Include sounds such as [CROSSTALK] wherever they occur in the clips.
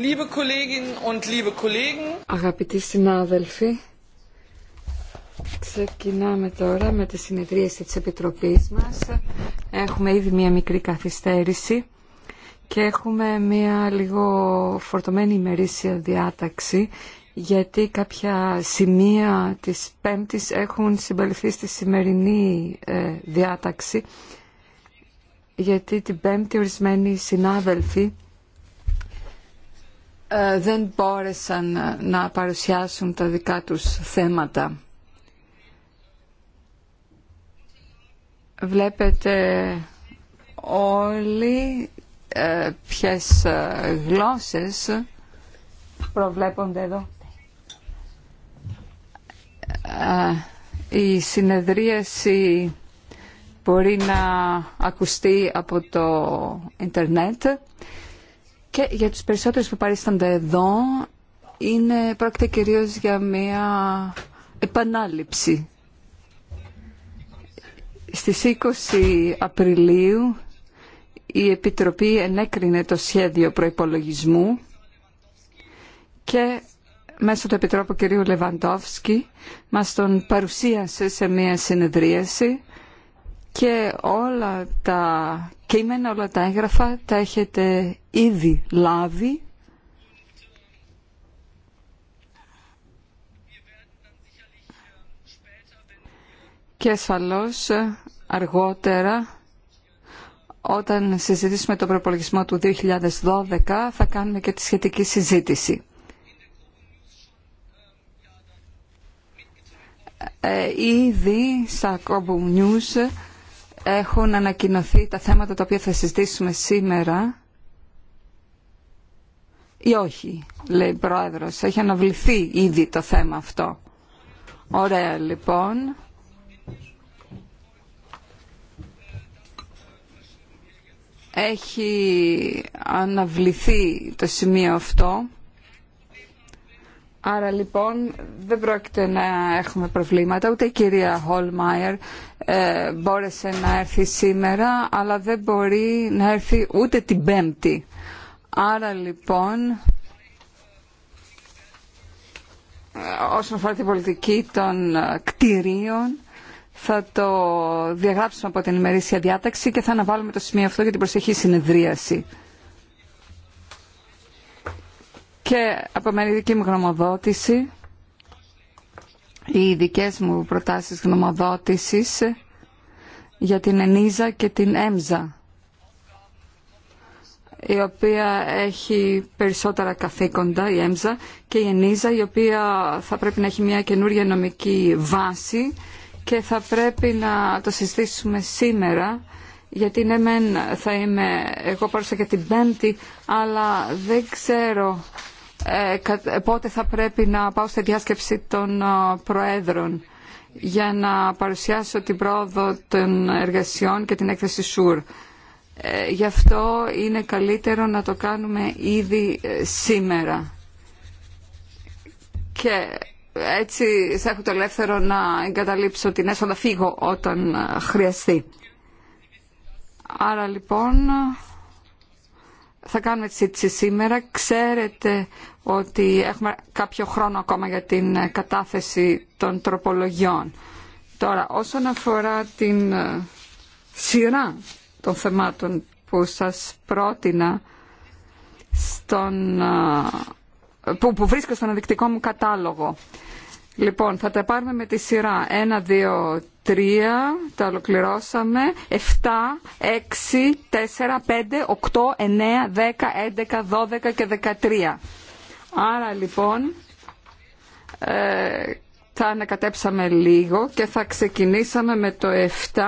Liebe Kolleginnen und liebe Kollegen. Αγαπητοί συνάδελφοι, ξεκινάμε τώρα με τη συνεδρίαση της Επιτροπής μας. Έχουμε ήδη μία μικρή καθυστέρηση και έχουμε μία λίγο φορτωμένη ημερήσια διάταξη γιατί κάποια σημεία της Πέμπτης έχουν συμπεριθεί στη σημερινή ε, διάταξη γιατί την Πέμπτη ορισμένοι συνάδελφοι ε, δεν μπόρεσαν ε, να παρουσιάσουν τα δικά τους θέματα. Βλέπετε όλοι ε, ποιες γλώσσες προβλέπονται εδώ. Η συνεδρίαση μπορεί να ακουστεί από το ίντερνετ. Και για τους περισσότερους που παρίστανται εδώ είναι πρόκειται κυρίως για μια επανάληψη. Στις 20 Απριλίου η Επιτροπή ενέκρινε το σχέδιο προϋπολογισμού και μέσω του Επιτρόπου κ. Λεβαντόφσκι μας τον παρουσίασε σε μια συνεδρίαση και όλα τα κείμενα, όλα τα έγγραφα τα έχετε ήδη λάβει. Και ασφαλώς αργότερα όταν συζητήσουμε τον προπολογισμό του 2012 θα κάνουμε και τη σχετική συζήτηση. Ε, ήδη στα Κόμπου News έχουν ανακοινωθεί τα θέματα τα οποία θα συζητήσουμε σήμερα ή όχι, λέει η Πρόεδρος. Έχει αναβληθεί ήδη το θέμα αυτό. Ωραία, λοιπόν. Έχει αναβληθεί το σημείο αυτό. Άρα λοιπόν δεν πρόκειται να έχουμε προβλήματα. Ούτε η κυρία Χολμάιερ ε, μπόρεσε να έρθει σήμερα, αλλά δεν μπορεί να έρθει ούτε την Πέμπτη. Άρα λοιπόν, ε, όσον αφορά την πολιτική των ε, κτηρίων, θα το διαγράψουμε από την ημερήσια διάταξη και θα αναβάλουμε το σημείο αυτό για την προσεχή συνεδρίαση. Και μένα η δική μου γνωμοδότηση, οι δικέ μου προτάσεις γνωμοδότησης για την ΕΝΙΖΑ και την ΕΜΖΑ, η οποία έχει περισσότερα καθήκοντα, η ΕΜΖΑ, και η ΕΝΙΖΑ, η οποία θα πρέπει να έχει μια καινούργια νομική βάση και θα πρέπει να το συζητήσουμε σήμερα γιατί ναι μεν θα είμαι εγώ παρούσα και την πέμπτη αλλά δεν ξέρω ε, πότε θα πρέπει να πάω στη διάσκεψη των ε, Προέδρων για να παρουσιάσω την πρόοδο των εργασιών και την έκθεση ΣΟΥΡ. Ε, γι' αυτό είναι καλύτερο να το κάνουμε ήδη σήμερα. Και έτσι θα έχω το ελεύθερο να εγκαταλείψω την έσοδα φύγω όταν χρειαστεί. Άρα λοιπόν θα κάνουμε τη συζήτηση σήμερα. Ξέρετε ότι έχουμε κάποιο χρόνο ακόμα για την ε, κατάθεση των τροπολογιών. Τώρα, όσον αφορά την ε, σειρά των θεμάτων που σας πρότεινα στον, ε, που, που βρίσκω στον αδεικτικό μου κατάλογο, Λοιπόν, θα τα πάρουμε με τη σειρά. 1, 2, 3, τα ολοκληρώσαμε. 7, 6, 4, 5, 8, 9, 10, 11, 12 και 13. Άρα λοιπόν, ε, θα ανακατέψαμε λίγο και θα ξεκινήσαμε με το 7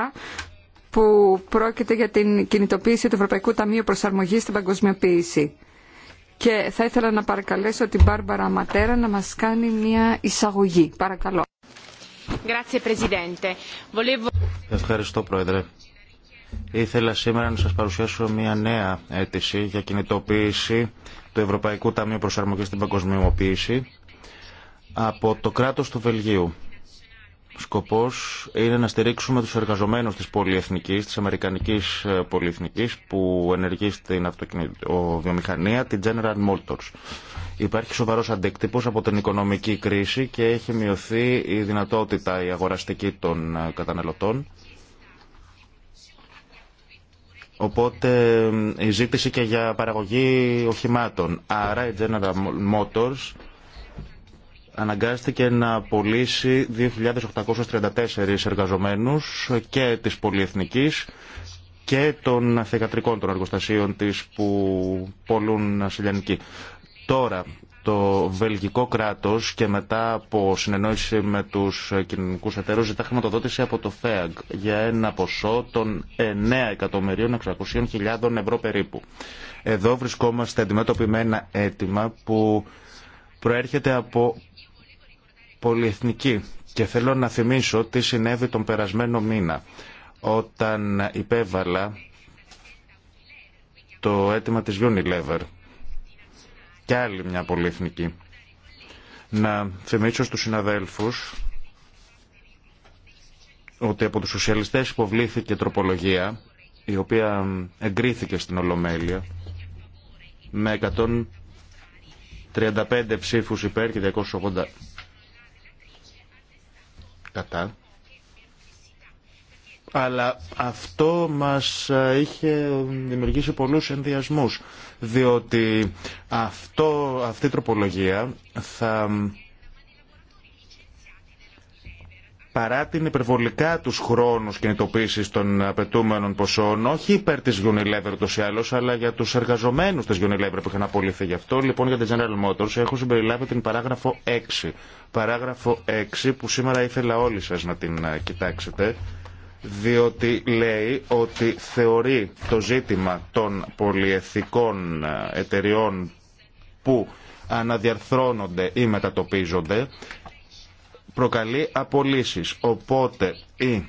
που πρόκειται για την κινητοποίηση του Ευρωπαϊκού Ταμείου Προσαρμογής στην Παγκοσμιοποίηση και θα ήθελα να παρακαλέσω την Μπάρμπαρα Ματέρα να μας κάνει μια εισαγωγή. Παρακαλώ. Ευχαριστώ Πρόεδρε. Ήθελα σήμερα να σας παρουσιάσω μια νέα αίτηση για κινητοποίηση του Ευρωπαϊκού Ταμείου Προσαρμογής στην Παγκοσμιοποίηση από το κράτος του Βελγίου σκοπός είναι να στηρίξουμε τους εργαζομένους της πολυεθνικής, της αμερικανικής ε, πολυεθνικής που ενεργεί στην αυτοκινητοβιομηχανία, την General Motors. Υπάρχει σοβαρός αντίκτυπος από την οικονομική κρίση και έχει μειωθεί η δυνατότητα η αγοραστική των ε, καταναλωτών. Οπότε ε, η ζήτηση και για παραγωγή οχημάτων. Άρα η General Motors αναγκάστηκε να πωλήσει 2.834 εργαζομένους και της πολυεθνικής και των θεκατρικών των εργοστασίων της που πολλούν σιλιανική. Τώρα, το βελγικό κράτος και μετά από συνεννόηση με τους κοινωνικούς εταίρους ζητά χρηματοδότηση από το ΦΕΑΓ για ένα ποσό των 9.600.000 ευρώ περίπου. Εδώ βρισκόμαστε αντιμέτωποι με ένα αίτημα που προέρχεται από πολυεθνική. Και θέλω να θυμίσω τι συνέβη τον περασμένο μήνα όταν υπέβαλα το αίτημα της Unilever και άλλη μια πολυεθνική. Να θυμίσω στους συναδέλφους ότι από τους σοσιαλιστές υποβλήθηκε τροπολογία η οποία εγκρίθηκε στην Ολομέλεια με 135 ψήφους υπέρ και 280 κατά. Αλλά αυτό μας ε, είχε δημιουργήσει πολλούς ενδιασμούς, διότι αυτό, αυτή η τροπολογία θα παρά την υπερβολικά τους χρόνους κινητοποίησης των απαιτούμενων ποσών, όχι υπέρ της Unilever ούτως ή άλλως, αλλά για τους εργαζομένους της Unilever που είχαν απολύθει γι' αυτό. Λοιπόν, για την General Motors έχω συμπεριλάβει την παράγραφο 6. Παράγραφο 6 που σήμερα ήθελα όλοι σας να την ε, κοιτάξετε διότι λέει ότι θεωρεί το ζήτημα των πολυεθικών ε, εταιριών που αναδιαρθρώνονται ή μετατοπίζονται προκαλεί απολύσεις. Οπότε η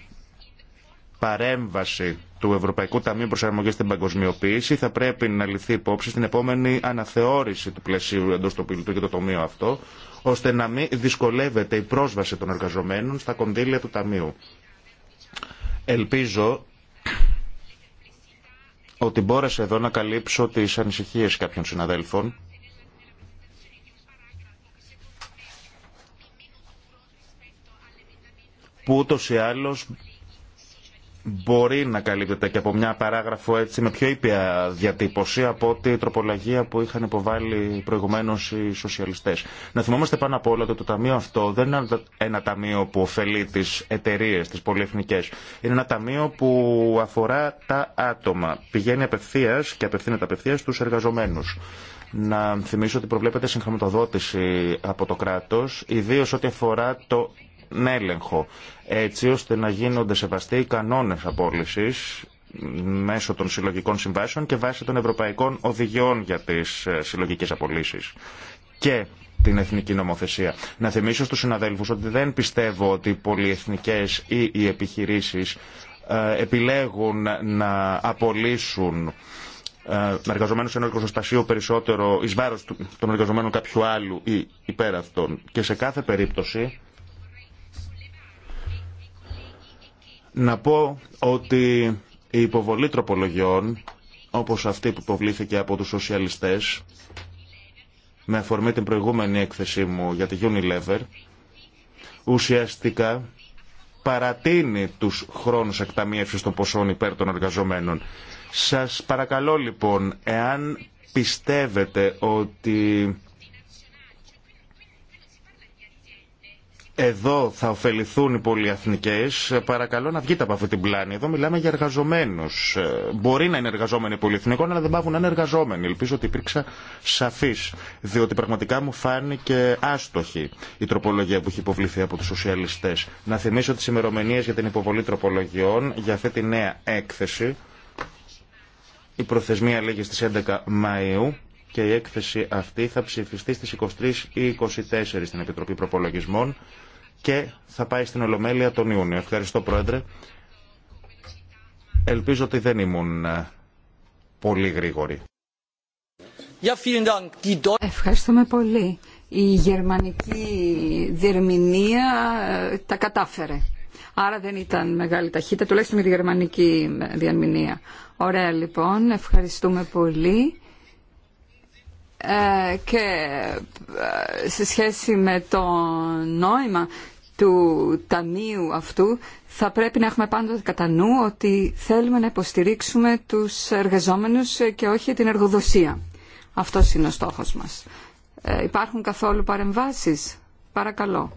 παρέμβαση του Ευρωπαϊκού Ταμείου Προσαρμογής στην Παγκοσμιοποίηση θα πρέπει να λυθεί υπόψη στην επόμενη αναθεώρηση του πλαισίου εντός του πιλητού και το τομείο αυτό, ώστε να μην δυσκολεύεται η πρόσβαση των εργαζομένων στα κονδύλια του Ταμείου. Ελπίζω ότι μπόρεσα εδώ να καλύψω τις ανησυχίες κάποιων συναδέλφων που ούτω ή άλλω μπορεί να καλύπτεται και από μια παράγραφο έτσι με πιο ήπια διατύπωση από ότι η τροπολογία που είχαν υποβάλει προηγουμένω οι σοσιαλιστέ. Να θυμόμαστε πάνω απ' όλα ότι το ταμείο αυτό δεν είναι ένα ταμείο που ωφελεί τι εταιρείε, τι πολυεθνικέ. Είναι ένα ταμείο που αφορά τα άτομα. Πηγαίνει απευθεία και απευθύνεται απευθεία στου εργαζομένου. Να θυμίσω ότι προβλέπεται συγχρηματοδότηση από το κράτο, ιδίω ό,τι αφορά το έλεγχο έτσι ώστε να γίνονται σεβαστοί οι κανόνες απόλυσης μέσω των συλλογικών συμβάσεων και βάσει των ευρωπαϊκών οδηγιών για τις ε, συλλογικές απολύσεις. Και την εθνική νομοθεσία. Να θυμίσω στους συναδέλφους ότι δεν πιστεύω ότι οι πολυεθνικές ή οι επιχειρήσεις ε, επιλέγουν να απολύσουν σε ενός εργοστασίου περισσότερο εις βάρος των εργαζομένων κάποιου άλλου ή υπέρ Και σε κάθε περίπτωση Να πω ότι η υποβολή τροπολογιών, όπως αυτή που υποβλήθηκε από τους σοσιαλιστές, με αφορμή την προηγούμενη έκθεσή μου για τη Unilever, ουσιαστικά παρατείνει τους χρόνους εκταμίευσης των ποσών υπέρ των εργαζομένων. Σας παρακαλώ λοιπόν, εάν πιστεύετε ότι εδώ θα ωφεληθούν οι πολυεθνικές. Παρακαλώ να βγείτε από αυτή την πλάνη. Εδώ μιλάμε για εργαζομένους. Ε, μπορεί να είναι εργαζόμενοι πολυεθνικών, αλλά δεν πάβουν να είναι εργαζόμενοι. Ελπίζω ότι υπήρξα σαφής, διότι πραγματικά μου φάνηκε άστοχη η τροπολογία που έχει υποβληθεί από τους σοσιαλιστές. Να θυμίσω τις ημερομηνίες για την υποβολή τροπολογιών για αυτή τη νέα έκθεση. Η προθεσμία λέγει στις 11 Μαΐου και η έκθεση αυτή θα ψηφιστεί στις 23 ή 24 στην Επιτροπή Προπολογισμών και θα πάει στην Ολομέλεια τον Ιούνιο. Ευχαριστώ Πρόεδρε. Ελπίζω ότι δεν ήμουν ε, πολύ γρήγορη. Ευχαριστούμε πολύ. Η γερμανική διερμηνία ε, τα κατάφερε. Άρα δεν ήταν μεγάλη ταχύτητα, τουλάχιστον με τη γερμανική ε, διερμηνία. Ωραία λοιπόν, ευχαριστούμε πολύ. Ε, και ε, σε σχέση με το νόημα του ταμείου αυτού θα πρέπει να έχουμε πάντοτε κατά νου ότι θέλουμε να υποστηρίξουμε τους εργαζόμενους και όχι την εργοδοσία. Αυτό είναι ο στόχος μας. Ε, υπάρχουν καθόλου παρεμβάσεις. Παρακαλώ.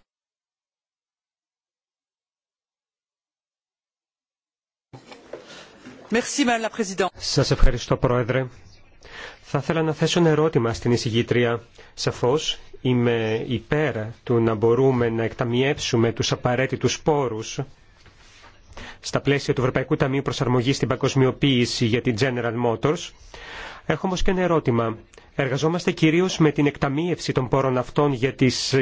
Σας ευχαριστώ Πρόεδρε. Θα ήθελα να θέσω ένα ερώτημα στην εισηγήτρια. Σαφώς είμαι υπέρ του να μπορούμε να εκταμιεύσουμε τους απαραίτητους πόρους στα πλαίσια του Ευρωπαϊκού Ταμείου Προσαρμογής στην Παγκοσμιοποίηση για την General Motors. Έχω όμως και ένα ερώτημα. Εργαζόμαστε κυρίω με την εκταμείευση των πόρων αυτών για,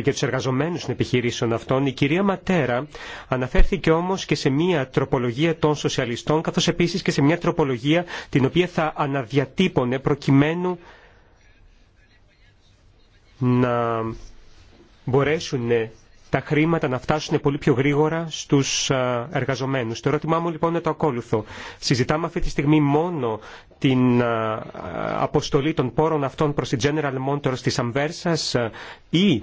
για του εργαζομένου των επιχειρήσεων αυτών. Η κυρία Ματέρα αναφέρθηκε όμω και σε μια τροπολογία των σοσιαλιστών, καθώ επίση και σε μια τροπολογία την οποία θα αναδιατύπωνε προκειμένου να μπορέσουν τα χρήματα να φτάσουν πολύ πιο γρήγορα στους εργαζομένους. Το ερώτημά μου λοιπόν είναι το ακόλουθο. Συζητάμε αυτή τη στιγμή μόνο την αποστολή των πόρων αυτών προ την General Motors τη Αμβέρσα ή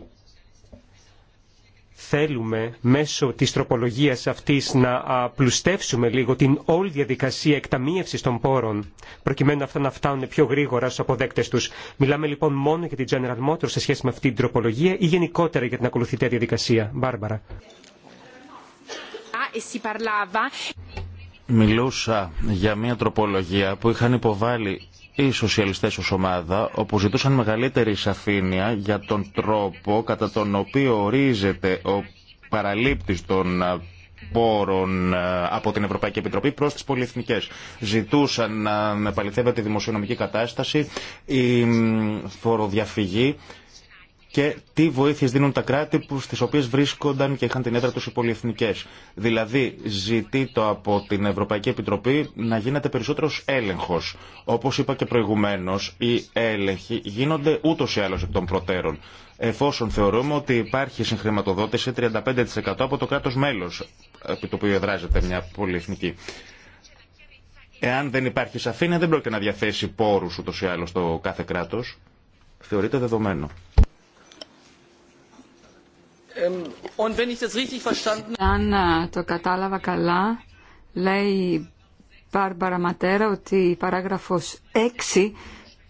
θέλουμε μέσω της τροπολογίας αυτής να πλουστεύσουμε λίγο την όλη διαδικασία εκταμίευσης των πόρων προκειμένου αυτά να φτάνουν πιο γρήγορα στους αποδέκτες τους. Μιλάμε λοιπόν μόνο για την General Motors σε σχέση με αυτή την τροπολογία ή γενικότερα για την ακολουθητή διαδικασία. Μπάρμπαρα. Μιλούσα για μια τροπολογία που είχαν υποβάλει οι σοσιαλιστές ως ομάδα, όπου ζητούσαν μεγαλύτερη σαφήνεια για τον τρόπο κατά τον οποίο ορίζεται ο παραλήπτης των ε, πόρων ε, από την Ευρωπαϊκή Επιτροπή προς τις πολυεθνικές. Ζητούσαν να επαληθεύεται η δημοσιονομική κατάσταση, η φοροδιαφυγή και τι βοήθειες δίνουν τα κράτη που, στις οποίες βρίσκονταν και είχαν την έδρα τους οι πολυεθνικές. Δηλαδή ζητεί το από την Ευρωπαϊκή Επιτροπή να γίνεται περισσότερος έλεγχος. Όπως είπα και προηγουμένως, οι έλεγχοι γίνονται ούτως ή άλλως εκ των προτέρων. Εφόσον θεωρούμε ότι υπάρχει συγχρηματοδότηση 35% από το κράτος μέλος, επί το οποίο εδράζεται μια πολυεθνική. Εάν δεν υπάρχει σαφήνεια, δεν πρόκειται να διαθέσει πόρους ούτως ή άλλως το κάθε κράτος. Θεωρείται δεδομένο. Ähm, Αν το κατάλαβα καλά, λέει η Μπάρμπαρα Ματέρα ότι η παράγραφος 6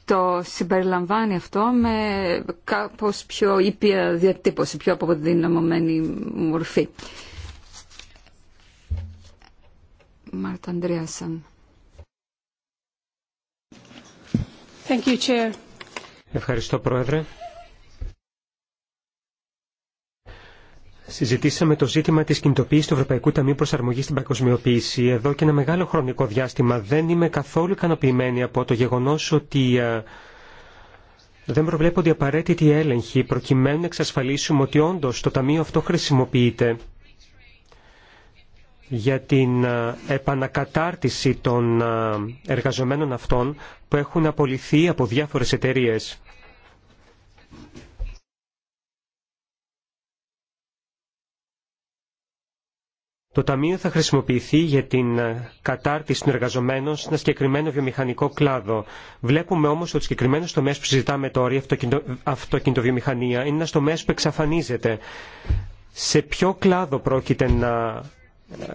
το συμπεριλαμβάνει αυτό με κάπως πιο ήπια διατύπωση, πιο αποδυναμωμένη μορφή. Μάρτα Ανδρέασαν. Ευχαριστώ, Πρόεδρε. Συζητήσαμε το ζήτημα της κινητοποίησης του Ευρωπαϊκού Ταμείου Προσαρμογής στην Παγκοσμιοποίηση. Εδώ και ένα μεγάλο χρονικό διάστημα δεν είμαι καθόλου ικανοποιημένη από το γεγονός ότι ε, δεν προβλέπονται απαραίτητοι έλεγχοι προκειμένου να εξασφαλίσουμε ότι όντως το Ταμείο αυτό χρησιμοποιείται για την ε, επανακατάρτιση των ε, εργαζομένων αυτών που έχουν απολυθεί από διάφορες εταιρείες. Το Ταμείο θα χρησιμοποιηθεί για την ε, κατάρτιση των εργαζομένων σε ένα συγκεκριμένο βιομηχανικό κλάδο. Βλέπουμε όμω ότι ο συγκεκριμένο τομέα που συζητάμε τώρα, η αυτοκινητοβιομηχανία, είναι ένα τομέα που εξαφανίζεται. Σε ποιο κλάδο πρόκειται να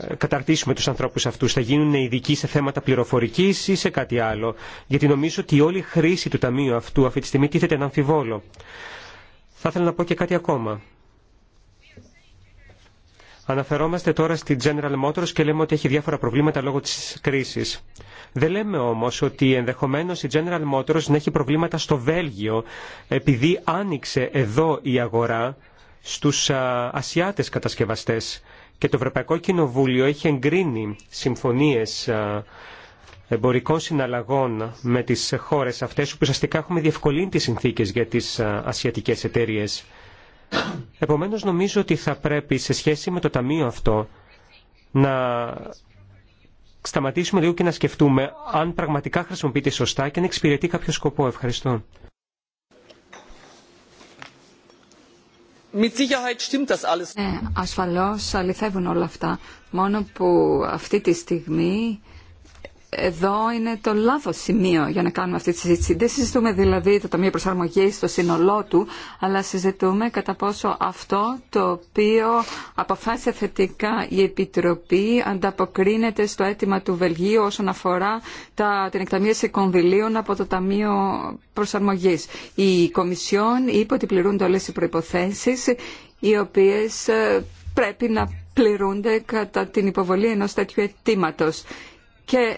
ε, καταρτήσουμε τους ανθρώπους αυτούς. Θα γίνουν ειδικοί σε θέματα πληροφορικής ή σε κάτι άλλο. Γιατί νομίζω ότι όλη η σε κατι αλλο γιατι νομιζω οτι ολη χρηση του ταμείου αυτού αυτή τη στιγμή τίθεται ένα αμφιβόλο. Θα ήθελα να πω και κάτι ακόμα. Αναφερόμαστε τώρα στη General Motors και λέμε ότι έχει διάφορα προβλήματα λόγω της κρίσης. Δεν λέμε όμως ότι ενδεχομένως η General Motors να έχει προβλήματα στο Βέλγιο επειδή άνοιξε εδώ η αγορά στους Ασιάτες κατασκευαστές και το Ευρωπαϊκό Κοινοβούλιο έχει εγκρίνει συμφωνίες εμπορικών συναλλαγών με τις χώρες αυτές που ουσιαστικά έχουμε διευκολύνει τις συνθήκες για τις ασιατικές εταιρείες. Επομένως νομίζω ότι θα πρέπει σε σχέση με το ταμείο αυτό να σταματήσουμε λίγο και να σκεφτούμε αν πραγματικά χρησιμοποιείται σωστά και αν εξυπηρετεί κάποιο σκοπό. Ευχαριστώ. Ναι, ασφαλώς αληθεύουν όλα αυτά. Μόνο που αυτή τη στιγμή εδώ είναι το λάθος σημείο για να κάνουμε αυτή τη συζήτηση. Δεν συζητούμε δηλαδή το Ταμείο προσαρμογή στο σύνολό του, αλλά συζητούμε κατά πόσο αυτό το οποίο αποφάσισε θετικά η Επιτροπή ανταποκρίνεται στο αίτημα του Βελγίου όσον αφορά τα, την εκταμίευση κονδυλίων από το Ταμείο Προσαρμογής. Η Κομισιόν είπε ότι πληρούνται όλε οι προποθέσει οι οποίε ε, πρέπει να πληρούνται κατά την υποβολή ενός τέτοιου αιτήματος. Και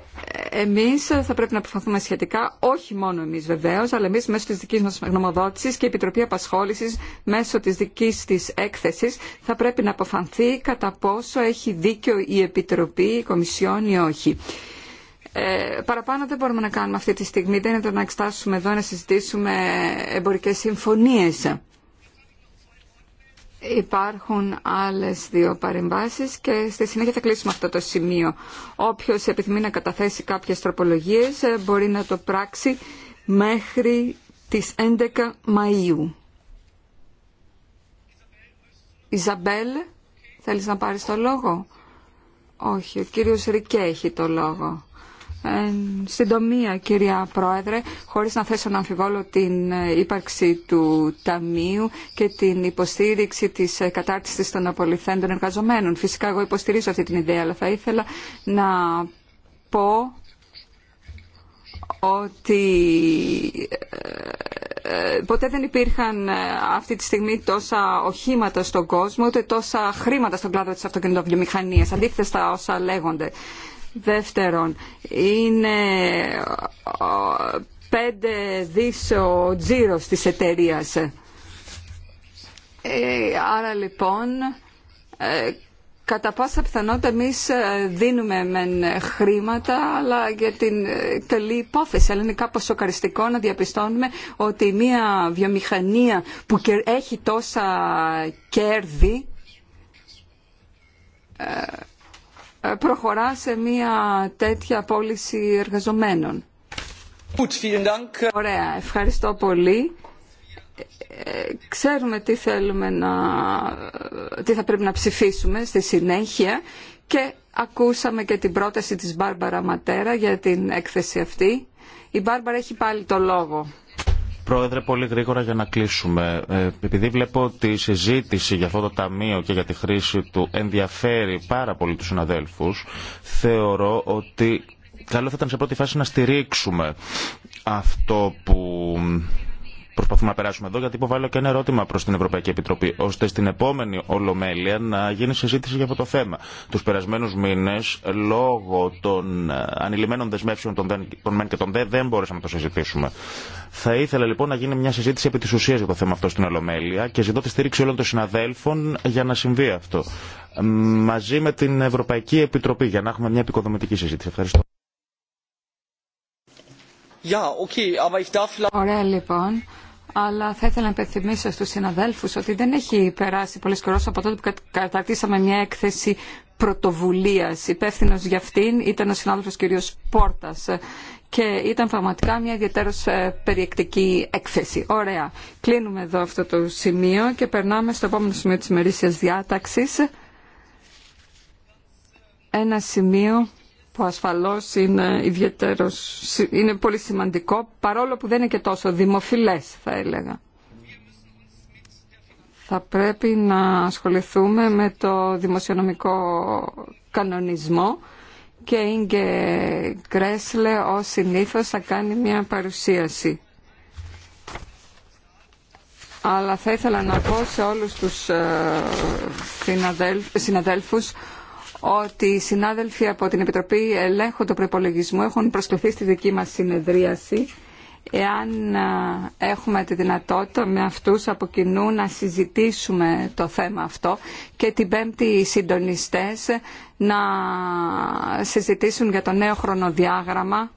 εμεί θα πρέπει να αποφανθούμε σχετικά, όχι μόνο εμεί βεβαίω, αλλά εμεί, μέσω τη δική μα γνωμοδότηση και η Επιτροπή απασχόληση μέσω τη δική τη έκθεση, θα πρέπει να αποφανθεί κατά πόσο έχει δίκιο η Επιτροπή, η Κομισιόν ή όχι. Ε, παραπάνω δεν μπορούμε να κάνουμε αυτή τη στιγμή, δεν είναι το να εξτάσουμε εδώ να συζητήσουμε εμπορικέ συμφωνίε. Υπάρχουν άλλες δύο παρεμβάσεις και στη συνέχεια θα κλείσουμε αυτό το σημείο. Όποιος επιθυμεί να καταθέσει κάποιες τροπολογίες ε, μπορεί να το πράξει μέχρι τις 11 Μαΐου. Ιζαμπέλ, θέλεις να πάρεις το λόγο? Όχι, ο κύριος Ρικέ έχει το λόγο συντομία κυρία Πρόεδρε, χωρίς να θέσω να αμφιβόλω την ε, ύπαρξη του Ταμείου και την υποστήριξη της ε, κατάρτισης των απολυθέντων εργαζομένων. Φυσικά εγώ υποστηρίζω αυτή την ιδέα, αλλά θα ήθελα να πω ότι ε, ποτέ δεν υπήρχαν αυτή τη στιγμή τόσα οχήματα στον κόσμο, ούτε τόσα χρήματα στον κλάδο της αυτοκινητοβιομηχανίας, αντίθετα όσα λέγονται. Δεύτερον, είναι πέντε δις ο τζίρος της εταιρείας. Ε, άρα λοιπόν, ε, κατά πάσα πιθανότητα εμεί ε, δίνουμε χρήματα, αλλά για την τελή υπόθεση. Αλλά είναι κάπως σοκαριστικό να διαπιστώνουμε ότι μια βιομηχανία που έχει τόσα κέρδη, ε, προχωρά σε μια τέτοια πώληση εργαζομένων. Ωραία, ευχαριστώ πολύ. Ε, ξέρουμε τι θέλουμε να, τι θα πρέπει να ψηφίσουμε στη συνέχεια και ακούσαμε και την πρόταση της Μπάρμπαρα Ματέρα για την έκθεση αυτή. Η Μπάρμπαρα έχει πάλι το λόγο. Πρόεδρε, πολύ γρήγορα για να κλείσουμε. Ε, επειδή βλέπω ότι η συζήτηση για αυτό το ταμείο και για τη χρήση του ενδιαφέρει πάρα πολύ τους συναδέλφου, θεωρώ ότι καλό θα ήταν σε πρώτη φάση να στηρίξουμε αυτό που προσπαθούμε να περάσουμε εδώ, γιατί υποβάλλω και ένα ερώτημα προ την Ευρωπαϊκή Επιτροπή, ώστε στην επόμενη Ολομέλεια να γίνει συζήτηση για αυτό το θέμα. Του περασμένου μήνε, λόγω των ε, ανηλυμένων δεσμεύσεων των ΜΕΝ και των ΔΕ, δεν μπόρεσαμε να το συζητήσουμε. Θα ήθελα λοιπόν να γίνει μια συζήτηση επί τη ουσία για το θέμα αυτό στην Ολομέλεια και ζητώ τη στήριξη όλων των συναδέλφων για να συμβεί αυτό. Μαζί με την Ευρωπαϊκή Επιτροπή, για να έχουμε μια επικοδομητική συζήτηση. Ευχαριστώ. Ωραία λοιπόν, αλλά θα ήθελα να υπενθυμίσω στους συναδέλφους ότι δεν έχει περάσει πολλές καιρός από τότε που καταρτήσαμε μια έκθεση πρωτοβουλίας. Υπεύθυνος για αυτήν ήταν ο συνάδελφος κ. Πόρτας και ήταν πραγματικά μια ιδιαίτερως ε, περιεκτική έκθεση. Ωραία. Κλείνουμε εδώ αυτό το σημείο και περνάμε στο επόμενο σημείο της ημερήσιας διάταξης. Ένα σημείο που ασφαλώς είναι, ιδιαίτερος, είναι πολύ σημαντικό, παρόλο που δεν είναι και τόσο δημοφιλές θα έλεγα. Θα πρέπει να ασχοληθούμε με το δημοσιονομικό κανονισμό και η Ίγκε Γκρέσλε ως συνήθως θα κάνει μια παρουσίαση. Αλλά θα ήθελα να πω σε όλους τους ε, συναδέλφους ότι οι συνάδελφοι από την Επιτροπή Ελέγχου του Προπολογισμού έχουν προσκληθεί στη δική μας συνεδρίαση εάν έχουμε τη δυνατότητα με αυτούς από κοινού να συζητήσουμε το θέμα αυτό και την Πέμπτη οι συντονιστές να συζητήσουν για το νέο χρονοδιάγραμμα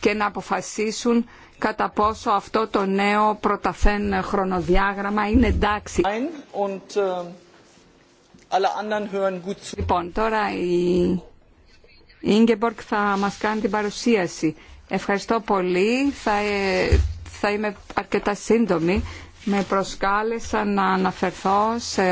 και να αποφασίσουν κατά πόσο αυτό το νέο πρωταθέν χρονοδιάγραμμα είναι εντάξει. Ε, Λοιπόν, τώρα η Ίγκεμπορκ θα μας κάνει την παρουσίαση. Ευχαριστώ πολύ. Θα, ε, θα είμαι αρκετά σύντομη. Με προσκάλεσα να αναφερθώ σε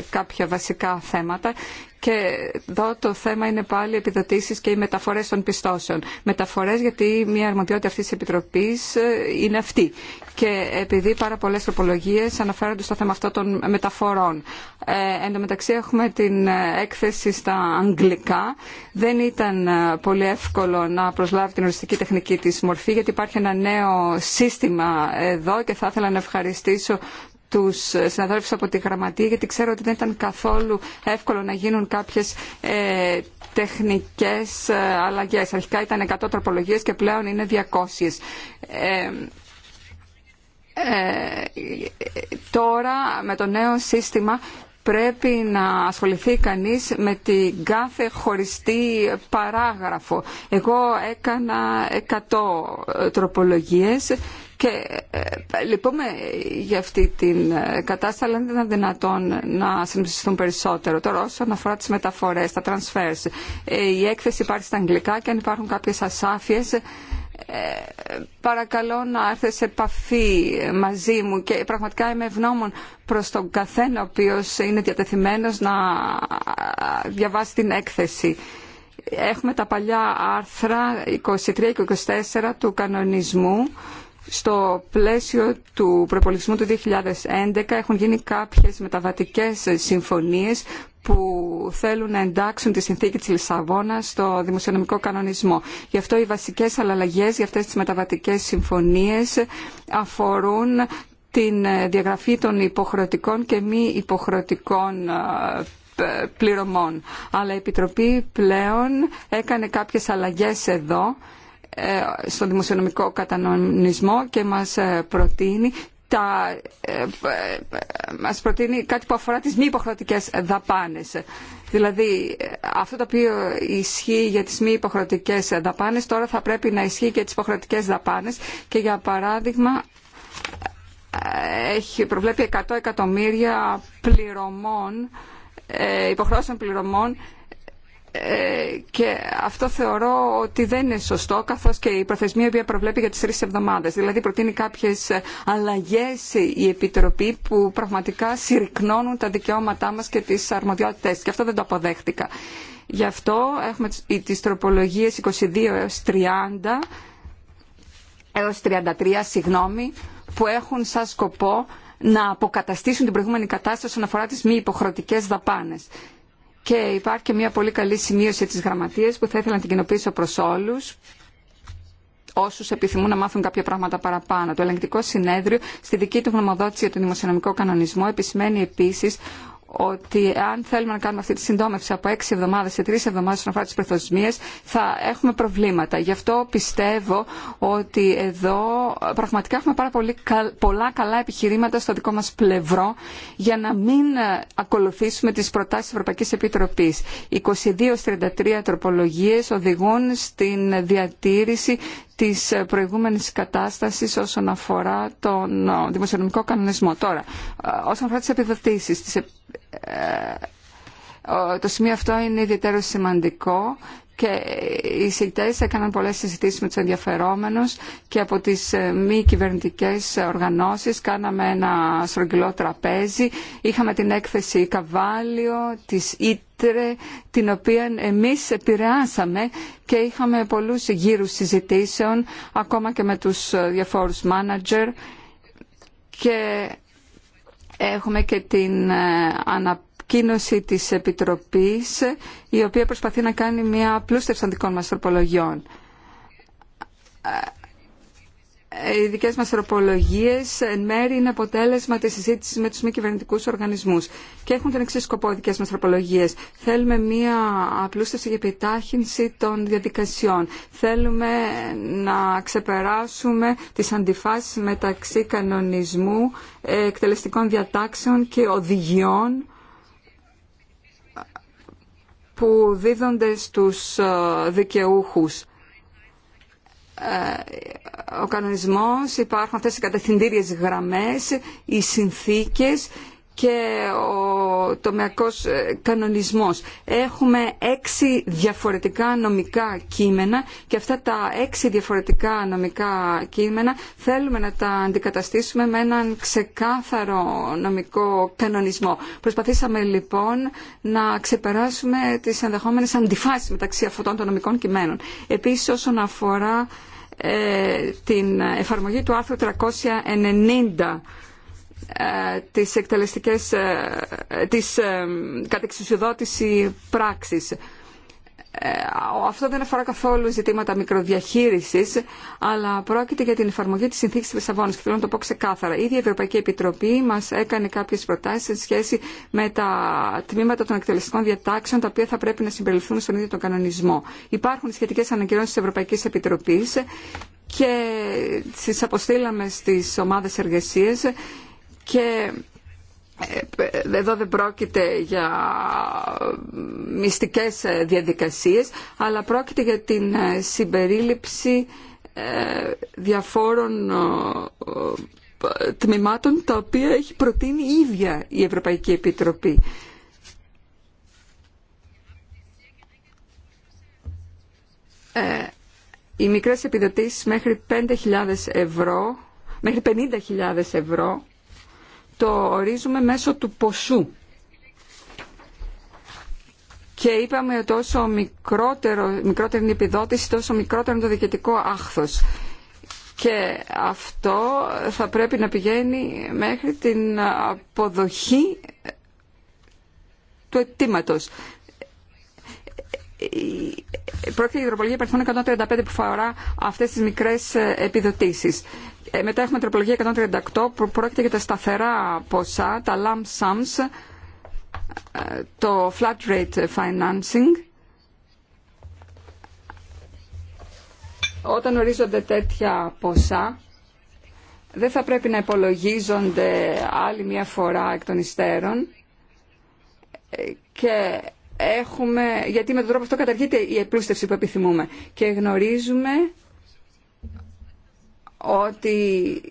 κάποια βασικά θέματα και εδώ το θέμα είναι πάλι επιδοτήσει και οι μεταφορέ των πιστώσεων. Μεταφορέ γιατί μια αρμοδιότητα αυτή τη Επιτροπή ε, είναι αυτή. Και επειδή πάρα πολλέ τροπολογίε αναφέρονται στο θέμα αυτό των μεταφορών. Ε, εν τω μεταξύ έχουμε την ε, έκθεση στα αγγλικά. Δεν ήταν ε, πολύ εύκολο να προσλάβει την οριστική τεχνική τη μορφή γιατί υπάρχει ένα νέο σύστημα εδώ και θα ήθελα να ευχαριστήσω τους συναδέλφους από τη Γραμματεία γιατί ξέρω ότι δεν ήταν καθόλου εύκολο να γίνουν κάποιες ε, τεχνικές ε, αλλαγές. Αρχικά ήταν 100 τροπολογίες και πλέον είναι 200. Ε, ε, τώρα με το νέο σύστημα πρέπει να ασχοληθεί κανείς με την κάθε χωριστή παράγραφο. Εγώ έκανα 100 τροπολογίες και ε, ε λυπούμε ε, για αυτή την ε, κατάσταση, αλλά δεν ήταν δυνατόν να συνοψιστούν περισσότερο. Τώρα, όσον αφορά τι μεταφορέ, τα transfers, η έκθεση υπάρχει στα αγγλικά και αν υπάρχουν κάποιε ασάφειε, παρακαλώ να έρθει σε επαφή μαζί μου και πραγματικά είμαι ευγνώμων προς τον καθένα ο οποίος είναι διατεθειμένος να διαβάσει την έκθεση. Έχουμε τα παλιά άρθρα 23 και 24 του κανονισμού στο πλαίσιο του προπολογισμού του 2011 έχουν γίνει κάποιες μεταβατικές συμφωνίες που θέλουν να εντάξουν τη συνθήκη της Λισαβόνα στο δημοσιονομικό κανονισμό. Γι' αυτό οι βασικές αλλαγές για αυτές τις μεταβατικές συμφωνίες αφορούν την διαγραφή των υποχρεωτικών και μη υποχρεωτικών πληρωμών. Αλλά η Επιτροπή πλέον έκανε κάποιες αλλαγές εδώ ε, στον δημοσιονομικό κατανομισμό και μας ε, προτείνει τα, ε, μας προτείνει κάτι που αφορά τις μη υποχρεωτικέ δαπάνες. Δηλαδή αυτό το οποίο ισχύει για τις μη υποχρεωτικέ δαπάνες τώρα θα πρέπει να ισχύει και τις υποχρεωτικέ δαπάνες και για παράδειγμα έχει προβλέπει 100 εκατομμύρια πληρωμών, υποχρεώσεων πληρωμών ε, και αυτό θεωρώ ότι δεν είναι σωστό καθώς και η προθεσμία που προβλέπει για τις τρεις εβδομάδες. Δηλαδή προτείνει κάποιες αλλαγές η Επιτροπή που πραγματικά συρρυκνώνουν τα δικαιώματά μας και τις αρμοδιότητες και αυτό δεν το αποδέχτηκα. Γι' αυτό έχουμε τις τροπολογίες 22 έως 30 έως 33 συγγνώμη, που έχουν σαν σκοπό να αποκαταστήσουν την προηγούμενη κατάσταση όσον αφορά τις μη υποχρεωτικές δαπάνες. Και υπάρχει και μια πολύ καλή σημείωση της γραμματείας που θα ήθελα να την κοινοποιήσω προς όλους όσου επιθυμούν να μάθουν κάποια πράγματα παραπάνω. Το ελεγκτικό συνέδριο, στη δική του γνωμοδότηση για τον δημοσιονομικό κανονισμό, επισημαίνει επίση ότι αν θέλουμε να κάνουμε αυτή τη συντόμευση από έξι εβδομάδες σε τρεις εβδομάδες όσον αφορά τις προθεσμίες θα έχουμε προβλήματα. Γι' αυτό πιστεύω ότι εδώ πραγματικά έχουμε πάρα πολύ, πολλά καλά επιχειρήματα στο δικό μας πλευρό για να μην ακολουθήσουμε τις προτάσεις της Ευρωπαϊκής Επιτροπής. 22-33 τροπολογίες οδηγούν στην διατήρηση της προηγούμενης κατάστασης όσον αφορά τον δημοσιονομικό κανονισμό. Τώρα, όσον αφορά τις επιδοτήσεις, τις... Ε, ε, το σημείο αυτό είναι ιδιαίτερο σημαντικό και οι συγκητές έκαναν πολλές συζητήσεις με τους ενδιαφερόμενους και από τις ε, μη κυβερνητικέ οργανώσεις κάναμε ένα στρογγυλό τραπέζι. Είχαμε την έκθεση Καβάλιο, της Ήτρε, την οποία εμείς επηρεάσαμε και είχαμε πολλούς γύρους συζητήσεων, ακόμα και με τους διαφόρους μάνατζερ και έχουμε και την ε, αναπτύξη ανακοίνωση της Επιτροπής η οποία προσπαθεί να κάνει μια απλούστευση των δικών μας τροπολογιών. Ε, οι δικές μας τροπολογίε εν μέρη είναι αποτέλεσμα της συζήτησης με τους μη κυβερνητικού οργανισμούς και έχουν τον εξή σκοπό οι δικές μας τροπολογίε Θέλουμε μία απλούστευση για επιτάχυνση των διαδικασιών. Θέλουμε να ξεπεράσουμε τις αντιφάσεις μεταξύ κανονισμού, εκτελεστικών διατάξεων και οδηγιών που δίδονται στους ε, δικαιούχους. Ε, ο κανονισμός, υπάρχουν αυτές οι κατευθυντήριες γραμμές, οι συνθήκες και ο τομεακός ε, κανονισμός. Έχουμε έξι διαφορετικά νομικά κείμενα και αυτά τα έξι διαφορετικά νομικά κείμενα θέλουμε να τα αντικαταστήσουμε με έναν ξεκάθαρο νομικό κανονισμό. Προσπαθήσαμε λοιπόν να ξεπεράσουμε τις ενδεχόμενες αντιφάσεις μεταξύ αυτών των νομικών κειμένων. Επίσης όσον αφορά ε, την εφαρμογή του άρθρου 390 τις της ε, ε, κατεξουσιοδότηση πράξης. Ε, αυτό δεν αφορά καθόλου ζητήματα μικροδιαχείρισης, αλλά πρόκειται για την εφαρμογή της συνθήκης τη Λισαβόνας και θέλω να το πω ξεκάθαρα. Η ίδια η Ευρωπαϊκή Επιτροπή μας έκανε κάποιες προτάσεις σε σχέση με τα τμήματα των εκτελεστικών διατάξεων, τα οποία θα πρέπει να συμπεριληφθούν στον ίδιο τον κανονισμό. Υπάρχουν σχετικές ανακοινώσεις της Ευρωπαϊκής Επιτροπής και τις αποστήλαμε στις ομάδες εργασίε και ε, εδώ δεν πρόκειται για μυστικές ε, διαδικασίες, αλλά πρόκειται για την ε, συμπερίληψη διαφόρων τμήματων τα οποία έχει προτείνει η ίδια η Ευρωπαϊκή Επιτροπή. Οι μικρές επιδοτήσεις μέχρι 5.000 ευρώ, μέχρι 50.000 ευρώ το ορίζουμε μέσω του ποσού. Και είπαμε ότι όσο μικρότερο, μικρότερη είναι η επιδότηση, τόσο μικρότερο είναι το διοικητικό άχθος. Και αυτό θα πρέπει να πηγαίνει μέχρι την αποδοχή του αιτήματο. Πρόκειται για υδροπολογία υπερθών 135 που φορά αυτές τις μικρές επιδοτήσεις. Ε, μετά έχουμε τροπολογία 138 που πρόκειται για τα σταθερά ποσά, τα lump sums, ε, το flat rate financing. Όταν ορίζονται τέτοια ποσά, δεν θα πρέπει να υπολογίζονται άλλη μια φορά εκ των υστέρων ε, και έχουμε, γιατί με τον τρόπο αυτό καταργείται η επλούστευση που επιθυμούμε και γνωρίζουμε ότι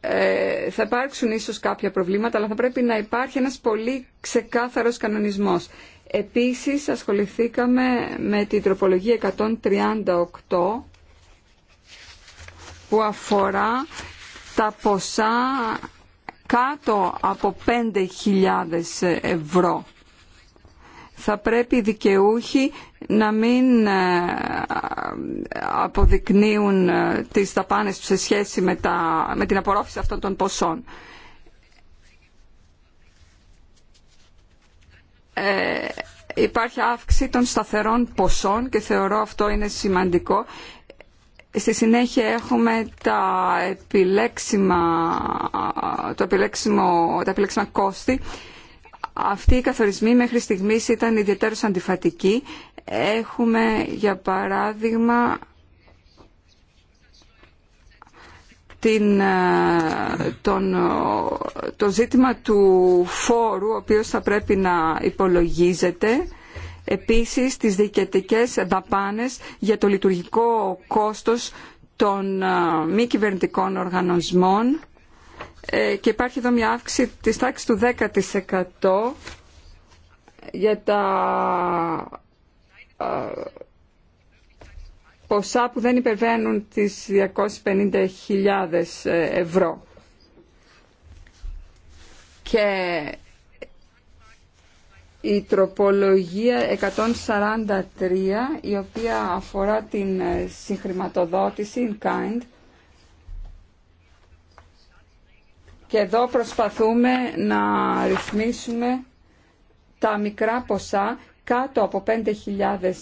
ε, θα υπάρξουν ίσως κάποια προβλήματα, αλλά θα πρέπει να υπάρχει ένας πολύ ξεκάθαρος κανονισμός. Επίσης ασχοληθήκαμε με την τροπολογία 138 που αφορά τα ποσά κάτω από 5.000 ευρώ θα πρέπει οι δικαιούχοι να μην ε, αποδεικνύουν ε, τις δαπάνες τους σε σχέση με, τα, με την απορρόφηση αυτών των ποσών. Ε, υπάρχει αύξηση των σταθερών ποσών και θεωρώ αυτό είναι σημαντικό. Στη συνέχεια έχουμε τα επιλέξιμα, το επιλέξιμο, τα επιλέξιμα κόστη αυτοί οι καθορισμοί μέχρι στιγμής ήταν ιδιαίτερως αντιφατικοί. Έχουμε, για παράδειγμα, την, ε, τον, το ζήτημα του φόρου, ο οποίος θα πρέπει να υπολογίζεται, επίσης τις διοικητικές δαπάνες για το λειτουργικό κόστος των ε, μη κυβερνητικών οργανωσμών ε, και υπάρχει εδώ μια αύξηση της τάξης του 10% για τα ποσά που δεν υπερβαίνουν τις 250.000 ε, ευρώ. Και η τροπολογία 143, η οποία αφορά την ε, συγχρηματοδότηση in kind, Και εδώ προσπαθούμε να ρυθμίσουμε τα μικρά ποσά κάτω από 5.000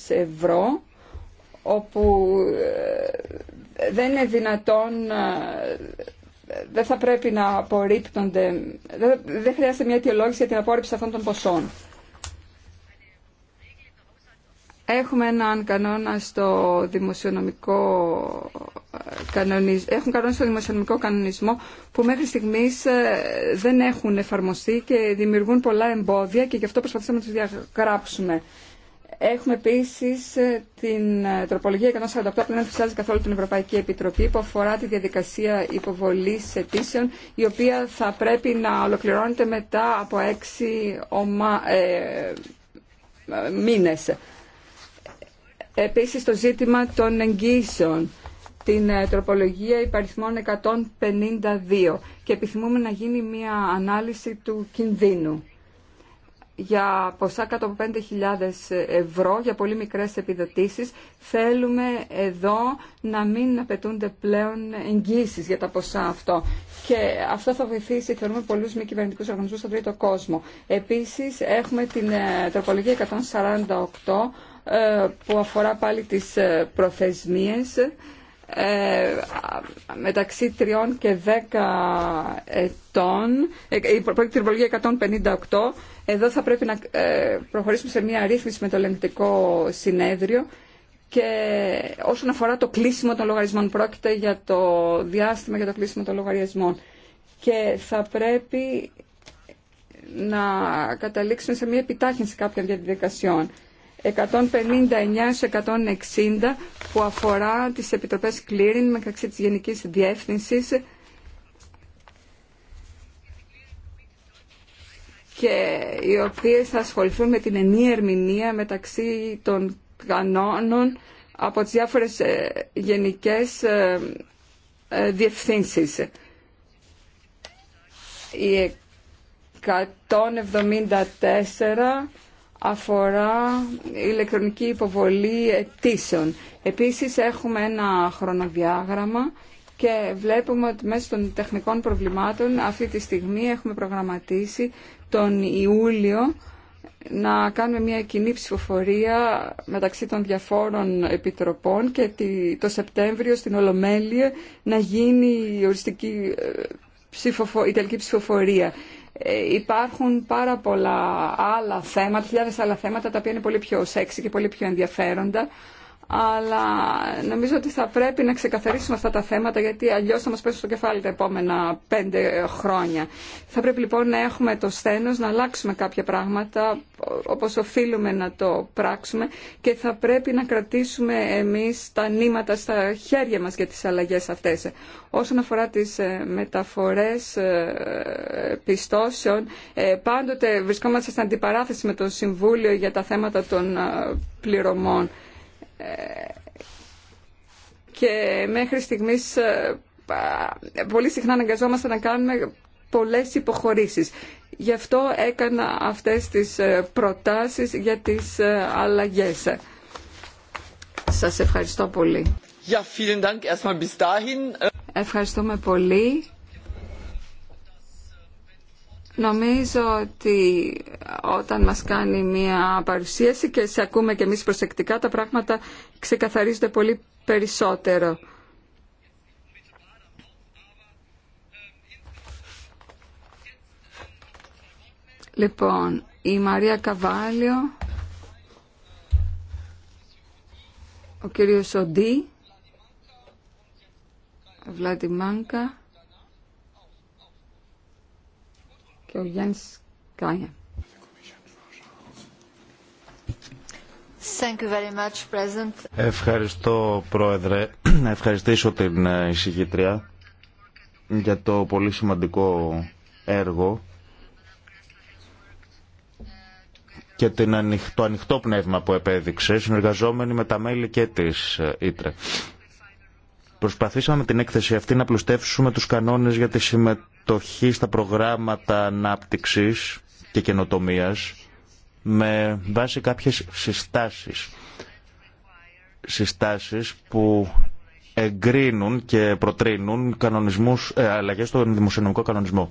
ευρώ όπου ε, δεν είναι δυνατόν, ε, δεν θα πρέπει να απορρίπτονται, δεν χρειάζεται μια αιτιολόγηση για την απόρριψη αυτών των ποσών. Έχουμε έναν κανόνα στο δημοσιονομικό ε, κανονισμό, έχουν κανόνα στο δημοσιονομικό κανονισμό που μέχρι στιγμή ε, δεν έχουν εφαρμοστεί και δημιουργούν πολλά εμπόδια και γι' αυτό προσπαθήσαμε να του διαγράψουμε. Έχουμε επίση ε, την τροπολογία 148 που δεν ενθουσιάζει καθόλου την Ευρωπαϊκή Επιτροπή που αφορά τη διαδικασία υποβολή αιτήσεων, η οποία θα πρέπει να ολοκληρώνεται μετά από έξι ομα... ε... μήνε. Επίσης το ζήτημα των εγγύσεων, την ε, τροπολογία υπαριθμών 152 και επιθυμούμε να γίνει μια ανάλυση του κινδύνου για ποσά κάτω από 5.000 ευρώ, για πολύ μικρές επιδοτήσεις, θέλουμε εδώ να μην απαιτούνται πλέον εγγύσεις για τα ποσά αυτό. Και αυτό θα βοηθήσει, θεωρούμε, πολλούς μη κυβερνητικούς οργανισμούς στον τρίτο κόσμο. Επίσης, έχουμε την ε, τροπολογία 148, ε, που αφορά πάλι τις ε, προθεσμίες ε, μεταξύ 3 και 10 ετών, η πρώτη τριβολογία 158, εδώ θα πρέπει να προχωρήσουμε σε μια ρύθμιση με το ελεγκτικό συνέδριο και όσον αφορά το κλείσιμο των λογαριασμών, πρόκειται για το διάστημα για το κλείσιμο των λογαριασμών. Και θα πρέπει να καταλήξουμε σε μια επιτάχυνση κάποιων διαδικασιών. 159-160 που αφορά τις επιτροπές clearing μεταξύ της Γενικής Διεύθυνσης και οι οποίες θα ασχοληθούν με την ενή ερμηνεία μεταξύ των κανόνων από τις διάφορες ε, γενικές ε, ε, διευθύνσεις. Οι 174 αφορά ηλεκτρονική υποβολή αιτήσεων. Επίσης έχουμε ένα χρονοδιάγραμμα και βλέπουμε ότι μέσω των τεχνικών προβλημάτων αυτή τη στιγμή έχουμε προγραμματίσει τον Ιούλιο να κάνουμε μια κοινή ψηφοφορία μεταξύ των διαφόρων επιτροπών και το Σεπτέμβριο στην Ολομέλεια να γίνει η, οριστική ε, η τελική ψηφοφορία. Ε, υπάρχουν πάρα πολλά άλλα θέματα, χιλιάδες άλλα θέματα τα οποία είναι πολύ πιο σεξι και πολύ πιο ενδιαφέροντα αλλά νομίζω ότι θα πρέπει να ξεκαθαρίσουμε αυτά τα θέματα γιατί αλλιώς θα μας πέσουν στο κεφάλι τα επόμενα πέντε χρόνια. Θα πρέπει λοιπόν να έχουμε το σθένος, να αλλάξουμε κάποια πράγματα όπως οφείλουμε να το πράξουμε και θα πρέπει να κρατήσουμε εμείς τα νήματα στα χέρια μας για τις αλλαγές αυτές. Όσον αφορά τις ε, μεταφορές ε, πιστώσεων, ε, πάντοτε βρισκόμαστε στην αντιπαράθεση με το Συμβούλιο για τα θέματα των πληρωμών και μέχρι στιγμής ε, πολύ συχνά αναγκαζόμαστε να κάνουμε πολλές υποχωρήσεις. Γι' αυτό έκανα αυτές τις ε, προτάσεις για τις ε, αλλαγές. Σας ευχαριστώ πολύ. Ευχαριστούμε πολύ. Νομίζω ότι όταν μας κάνει μία παρουσίαση και σε ακούμε και εμείς προσεκτικά, τα πράγματα ξεκαθαρίζονται πολύ περισσότερο. Λοιπόν, η Μαρία Καβάλιο, ο κύριος Οντί, Μάνκα, Ευχαριστώ, Πρόεδρε. Να [CLEARS THROAT] ευχαριστήσω την ε, εισηγήτρια για το πολύ σημαντικό έργο και το ανοιχτό πνεύμα που επέδειξε, συνεργαζόμενοι με τα μέλη και της ε, Ήτρε. Προσπαθήσαμε με την έκθεση αυτή να πλουστεύσουμε τους κανόνες για τη συμμετοχή στα προγράμματα ανάπτυξης και καινοτομίας με βάση κάποιες συστάσεις. Συστάσεις που εγκρίνουν και προτρίνουν κανονισμούς, ε, αλλαγές στον δημοσιονομικό κανονισμό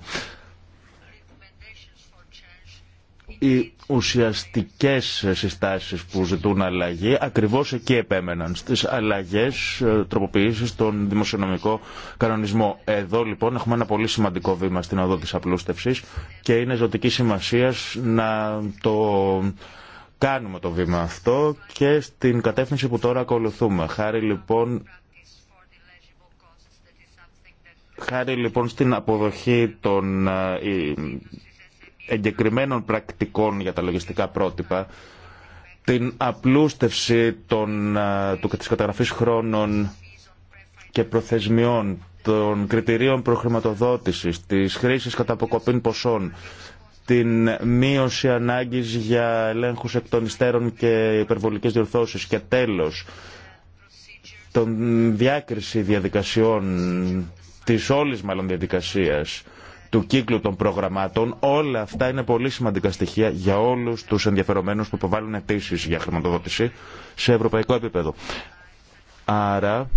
οι ουσιαστικές συστάσεις που ζητούν αλλαγή ακριβώς εκεί επέμεναν στις αλλαγές ε, τροποποιήσεις στον δημοσιονομικό κανονισμό. Εδώ λοιπόν έχουμε ένα πολύ σημαντικό βήμα στην οδό της απλούστευσης και είναι ζωτική σημασία να το κάνουμε το βήμα αυτό και στην κατεύθυνση που τώρα ακολουθούμε. Χάρη λοιπόν Χάρη λοιπόν στην αποδοχή των ε, εγκεκριμένων πρακτικών για τα λογιστικά πρότυπα, την απλούστευση των, του, της καταγραφής χρόνων και προθεσμιών, των κριτηρίων προχρηματοδότησης, της χρήσης κατά αποκοπήν ποσών, την μείωση ανάγκης για ελέγχους εκ των υστέρων και υπερβολικές διορθώσεις και τέλος, τον διάκριση διαδικασιών, της όλης μάλλον διαδικασίας, του κύκλου των προγραμμάτων. Όλα αυτά είναι πολύ σημαντικά στοιχεία για όλους τους ενδιαφερομένους που υποβάλλουν αιτήσει για χρηματοδότηση σε ευρωπαϊκό επίπεδο. Άρα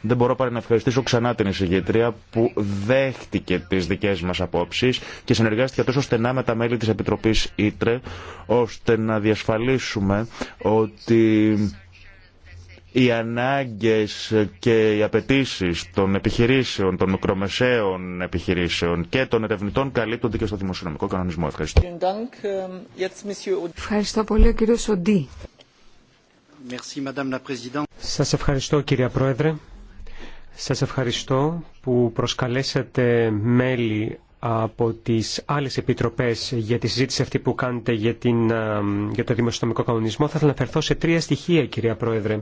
δεν μπορώ παρά να ευχαριστήσω ξανά την εισηγήτρια που δέχτηκε τις δικές μας απόψεις και συνεργάστηκε τόσο στενά με τα μέλη της Επιτροπής Ήτρε ώστε να διασφαλίσουμε ότι οι ανάγκες και οι απαιτήσει των επιχειρήσεων, των μικρομεσαίων επιχειρήσεων και των ερευνητών καλύπτονται και στο δημοσιονομικό κανονισμό. Ευχαριστώ. Ähm, ευχαριστώ πολύ, κύριο Σοντή. Σας ευχαριστώ, κύριε Πρόεδρε. Σας ευχαριστώ που προσκαλέσατε μέλη από τις άλλες επιτροπές για τη συζήτηση αυτή που κάνετε για, την, ε, για το δημοσιονομικό κανονισμό. Θα ήθελα να σε τρία στοιχεία, κυρία Πρόεδρε.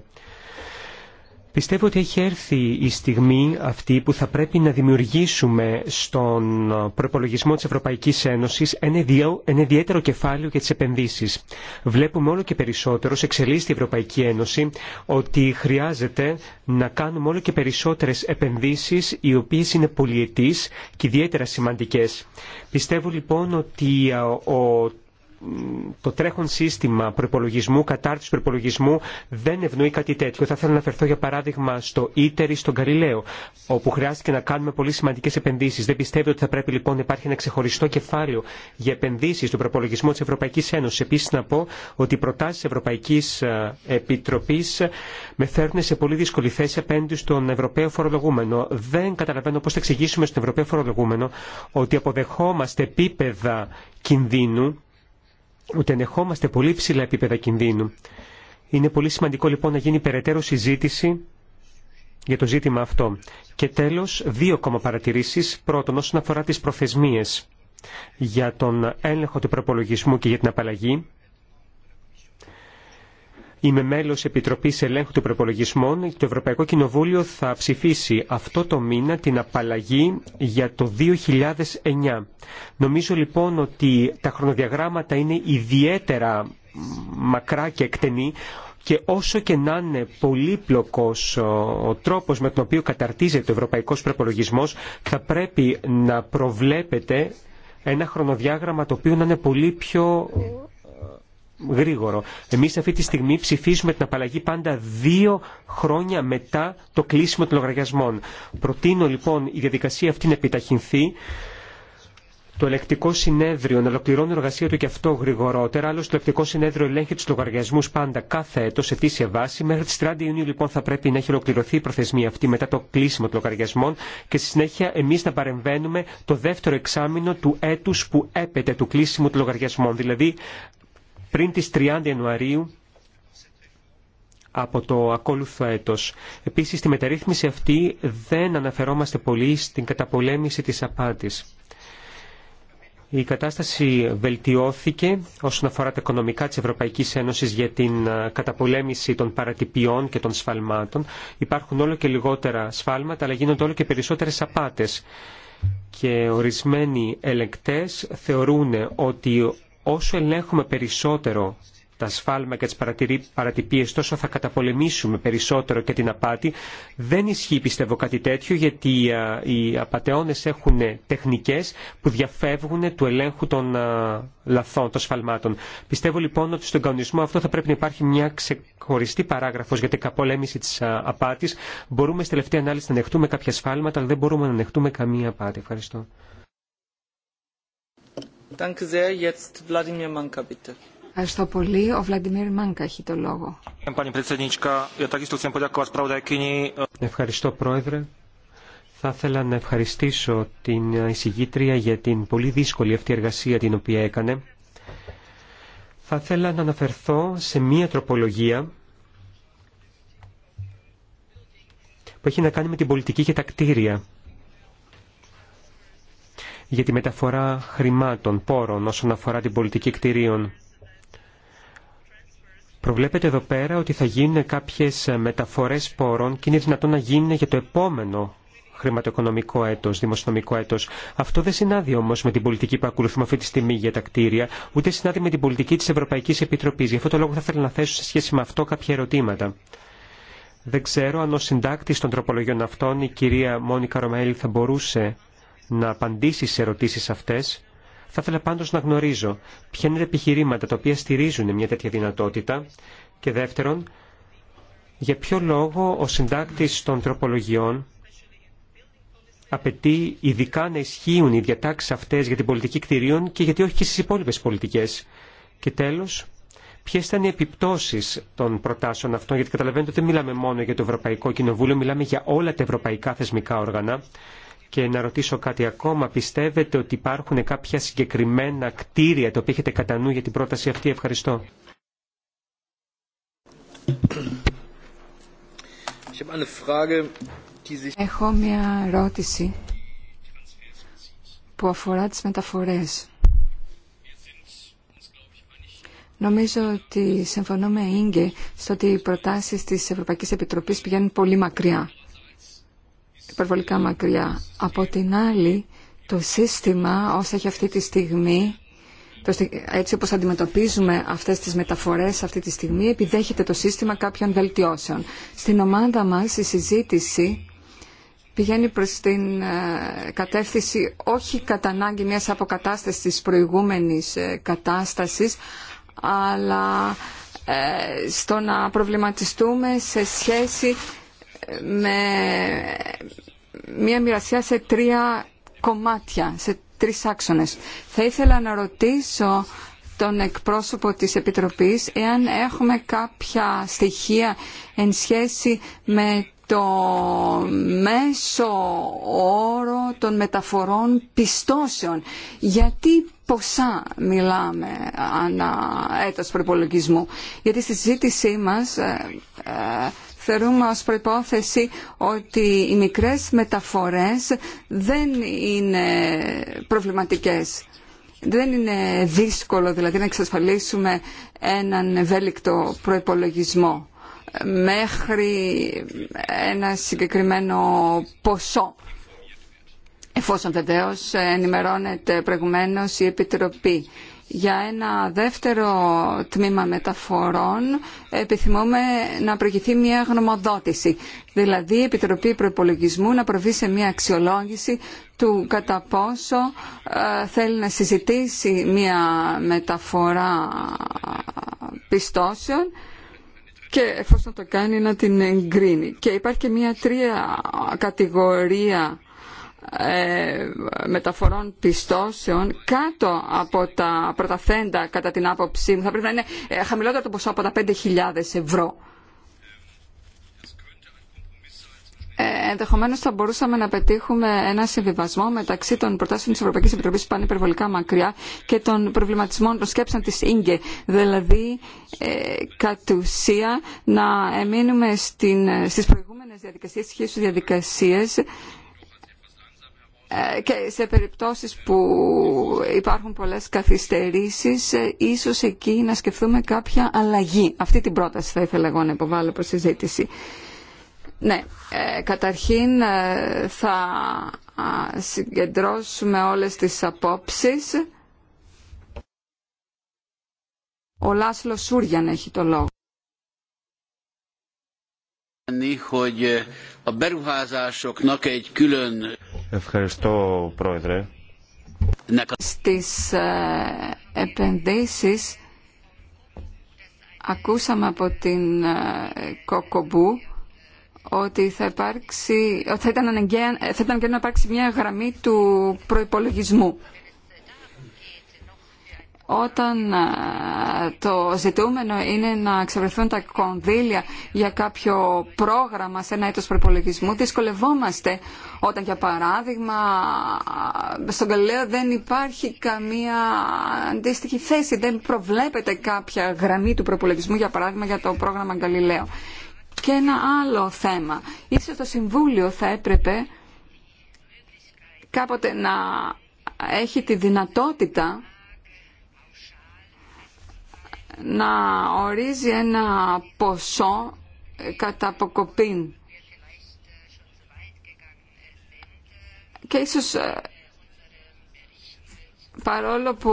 Πιστεύω ότι έχει έρθει η στιγμή αυτή που θα πρέπει να δημιουργήσουμε στον προπολογισμό της Ευρωπαϊκής Ένωσης ένα ιδιαίτερο κεφάλαιο για τις επενδύσεις. Βλέπουμε όλο και περισσότερο, σε εξελίσσει Ευρωπαϊκή Ένωση, ότι χρειάζεται να κάνουμε όλο και περισσότερες επενδύσεις οι οποίες είναι πολυετής και ιδιαίτερα σημαντικές. Πιστεύω λοιπόν ότι ε, ο το τρέχον σύστημα προπολογισμού, κατάρτιση προπολογισμού δεν ευνοεί κάτι τέτοιο. Θα ήθελα να αναφερθώ για παράδειγμα στο Ήτερ ή στον Καλιλαίο, όπου χρειάστηκε να κάνουμε πολύ σημαντικέ επενδύσει. Δεν πιστεύετε ότι θα πρέπει λοιπόν να υπάρχει ένα ξεχωριστό κεφάλαιο για επενδύσει στον προπολογισμό τη Ευρωπαϊκή Ένωση. Επίση να πω ότι οι προτάσει τη Ευρωπαϊκή ε, Επιτροπή ε, με φέρνουν σε πολύ δύσκολη θέση απέναντι στον Ευρωπαίο φορολογούμενο. Δεν καταλαβαίνω πώ θα εξηγήσουμε στον Ευρωπαίο φορολογούμενο ότι αποδεχόμαστε επίπεδα κινδύνου ούτε ενεχόμαστε πολύ ψηλά επίπεδα κινδύνου. Είναι πολύ σημαντικό λοιπόν να γίνει περαιτέρω συζήτηση για το ζήτημα αυτό. Και τέλος, δύο ακόμα παρατηρήσεις. Πρώτον, όσον αφορά τις προθεσμίες για τον έλεγχο του προπολογισμού και για την απαλλαγή. Είμαι μέλο Επιτροπής Ελέγχου των Προπολογισμών και το Ευρωπαϊκό Κοινοβούλιο θα ψηφίσει αυτό το μήνα την απαλλαγή για το 2009. Νομίζω λοιπόν ότι τα χρονοδιαγράμματα είναι ιδιαίτερα μακρά και εκτενή και όσο και να είναι πολύπλοκος ο τρόπος με τον οποίο καταρτίζεται ο ευρωπαϊκός Προπολογισμό, θα πρέπει να προβλέπετε ένα χρονοδιάγραμμα το οποίο να είναι πολύ πιο γρήγορο. Εμείς αυτή τη στιγμή ψηφίζουμε την απαλλαγή πάντα δύο χρόνια μετά το κλείσιμο των λογαριασμών. Προτείνω λοιπόν η διαδικασία αυτή να επιταχυνθεί. Το ελεκτικό συνέδριο να ολοκληρώνει εργασία του και αυτό γρηγορότερα. Άλλωστε, το ελεκτικό συνέδριο ελέγχει του λογαριασμού πάντα κάθε έτο σε τήσια βάση. Μέχρι τι 30 Ιουνίου, λοιπόν, θα πρέπει να έχει ολοκληρωθεί η προθεσμία αυτή μετά το κλείσιμο των λογαριασμών και στη συνέχεια εμεί να παρεμβαίνουμε το δεύτερο εξάμεινο του έτου που έπεται του κλείσιμου των λογαριασμών. Δηλαδή, πριν τις 30 Ιανουαρίου από το ακόλουθο έτος. Επίσης, στη μεταρρύθμιση αυτή δεν αναφερόμαστε πολύ στην καταπολέμηση της απάτης. Η κατάσταση βελτιώθηκε όσον αφορά τα οικονομικά της Ευρωπαϊκής Ένωσης για την καταπολέμηση των παρατυπιών και των σφαλμάτων. Υπάρχουν όλο και λιγότερα σφάλματα, αλλά γίνονται όλο και περισσότερες απάτες. Και ορισμένοι ελεκτές θεωρούν ότι όσο ελέγχουμε περισσότερο τα σφάλμα και τις παρατυπίες τόσο θα καταπολεμήσουμε περισσότερο και την απάτη. Δεν ισχύει πιστεύω κάτι τέτοιο γιατί οι απαταιώνες έχουν τεχνικές που διαφεύγουν του ελέγχου των λαθών, των σφαλμάτων. Πιστεύω λοιπόν ότι στον κανονισμό αυτό θα πρέπει να υπάρχει μια ξεχωριστή παράγραφος για την καπολέμηση της απάτης. Μπορούμε στη τελευταία ανάλυση να ανεχτούμε κάποια σφάλματα αλλά δεν μπορούμε να ανεχτούμε καμία απάτη. Ευχαριστώ. Ευχαριστώ πολύ. Ο Βλαντιμίρ Μάνκα έχει το λόγο. Ευχαριστώ, Πρόεδρε. Θα ήθελα να ευχαριστήσω την εισηγήτρια για την πολύ δύσκολη αυτή εργασία την οποία έκανε. Θα ήθελα να αναφερθώ σε μία τροπολογία που έχει να κάνει με την πολιτική και τα κτίρια για τη μεταφορά χρημάτων, πόρων όσον αφορά την πολιτική κτηρίων. Προβλέπετε εδώ πέρα ότι θα γίνουν κάποιες μεταφορές πόρων και είναι δυνατόν να γίνουν για το επόμενο χρηματοοικονομικό έτο, δημοσιονομικό έτο. Αυτό δεν συνάδει όμω με την πολιτική που ακολουθούμε αυτή τη στιγμή για τα κτίρια, ούτε συνάδει με την πολιτική τη Ευρωπαϊκή Επιτροπή. Γι' αυτό το λόγο θα ήθελα να θέσω σε σχέση με αυτό κάποια ερωτήματα. Δεν ξέρω αν ο συντάκτη των τροπολογιών αυτών, η κυρία Μόνικα Ρωμαέλη, θα μπορούσε να απαντήσει σε ερωτήσει αυτέ, Θα ήθελα πάντω να γνωρίζω ποια είναι τα επιχειρήματα τα οποία στηρίζουν μια τέτοια δυνατότητα και δεύτερον, για ποιο λόγο ο συντάκτης των τροπολογιών απαιτεί ειδικά να ισχύουν οι διατάξεις αυτές για την πολιτική κτηρίων και γιατί όχι και στις υπόλοιπες πολιτικές. Και τέλος, ποιε ήταν οι επιπτώσει των προτάσεων αυτών, γιατί καταλαβαίνετε ότι δεν μιλάμε μόνο για το Ευρωπαϊκό Κοινοβούλιο, μιλάμε για όλα τα ευρωπαϊκά θεσμικά όργανα. Και να ρωτήσω κάτι ακόμα. Πιστεύετε ότι υπάρχουν κάποια συγκεκριμένα κτίρια τα οποία έχετε κατά νου για την πρόταση αυτή. Ευχαριστώ. Έχω μια ερώτηση που αφορά τις μεταφορές. Νομίζω ότι συμφωνώ με Ίγκε στο ότι οι προτάσεις της Ευρωπαϊκής Επιτροπής πηγαίνουν πολύ μακριά υπερβολικά μακριά. Από την άλλη, το σύστημα όσο έχει αυτή τη στιγμή, έτσι όπως αντιμετωπίζουμε αυτές τις μεταφορές αυτή τη στιγμή, επιδέχεται το σύστημα κάποιων βελτιώσεων. Στην ομάδα μας η συζήτηση πηγαίνει προς την ε, κατεύθυνση όχι κατά ανάγκη μιας αποκατάστασης της προηγούμενης ε, κατάστασης, αλλά ε, στο να προβληματιστούμε σε σχέση με μία μοιρασιά σε τρία κομμάτια, σε τρεις άξονες. Θα ήθελα να ρωτήσω τον εκπρόσωπο της Επιτροπής εάν έχουμε κάποια στοιχεία εν σχέση με το μέσο όρο των μεταφορών πιστώσεων. Γιατί ποσά μιλάμε ανά έτος προπολογισμού. Γιατί στη συζήτησή μας ε, ε, θεωρούμε ως προϋπόθεση ότι οι μικρές μεταφορές δεν είναι προβληματικές. Δεν είναι δύσκολο δηλαδή να εξασφαλίσουμε έναν ευέλικτο προϋπολογισμό μέχρι ένα συγκεκριμένο ποσό εφόσον βεβαίως ενημερώνεται προηγουμένως η Επιτροπή. Για ένα δεύτερο τμήμα μεταφορών επιθυμούμε να προηγηθεί μια γνωμοδότηση. Δηλαδή η Επιτροπή Προπολογισμού να προβεί σε μια αξιολόγηση του κατά πόσο ε, θέλει να συζητήσει μια μεταφορά πιστώσεων και εφόσον το κάνει να την εγκρίνει. Και υπάρχει και μια τρία κατηγορία ε, μεταφορών πιστώσεων κάτω από τα πρωταθέντα κατά την άποψή μου θα πρέπει να είναι ε, χαμηλότερο το ποσό από τα 5.000 ευρώ. Ε, Ενδεχομένω θα μπορούσαμε να πετύχουμε ένα συμβιβασμό μεταξύ των προτάσεων τη Ευρωπαϊκή Επιτροπή που πάνε υπερβολικά μακριά και των προβληματισμών των σκέψεων τη γκε. Δηλαδή, ε, κατ' ουσία, να εμείνουμε ε, στι προηγούμενε διαδικασίε, διαδικασίες, διαδικασίε, ε, και σε περιπτώσεις που υπάρχουν πολλές καθυστερήσεις ε, ίσως εκεί να σκεφτούμε κάποια αλλαγή. Αυτή την πρόταση θα ήθελα εγώ να υποβάλω προς συζήτηση. Ναι, ε, καταρχήν θα συγκεντρώσουμε όλες τις απόψεις. Ο Λάσλο Σούριαν έχει το λόγο. ο Ευχαριστώ, Πρόεδρε. Στις ε, επενδύσεις ακούσαμε από την ε, Κοκομπού ότι θα, θα ήταν, αναγκαία, να υπάρξει μια γραμμή του προϋπολογισμού όταν ε, το ζητούμενο είναι να ξεβρεθούν τα κονδύλια για κάποιο πρόγραμμα σε ένα έτος προπολογισμού, δυσκολευόμαστε όταν για παράδειγμα ε, στον Καλλιλέο δεν υπάρχει καμία αντίστοιχη θέση, δεν προβλέπεται κάποια γραμμή του προπολογισμού για παράδειγμα για το πρόγραμμα Καλλιλέο. Και ένα άλλο θέμα. Ίσως το Συμβούλιο θα έπρεπε κάποτε να έχει τη δυνατότητα να ορίζει ένα ποσό κατά αποκοπήν. Και ίσως ε, παρόλο που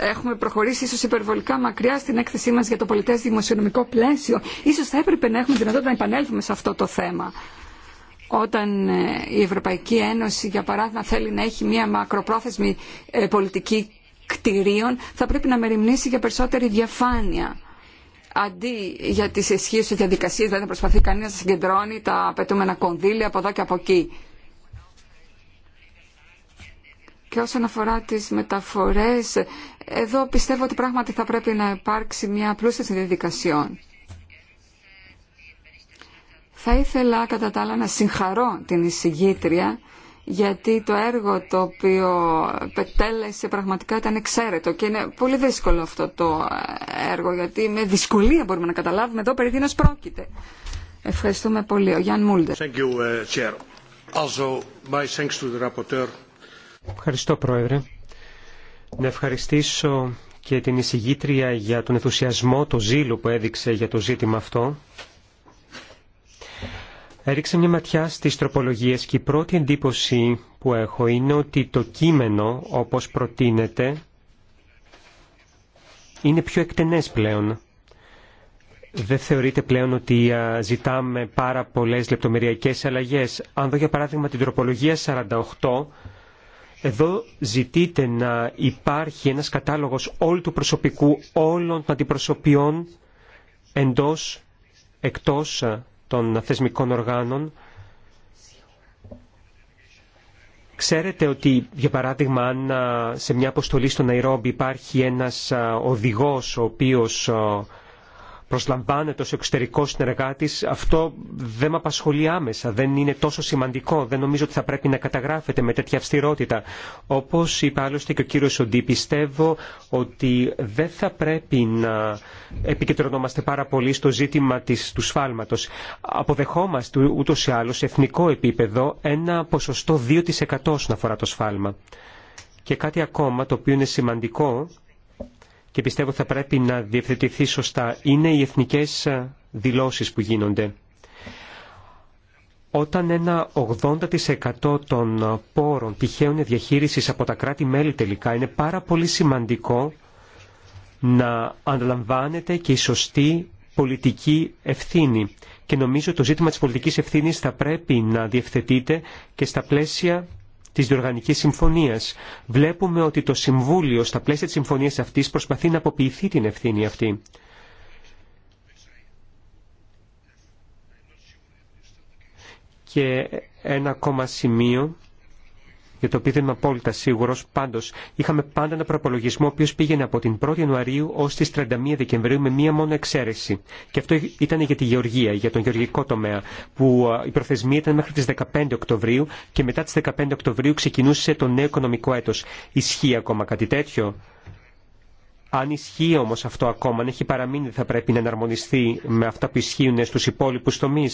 ε, έχουμε προχωρήσει ίσως υπερβολικά μακριά στην έκθεσή μας για το πολιτές δημοσιονομικό πλαίσιο, ίσως θα έπρεπε να έχουμε δυνατότητα να επανέλθουμε σε αυτό το θέμα. Όταν ε, η Ευρωπαϊκή Ένωση, για παράδειγμα, θέλει να έχει μια μακροπρόθεσμη πολιτική κτηρίων θα πρέπει να μεριμνήσει για περισσότερη διαφάνεια αντί για τις ισχύες της διαδικασίας, δηλαδή να προσπαθεί κανείς να συγκεντρώνει τα απαιτούμενα κονδύλια από εδώ και από εκεί. Και όσον αφορά τις μεταφορές, εδώ πιστεύω ότι πράγματι θα πρέπει να υπάρξει μια πλούσια διαδικασιών. Θα ήθελα κατά τα άλλα να συγχαρώ την εισηγήτρια γιατί το έργο το οποίο πετέλεσε πραγματικά ήταν εξαίρετο και είναι πολύ δύσκολο αυτό το έργο γιατί με δυσκολία μπορούμε να καταλάβουμε εδώ περί τίνος πρόκειται. Ευχαριστούμε πολύ. Ο Γιάνν Μούλντερ. Uh, Ευχαριστώ Πρόεδρε. Να ευχαριστήσω και την εισηγήτρια για τον ενθουσιασμό, το ζήλο που έδειξε για το ζήτημα αυτό. Έριξα μια ματιά στις τροπολογίες και η πρώτη εντύπωση που έχω είναι ότι το κείμενο, όπως προτείνεται, είναι πιο εκτενές πλέον. Δεν θεωρείται πλέον ότι ζητάμε πάρα πολλές λεπτομεριακές αλλαγές. Αν δω για παράδειγμα την τροπολογία 48, εδώ ζητείτε να υπάρχει ένας κατάλογος όλου του προσωπικού, όλων των αντιπροσωπιών εντός, εκτός των θεσμικών οργάνων. Ξέρετε ότι, για παράδειγμα, αν σε μια αποστολή στο Ναϊρόμπι υπάρχει ένας οδηγός ο οποίος προσλαμβάνεται ως εξωτερικό συνεργάτης, αυτό δεν με απασχολεί άμεσα, δεν είναι τόσο σημαντικό, δεν νομίζω ότι θα πρέπει να καταγράφεται με τέτοια αυστηρότητα. Όπως είπε άλλωστε και ο κύριος Σοντή... πιστεύω ότι δεν θα πρέπει να επικεντρωνόμαστε πάρα πολύ στο ζήτημα της, του σφάλματος. Αποδεχόμαστε ούτως ή άλλως σε εθνικό επίπεδο ένα ποσοστό 2% όσον αφορά το σφάλμα. Και κάτι ακόμα το οποίο είναι σημαντικό και πιστεύω θα πρέπει να διευθετηθεί σωστά είναι οι εθνικές δηλώσεις που γίνονται. Όταν ένα 80% των πόρων τυχαίων διαχείρισης από τα κράτη-μέλη τελικά είναι πάρα πολύ σημαντικό να αναλαμβάνεται και η σωστή πολιτική ευθύνη. Και νομίζω το ζήτημα της πολιτικής ευθύνης θα πρέπει να διευθετείται και στα πλαίσια της διοργανική Συμφωνίας. Βλέπουμε ότι το Συμβούλιο στα πλαίσια της συμφωνίας αυτής προσπαθεί να αποποιηθεί την ευθύνη αυτή. Και ένα ακόμα σημείο για το οποίο δεν είμαι απόλυτα σίγουρο. Πάντω, είχαμε πάντα ένα προπολογισμό ο οποίο πήγαινε από την 1η Ιανουαρίου ω τι 31 Δεκεμβρίου με μία μόνο εξαίρεση. Και αυτό ήταν για τη γεωργία, για τον γεωργικό τομέα, που η προθεσμία ήταν μέχρι τι 15 Οκτωβρίου και μετά τι 15 Οκτωβρίου ξεκινούσε το νέο οικονομικό έτο. Ισχύει ακόμα κάτι τέτοιο. Αν ισχύει όμω αυτό ακόμα, αν έχει παραμείνει, θα πρέπει να εναρμονιστεί με αυτά που ισχύουν στου υπόλοιπου τομεί.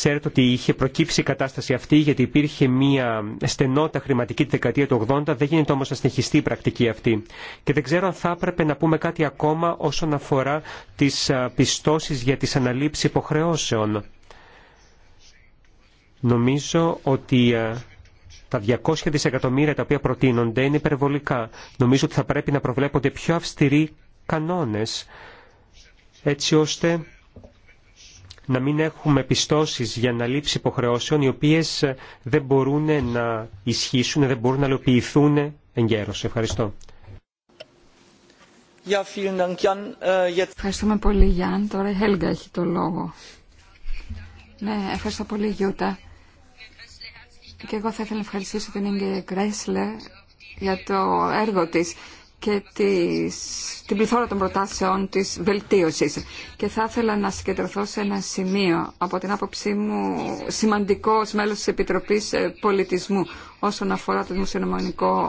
Ξέρετε ότι είχε προκύψει η κατάσταση αυτή γιατί υπήρχε μια στενότητα χρηματική τη δεκαετία του 80, δεν γίνεται όμως να συνεχιστεί η πρακτική αυτή. Και δεν ξέρω αν θα έπρεπε να πούμε κάτι ακόμα όσον αφορά τις πιστώσεις για τις αναλήψεις υποχρεώσεων. Νομίζω ότι τα 200 δισεκατομμύρια τα οποία προτείνονται είναι υπερβολικά. Νομίζω ότι θα πρέπει να προβλέπονται πιο αυστηροί κανόνες έτσι ώστε να μην έχουμε πιστώσεις για να λείψει υποχρεώσεων οι οποίες δεν μπορούν να ισχύσουν, δεν μπορούν να αλλοποιηθούν γέρος. Ευχαριστώ. Äh, Ευχαριστούμε πολύ Γιάν. Τώρα η Χέλγκα έχει το λόγο. Ναι, ευχαριστώ πολύ Γιούτα. Και εγώ θα ήθελα να ευχαριστήσω την Ίγκε για το έργο της και τις, την πληθώρα των προτάσεων της βελτίωσης. Και θα ήθελα να συγκεντρωθώ σε ένα σημείο, από την άποψή μου σημαντικό μέλος της Επιτροπής ε, Πολιτισμού, όσον αφορά το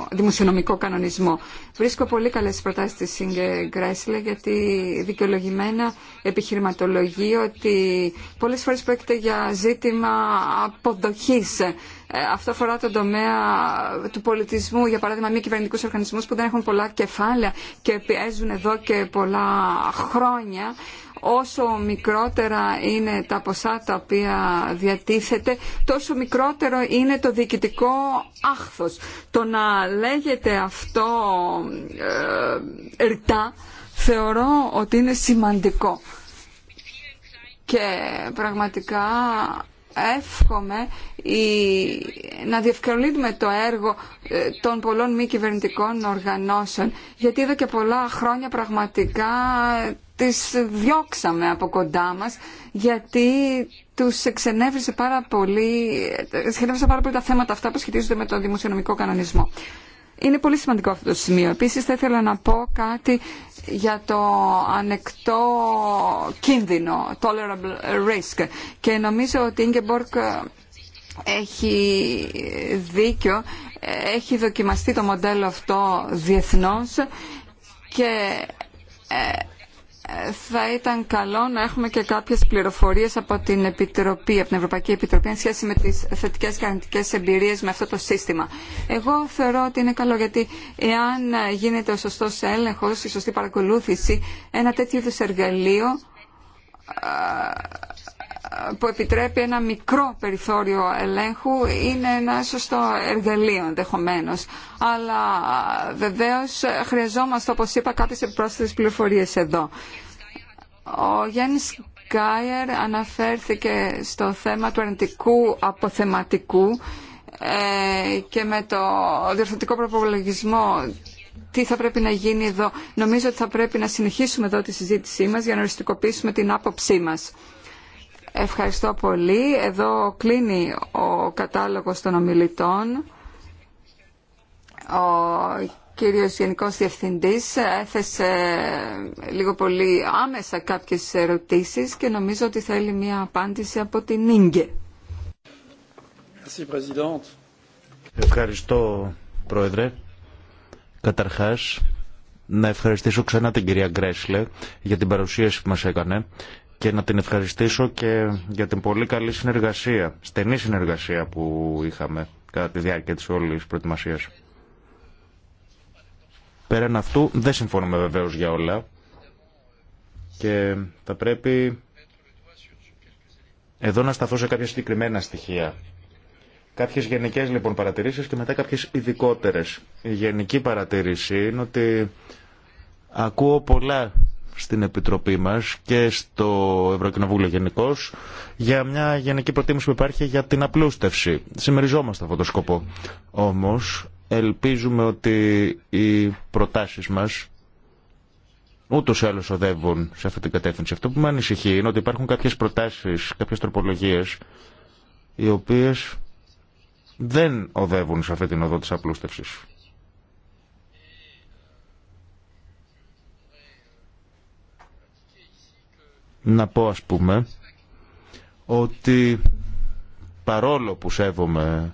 δημοσιονομικό, κανονισμό. Βρίσκω πολύ καλές προτάσεις της Σίγκε Γκρέσλε γιατί δικαιολογημένα επιχειρηματολογεί ότι πολλές φορές πρόκειται για ζήτημα αποδοχής. Ε, αυτό αφορά τον τομέα του πολιτισμού, για παράδειγμα μη κυβερνητικού οργανισμού που δεν έχουν πολλά κεφάλαια και πιέζουν εδώ και πολλά χρόνια όσο μικρότερα είναι τα ποσά τα οποία διατίθεται, τόσο μικρότερο είναι το διοικητικό άχθος. Το να λέγεται αυτό ε, ρητά θεωρώ ότι είναι σημαντικό. Και πραγματικά εύχομαι να διευκολύνουμε το έργο ε, των πολλών μη κυβερνητικών οργανώσεων γιατί εδώ και πολλά χρόνια πραγματικά ε, τις διώξαμε από κοντά μας γιατί τους εξενέβησε πάρα πολύ, ε, πάρα πολύ τα θέματα αυτά που σχετίζονται με τον δημοσιονομικό κανονισμό. Είναι πολύ σημαντικό αυτό το σημείο. Επίσης θα ήθελα να πω κάτι για το ανεκτό κίνδυνο, tolerable risk. Και νομίζω ότι η Ingeborg ε, έχει δίκιο, έχει δοκιμαστεί το μοντέλο αυτό διεθνώς και ε, θα ήταν καλό να έχουμε και κάποιες πληροφορίες από την, Επιτροπή, Ευρωπαϊκή Επιτροπή εν σχέση με τις θετικές και αρνητικές εμπειρίες με αυτό το σύστημα. Εγώ θεωρώ ότι είναι καλό γιατί εάν γίνεται ο σωστός έλεγχος, η σωστή παρακολούθηση, ένα τέτοιο είδους εργαλείο που επιτρέπει ένα μικρό περιθώριο ελέγχου είναι ένα σωστό εργαλείο ενδεχομένω. Αλλά βεβαίω χρειαζόμαστε, όπω είπα, κάποιε επιπρόσθετε πληροφορίε εδώ. Ο Γιάννης Γκάιερ αναφέρθηκε στο θέμα του αρνητικού αποθεματικού ε, και με το διορθωτικό προπολογισμό τι θα πρέπει να γίνει εδώ. Νομίζω ότι θα πρέπει να συνεχίσουμε εδώ τη συζήτησή μας για να οριστικοποιήσουμε την άποψή μας. Ευχαριστώ πολύ. Εδώ κλείνει ο κατάλογος των ομιλητών. Ο κύριος Γενικός Διευθυντής έθεσε λίγο πολύ άμεσα κάποιες ερωτήσεις και νομίζω ότι θέλει μία απάντηση από την Ίγκε. Ευχαριστώ, Πρόεδρε. Καταρχάς, να ευχαριστήσω ξανά την κυρία Γκρέσλε για την παρουσίαση που μας έκανε και να την ευχαριστήσω και για την πολύ καλή συνεργασία, στενή συνεργασία που είχαμε κατά τη διάρκεια της όλης προετοιμασίας. Πέραν αυτού δεν συμφωνούμε βεβαίως για όλα και θα πρέπει εδώ να σταθώ σε κάποια συγκεκριμένα στοιχεία. Κάποιες γενικές λοιπόν παρατηρήσεις και μετά κάποιες ειδικότερε. Η γενική παρατηρήση είναι ότι ακούω πολλά στην Επιτροπή μας και στο Ευρωκοινοβούλιο γενικώ για μια γενική προτίμηση που υπάρχει για την απλούστευση. Συμμεριζόμαστε αυτόν το σκοπό. Όμως ελπίζουμε ότι οι προτάσεις μας ούτως ή άλλως οδεύουν σε αυτή την κατεύθυνση. Αυτό που με ανησυχεί είναι ότι υπάρχουν κάποιες προτάσεις, κάποιες τροπολογίες οι οποίες δεν οδεύουν σε αυτή την οδό της απλούστευσης. να πω ας πούμε ότι παρόλο που σέβομαι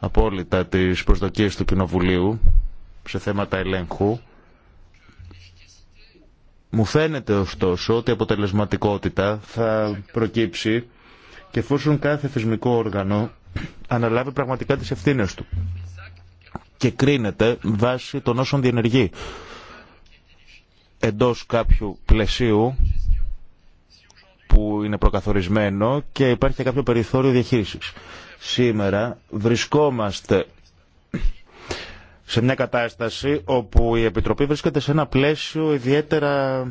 απόλυτα τις προσδοκίες του Κοινοβουλίου σε θέματα ελέγχου μου φαίνεται ωστόσο ότι η αποτελεσματικότητα θα προκύψει και εφόσον κάθε θεσμικό όργανο αναλάβει πραγματικά τις ευθύνες του και κρίνεται βάσει των όσων διενεργεί εντός κάποιου πλαισίου που είναι προκαθορισμένο και υπάρχει κάποιο περιθώριο διαχείρισης. Σήμερα βρισκόμαστε σε μια κατάσταση όπου η Επιτροπή βρίσκεται σε ένα πλαίσιο ιδιαίτερα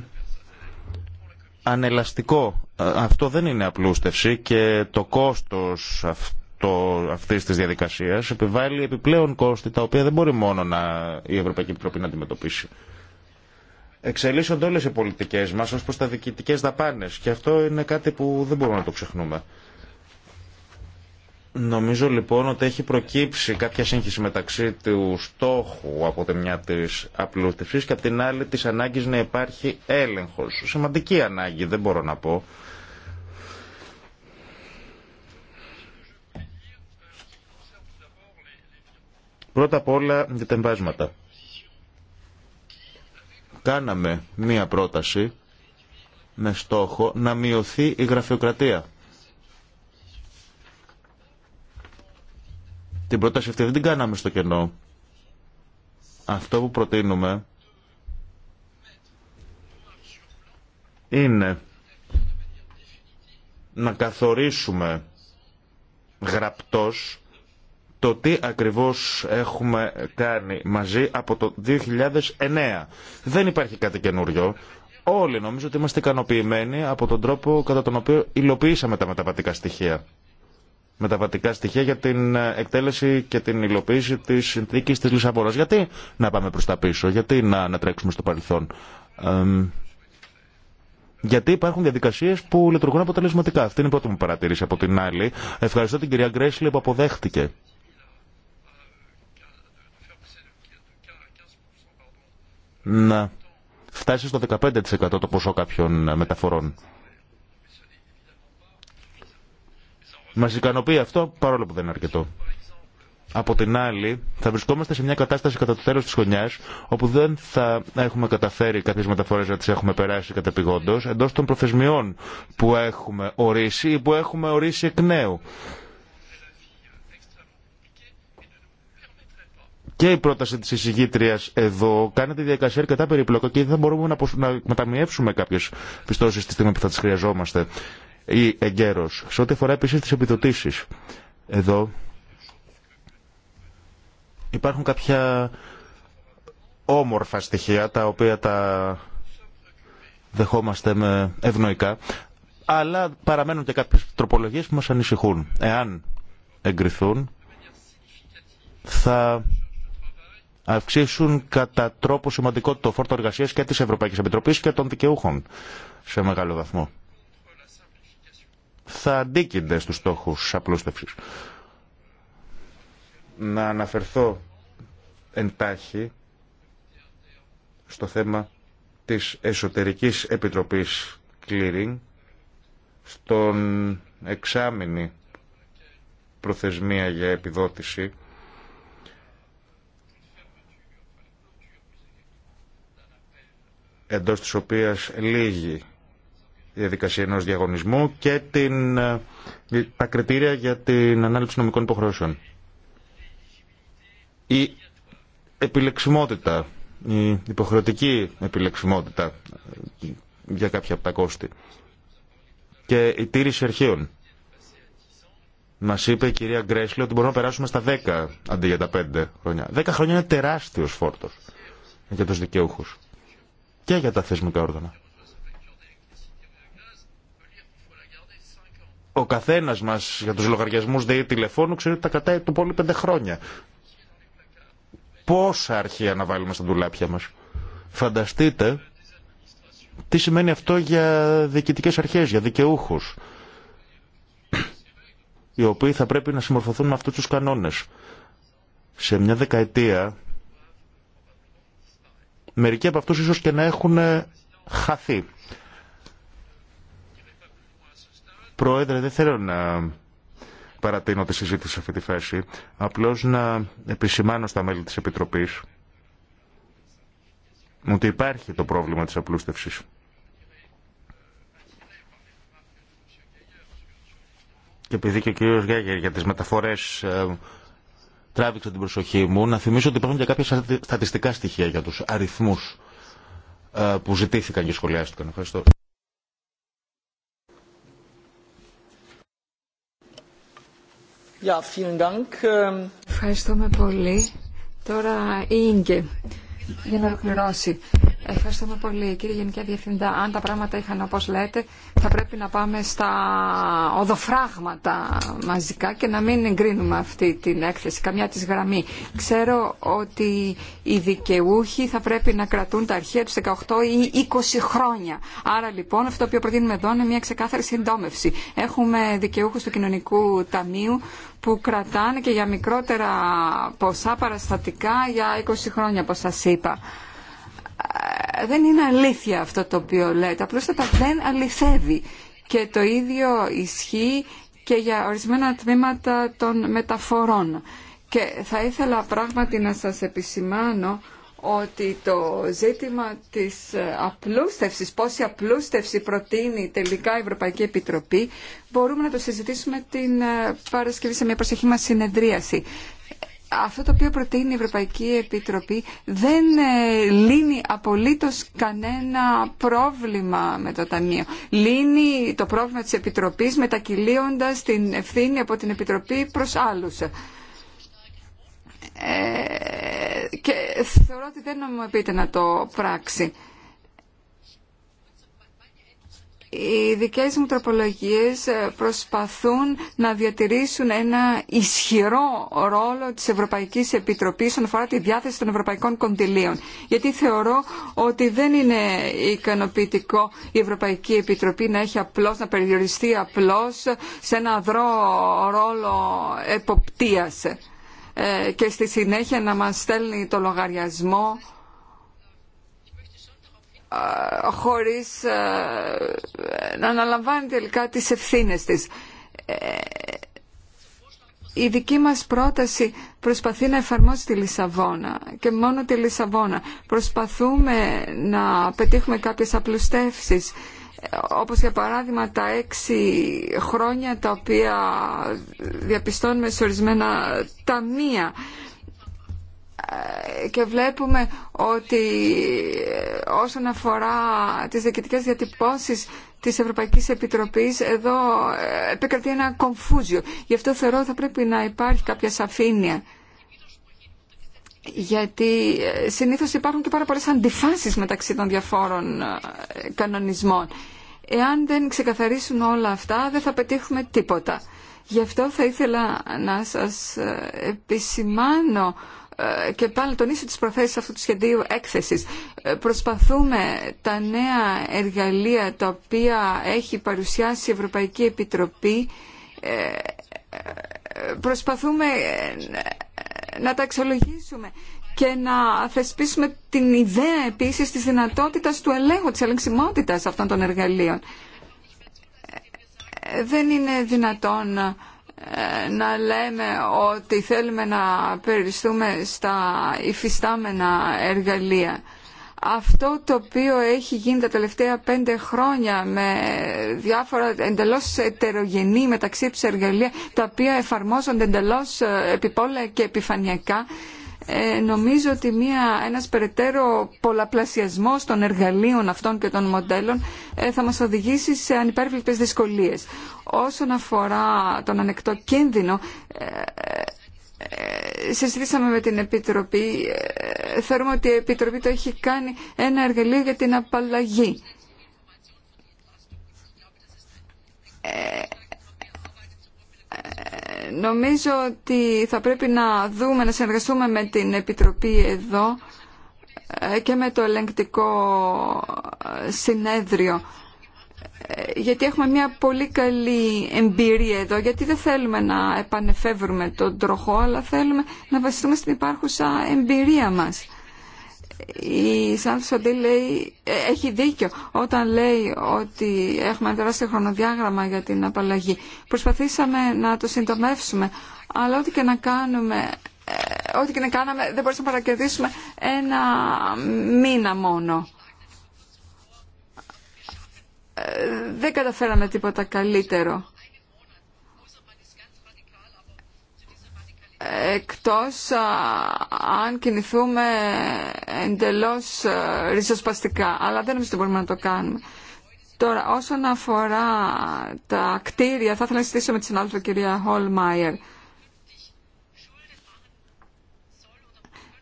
ανελαστικό. Ε, αυτό δεν είναι απλούστευση και το κόστος αυτό, αυτής της διαδικασίας επιβάλλει επιπλέον κόστη τα οποία δεν μπορεί μόνο να, η Ευρωπαϊκή Επιτροπή να αντιμετωπίσει. Εξελίσσονται όλε οι πολιτικέ μα ω προ τα διοικητικέ δαπάνε. και αυτό είναι κάτι που δεν μπορούμε να το ξεχνούμε. Νομίζω λοιπόν ότι έχει προκύψει κάποια σύγχυση μεταξύ του στόχου από τη μια της απλούστευση και από την άλλη της ανάγκης να υπάρχει έλεγχος. Σημαντική ανάγκη δεν μπορώ να πω. Πρώτα απ' όλα για τα κάναμε μία πρόταση με στόχο να μειωθεί η γραφειοκρατία. Την πρόταση αυτή δεν την κάναμε στο κενό. Αυτό που προτείνουμε είναι να καθορίσουμε γραπτός το τι ακριβώς έχουμε κάνει μαζί από το 2009. Δεν υπάρχει κάτι καινούριο. Όλοι νομίζω ότι είμαστε ικανοποιημένοι από τον τρόπο κατά τον οποίο υλοποιήσαμε τα μεταβατικά στοιχεία. Μεταβατικά στοιχεία για την ε, εκτέλεση και την υλοποίηση της συνθήκης της Λισαβόνας. Γιατί να πάμε προς τα πίσω, γιατί να, να τρέξουμε στο παρελθόν. γιατί υπάρχουν διαδικασίε που λειτουργούν αποτελεσματικά. Αυτή είναι η πρώτη μου παρατήρηση. Από την άλλη, ευχαριστώ την κυρία Γκρέσλι που αποδέχτηκε να φτάσει στο 15% το ποσό κάποιων μεταφορών. Μα ικανοποιεί αυτό παρόλο που δεν είναι αρκετό. Από την άλλη, θα βρισκόμαστε σε μια κατάσταση κατά το τέλο τη χρονιά, όπου δεν θα έχουμε καταφέρει κάποιε μεταφορέ να τι έχουμε περάσει κατεπηγόντω εντό των προθεσμιών που έχουμε ορίσει ή που έχουμε ορίσει εκ νέου. και η πρόταση τη εισηγήτρια εδώ κάνει τη διαδικασία αρκετά περίπλοκα και δεν μπορούμε να μεταμιεύσουμε κάποιε πιστώσει τη στιγμή που θα τι χρειαζόμαστε ή εγκαίρω. Σε ό,τι αφορά επίση τι επιδοτήσεις. Εδώ υπάρχουν κάποια όμορφα στοιχεία τα οποία τα δεχόμαστε με ευνοϊκά αλλά παραμένουν και κάποιες τροπολογίες που μας ανησυχούν. Εάν εγκριθούν θα αυξήσουν κατά τρόπο σημαντικό το φόρτο εργασία και τη Ευρωπαϊκή Επιτροπή και των δικαιούχων σε μεγάλο βαθμό. Θα αντίκεινται στου στόχου απλούστευση. Να αναφερθώ εντάχει στο θέμα της Εσωτερικής Επιτροπής Clearing στον εξάμεινη προθεσμία για επιδότηση εντός της οποίας λύγει η διαδικασία ενός διαγωνισμού και την, ε, τα κριτήρια για την ανάληψη νομικών υποχρεώσεων. Η επιλεξιμότητα, η υποχρεωτική επιλεξιμότητα ε, για κάποια από τα κόστη και η τήρηση αρχείων. Μα είπε η κυρία Γκρέσλι ότι μπορούμε να περάσουμε στα 10 αντί για τα 5 χρόνια. 10 χρόνια είναι τεράστιο φόρτο για του δικαιούχου και για τα θεσμικά όργανα. Ο καθένας μας για τους λογαριασμούς ΔΕΗ τηλεφώνου ξέρει ότι τα κατάει το πολύ πέντε χρόνια. Πόσα αρχεία να βάλουμε στα ντουλάπια μας. Φανταστείτε τι σημαίνει αυτό για διοικητικές αρχές, για δικαιούχους οι οποίοι θα πρέπει να συμμορφωθούν με αυτούς τους κανόνες. Σε μια δεκαετία Μερικοί από αυτούς ίσως και να έχουν ε, χαθεί. Πρόεδρε, δεν θέλω να παρατείνω τη συζήτηση σε αυτή τη φάση. Απλώς να επισημάνω στα μέλη της Επιτροπής ότι υπάρχει το πρόβλημα της απλούστευσης. Και επειδή και ο κύριος Γιάγερ για τις μεταφορές ε, τράβηξε την προσοχή μου, να θυμίσω ότι υπάρχουν και κάποια στατιστικά στοιχεία για τους αριθμούς ε, που ζητήθηκαν και σχολιάστηκαν. Ευχαριστώ. Ähm, Ευχαριστούμε πολύ. Τώρα η Ίγκε για να ολοκληρώσει. Ευχαριστούμε πολύ. Κύριε Γενική Διευθυντά, αν τα πράγματα είχαν όπως λέτε, θα πρέπει να πάμε στα οδοφράγματα μαζικά και να μην εγκρίνουμε αυτή την έκθεση, καμιά της γραμμή. Ξέρω ότι οι δικαιούχοι θα πρέπει να κρατούν τα αρχεία τους 18 ή 20 χρόνια. Άρα λοιπόν αυτό που οποίο προτείνουμε εδώ είναι μια ξεκάθαρη συντόμευση. Έχουμε δικαιούχους του κοινωνικού ταμείου που κρατάνε και για μικρότερα ποσά παραστατικά για 20 χρόνια, όπως σας είπα. Ε, δεν είναι αλήθεια αυτό το οποίο λέτε, απλώς δεν αληθεύει. Και το ίδιο ισχύει και για ορισμένα τμήματα των μεταφορών. Και θα ήθελα πράγματι να σας επισημάνω ότι το ζήτημα της ε, απλούστευσης, πόση απλούστευση προτείνει τελικά η Ευρωπαϊκή Επιτροπή, μπορούμε να το συζητήσουμε την ε, Παρασκευή σε μια προσεχή μας συνεδρίαση αυτό το οποίο προτείνει η Ευρωπαϊκή Επιτροπή δεν ε, λύνει απολύτως κανένα πρόβλημα με το Ταμείο. Λύνει το πρόβλημα της Επιτροπής μετακυλίοντας την ευθύνη από την Επιτροπή προς άλλους. Ε, και θεωρώ ότι δεν μου να το πράξει οι δικές μου τροπολογίες ε, προσπαθούν να διατηρήσουν ένα ισχυρό ρόλο της Ευρωπαϊκής Επιτροπής όσον αφορά τη διάθεση των ευρωπαϊκών κοντιλίων. Γιατί θεωρώ ότι δεν είναι ικανοποιητικό η Ευρωπαϊκή Επιτροπή να έχει απλώς, να περιοριστεί απλώς σε ένα δρό ρόλο εποπτείας ε, και στη συνέχεια να μας στέλνει το λογαριασμό ε, χωρίς ε, να αναλαμβάνει τελικά τις ευθύνες της. Ε, η δική μας πρόταση προσπαθεί να εφαρμόσει τη Λισαβόνα και μόνο τη Λισαβόνα. Προσπαθούμε να πετύχουμε κάποιες απλουστεύσεις, όπως για παράδειγμα τα έξι χρόνια τα οποία διαπιστώνουμε σε ορισμένα ταμεία ε, και βλέπουμε ότι ε, όσον αφορά τις διοικητικές διατυπώσεις της Ευρωπαϊκής Επιτροπής εδώ ε, επικρατεί ένα κομφούζιο. Γι' αυτό θεωρώ θα πρέπει να υπάρχει κάποια σαφήνεια. Γιατί συνήθως υπάρχουν και πάρα πολλές αντιφάσεις μεταξύ των διαφόρων κανονισμών. Εάν δεν ξεκαθαρίσουν όλα αυτά δεν θα πετύχουμε τίποτα. Γι' αυτό θα ήθελα να σας επισημάνω ε, και πάλι τονίσω τις προθέσεις αυτού του σχεδίου έκθεσης. Ε, προσπαθούμε τα νέα εργαλεία τα οποία έχει παρουσιάσει η Ευρωπαϊκή Επιτροπή ε, προσπαθούμε να τα αξιολογήσουμε και να θεσπίσουμε την ιδέα επίσης της δυνατότητας του ελέγχου, της ελεγξιμότητας αυτών των εργαλείων. Δεν είναι δυνατόν να λέμε ότι θέλουμε να περιοριστούμε στα υφιστάμενα εργαλεία. Αυτό το οποίο έχει γίνει τα τελευταία πέντε χρόνια με διάφορα εντελώς ετερογενή μεταξύ τους εργαλεία τα οποία εφαρμόζονται εντελώς ε, επιπόλαια και επιφανειακά ε, νομίζω ότι μια, ένας περαιτέρω πολλαπλασιασμός των εργαλείων αυτών και των μοντέλων ε, θα μας οδηγήσει σε ανυπέρβλητες δυσκολίες. Όσον αφορά τον ανεκτό κίνδυνο, ε, ε συζητήσαμε με την Επιτροπή, θεωρούμε ότι η Επιτροπή το έχει κάνει ένα εργαλείο για την απαλλαγή νομίζω ότι θα πρέπει να δούμε, να συνεργαστούμε με την Επιτροπή εδώ ε, και με το ελεγκτικό ε, συνέδριο. Ε, γιατί έχουμε μια πολύ καλή εμπειρία εδώ, γιατί δεν θέλουμε να επανεφεύρουμε τον τροχό, αλλά θέλουμε να βασιστούμε στην υπάρχουσα εμπειρία μας η Σάντου λέει, ε, έχει δίκιο όταν λέει ότι έχουμε ένα τεράστιο χρονοδιάγραμμα για την απαλλαγή. Προσπαθήσαμε να το συντομεύσουμε, αλλά ό,τι και να κάνουμε, ε, ό,τι και να κάναμε δεν μπορούσαμε να παρακαιρδίσουμε ένα μήνα μόνο. Ε, δεν καταφέραμε τίποτα καλύτερο. εκτός αν κινηθούμε εντελώς ριζοσπαστικά. Αλλά δεν νομίζω ότι μπορούμε να το κάνουμε. Τώρα, όσον αφορά τα κτίρια, θα ήθελα να συζητήσω με τη συνάδελφα κυρία Χολμάιερ.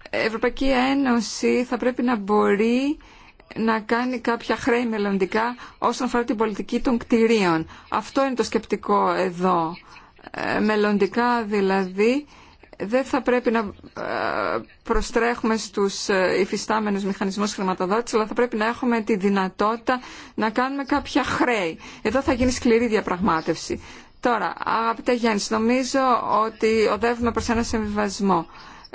Ευρωπαϊκή Ένωση θα πρέπει να μπορεί να κάνει κάποια χρέη μελλοντικά όσον αφορά την πολιτική των κτηρίων. Αυτό είναι το σκεπτικό εδώ. Ε, μελλοντικά δηλαδή δεν θα πρέπει να ε, προστρέχουμε στους ε, υφιστάμενους μηχανισμούς χρηματοδότησης, αλλά θα πρέπει να έχουμε τη δυνατότητα να κάνουμε κάποια χρέη. Εδώ θα γίνει σκληρή διαπραγμάτευση. Τώρα, αγαπητέ Γιάννη, νομίζω ότι οδεύουμε προς ένα συμβιβασμό.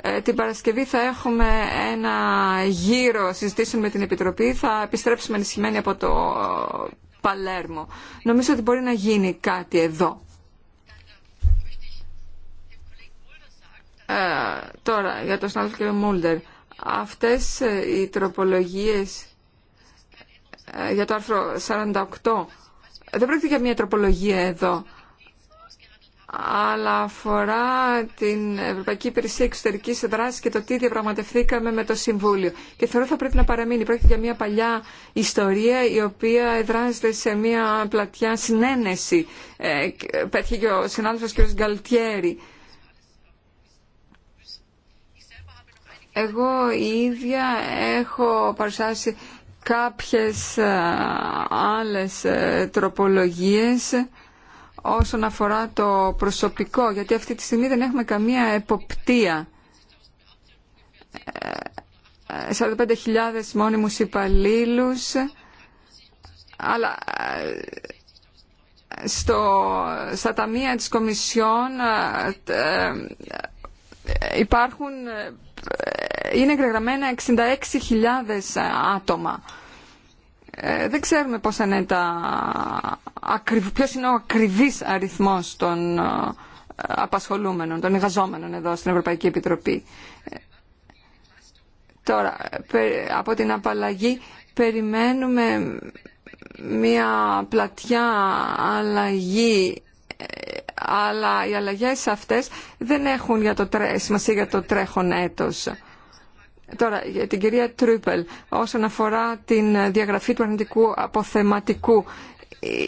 Ε, την Παρασκευή θα έχουμε ένα γύρο συζητήσεων με την Επιτροπή. Θα επιστρέψουμε ενισχυμένοι από το Παλέρμο. Νομίζω ότι μπορεί να γίνει κάτι εδώ. τώρα, για τον συνάδελφο κ. Μούλτερ, αυτές οι τροπολογίες για το άρθρο 48, δεν πρόκειται για μια τροπολογία εδώ, αλλά αφορά την Ευρωπαϊκή Υπηρεσία Εξωτερική Δράση και το τι διαπραγματευθήκαμε με το Συμβούλιο. Και θεωρώ θα πρέπει να παραμείνει. Πρόκειται για μια παλιά ιστορία η οποία εδράζεται σε μια πλατιά συνένεση. πέτυχε και ο συνάδελφο κ. Γκαλτιέρη Εγώ ίδια έχω παρουσιάσει κάποιες ε, άλλες ε, τροπολογίες όσον αφορά το προσωπικό, γιατί αυτή τη στιγμή δεν έχουμε καμία εποπτεία. 45.000 ε, μόνιμους υπαλλήλους, αλλά στο, στα ταμεία της Κομισιόν υπάρχουν ε, είναι εγγεγραμμένα 66.000 άτομα. Ε, δεν ξέρουμε πώς είναι τα... ποιος είναι ο ακριβής αριθμός των ε, απασχολούμενων, των εργαζόμενων εδώ στην Ευρωπαϊκή Επιτροπή. Τώρα, από την απαλλαγή περιμένουμε μια πλατιά αλλαγή αλλά οι αλλαγές αυτές δεν έχουν για το τρέ... σημασία για το τρέχον έτος. Τώρα, για την κυρία Τρούπελ, όσον αφορά την διαγραφή του αρνητικού αποθεματικού,